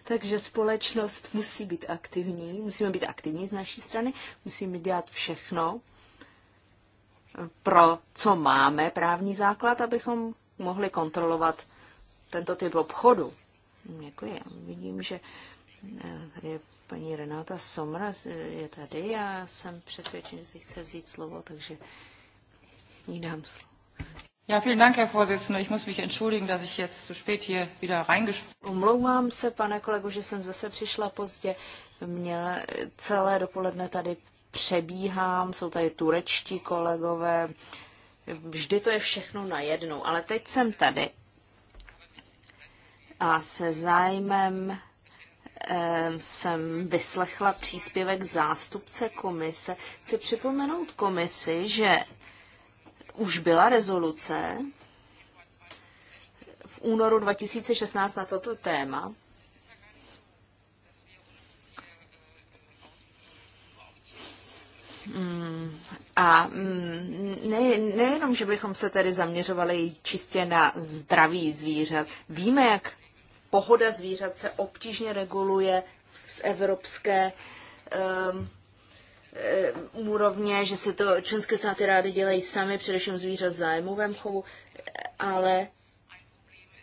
Takže společnost musí být aktivní, musíme být aktivní z naší strany, musíme dělat všechno, pro co máme právní základ, abychom mohli kontrolovat tento typ obchodu. Děkuji. Vidím, že Tady je paní Renáta Somra, je tady. Já jsem přesvědčen, že si chce vzít slovo, takže jí dám slovo. Ja, vielen Dank, Herr Vorsitzender. Ich muss mich entschuldigen, dass ich jetzt zu spät hier wieder Omlouvám se, pane kolego, že jsem zase přišla pozdě. Mě celé dopoledne tady přebíhám, jsou tady turečtí kolegové. Vždy to je všechno na jednu, ale teď jsem tady. A se zájmem jsem vyslechla příspěvek zástupce komise. Chci připomenout komisi, že už byla rezoluce v únoru 2016 na toto téma. Hmm, a hmm, ne, nejenom, že bychom se tedy zaměřovali čistě na zdraví zvířat, víme, jak pohoda zvířat se obtížně reguluje z evropské um, um, úrovně, že se to členské státy rády dělají sami, především zvířat v zájmovém chovu, ale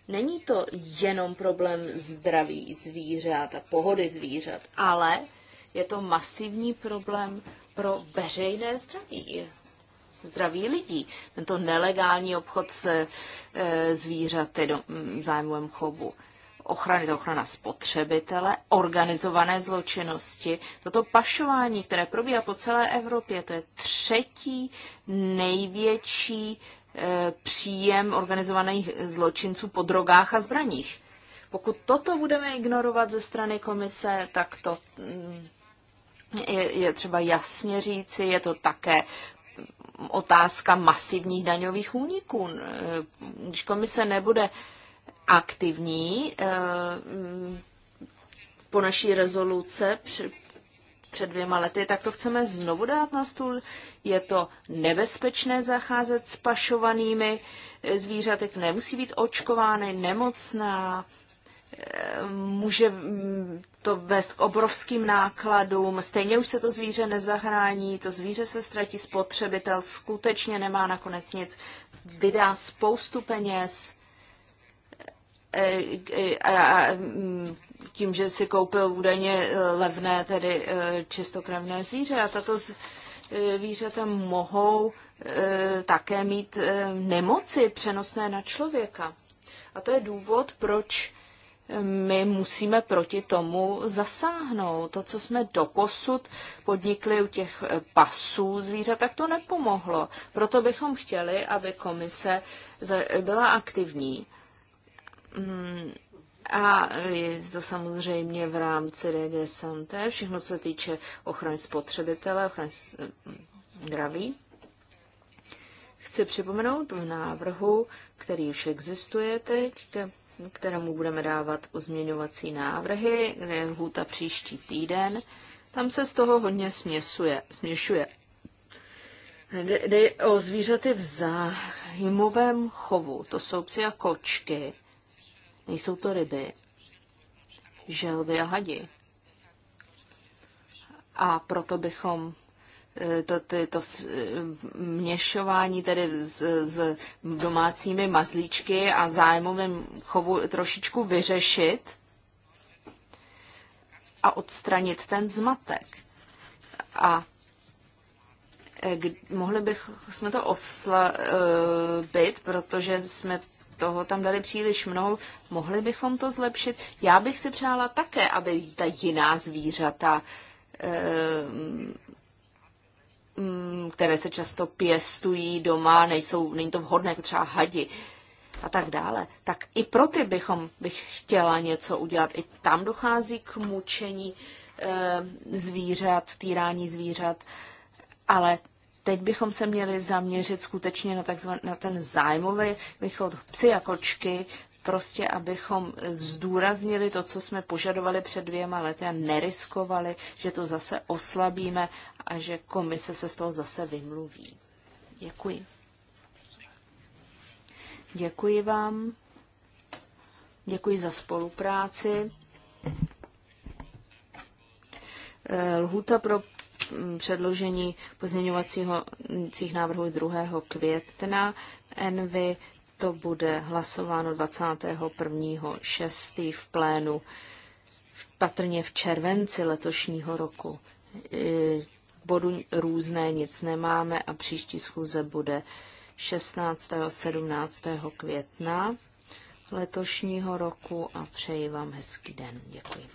není to jenom problém zdraví zvířat a pohody zvířat, ale je to masivní problém pro veřejné zdraví zdraví lidí. Tento nelegální obchod se e, eh, zvířaty do zájmovém chovu ochrany, to ochrana spotřebitele, organizované zločinnosti. Toto pašování, které probíhá po celé Evropě, to je třetí největší e, příjem organizovaných zločinců po drogách a zbraních. Pokud toto budeme ignorovat ze strany komise, tak to mm, je, je třeba jasně říci, je to také otázka masivních daňových úniků. Eh, když komise nebude aktivní. Eh, po naší rezoluce před dvěma lety, tak to chceme znovu dát na stůl. Je to nebezpečné zacházet s pašovanými eh, zvířaty, které nemusí být očkovány, nemocná, eh, může mm, to vést k obrovským nákladům, stejně už se to zvíře nezahrání, to zvíře se ztratí, spotřebitel skutečně nemá nakonec nic, vydá spoustu peněz Eh, a mm, tím, že si koupil údajně eh, levné, tedy eh, čistokrevné zvíře. A tato zvířata mohou také mít nemoci přenosné na člověka. A to je důvod, proč my musíme proti tomu zasáhnout. To, co jsme doposud podnikli u těch pasů zvířat, tak to nepomohlo. Proto bychom chtěli, aby komise byla aktivní Mm, a je to samozřejmě v rámci DG Santé, všechno, co se týče ochrany spotřebitele, ochrany mm, zdraví. Chci připomenout v návrhu, který už existuje teď, kterému budeme dávat pozměňovací návrhy, kde je hůta příští týden, tam se z toho hodně směsuje, směšuje. Jde o zvířaty v zájmovém chovu. To jsou psy a kočky, Nejsou to ryby, želvy a hadi. A proto bychom e, to, ty, to e, měšování tedy s, s domácími mazlíčky a zájmovým chovu trošičku vyřešit a odstranit ten zmatek. A e, mohli bychom to oslabit, protože jsme toho tam dali příliš mnoho, mohli bychom to zlepšit. Já bych si přála také, aby ta jiná zvířata, eh, mm, které se často pěstují doma, nejsou, není to vhodné, jako třeba hadi a tak dále, tak i pro ty bychom bych chtěla něco udělat. I tam dochází k mučení eh, zvířat, týrání zvířat, ale teď bychom se měli zaměřit skutečně na, takzvaný, na ten zájmový východ psy a kočky, prostě abychom zdůraznili to, co jsme požadovali před dvěma lety a neriskovali, že to zase oslabíme a že komise se z toho zase vymluví. Děkuji. Děkuji vám. Děkuji za spolupráci. Eh, Lhuta pro předložení pozměňovacích návrhů 2. května. Envy to bude hlasováno 21.6. v plénu patrně v červenci letošního roku. E, bodu různé nic nemáme a příští schůze bude 16. 17. května letošního roku a přeji vám hezký den. Děkuji.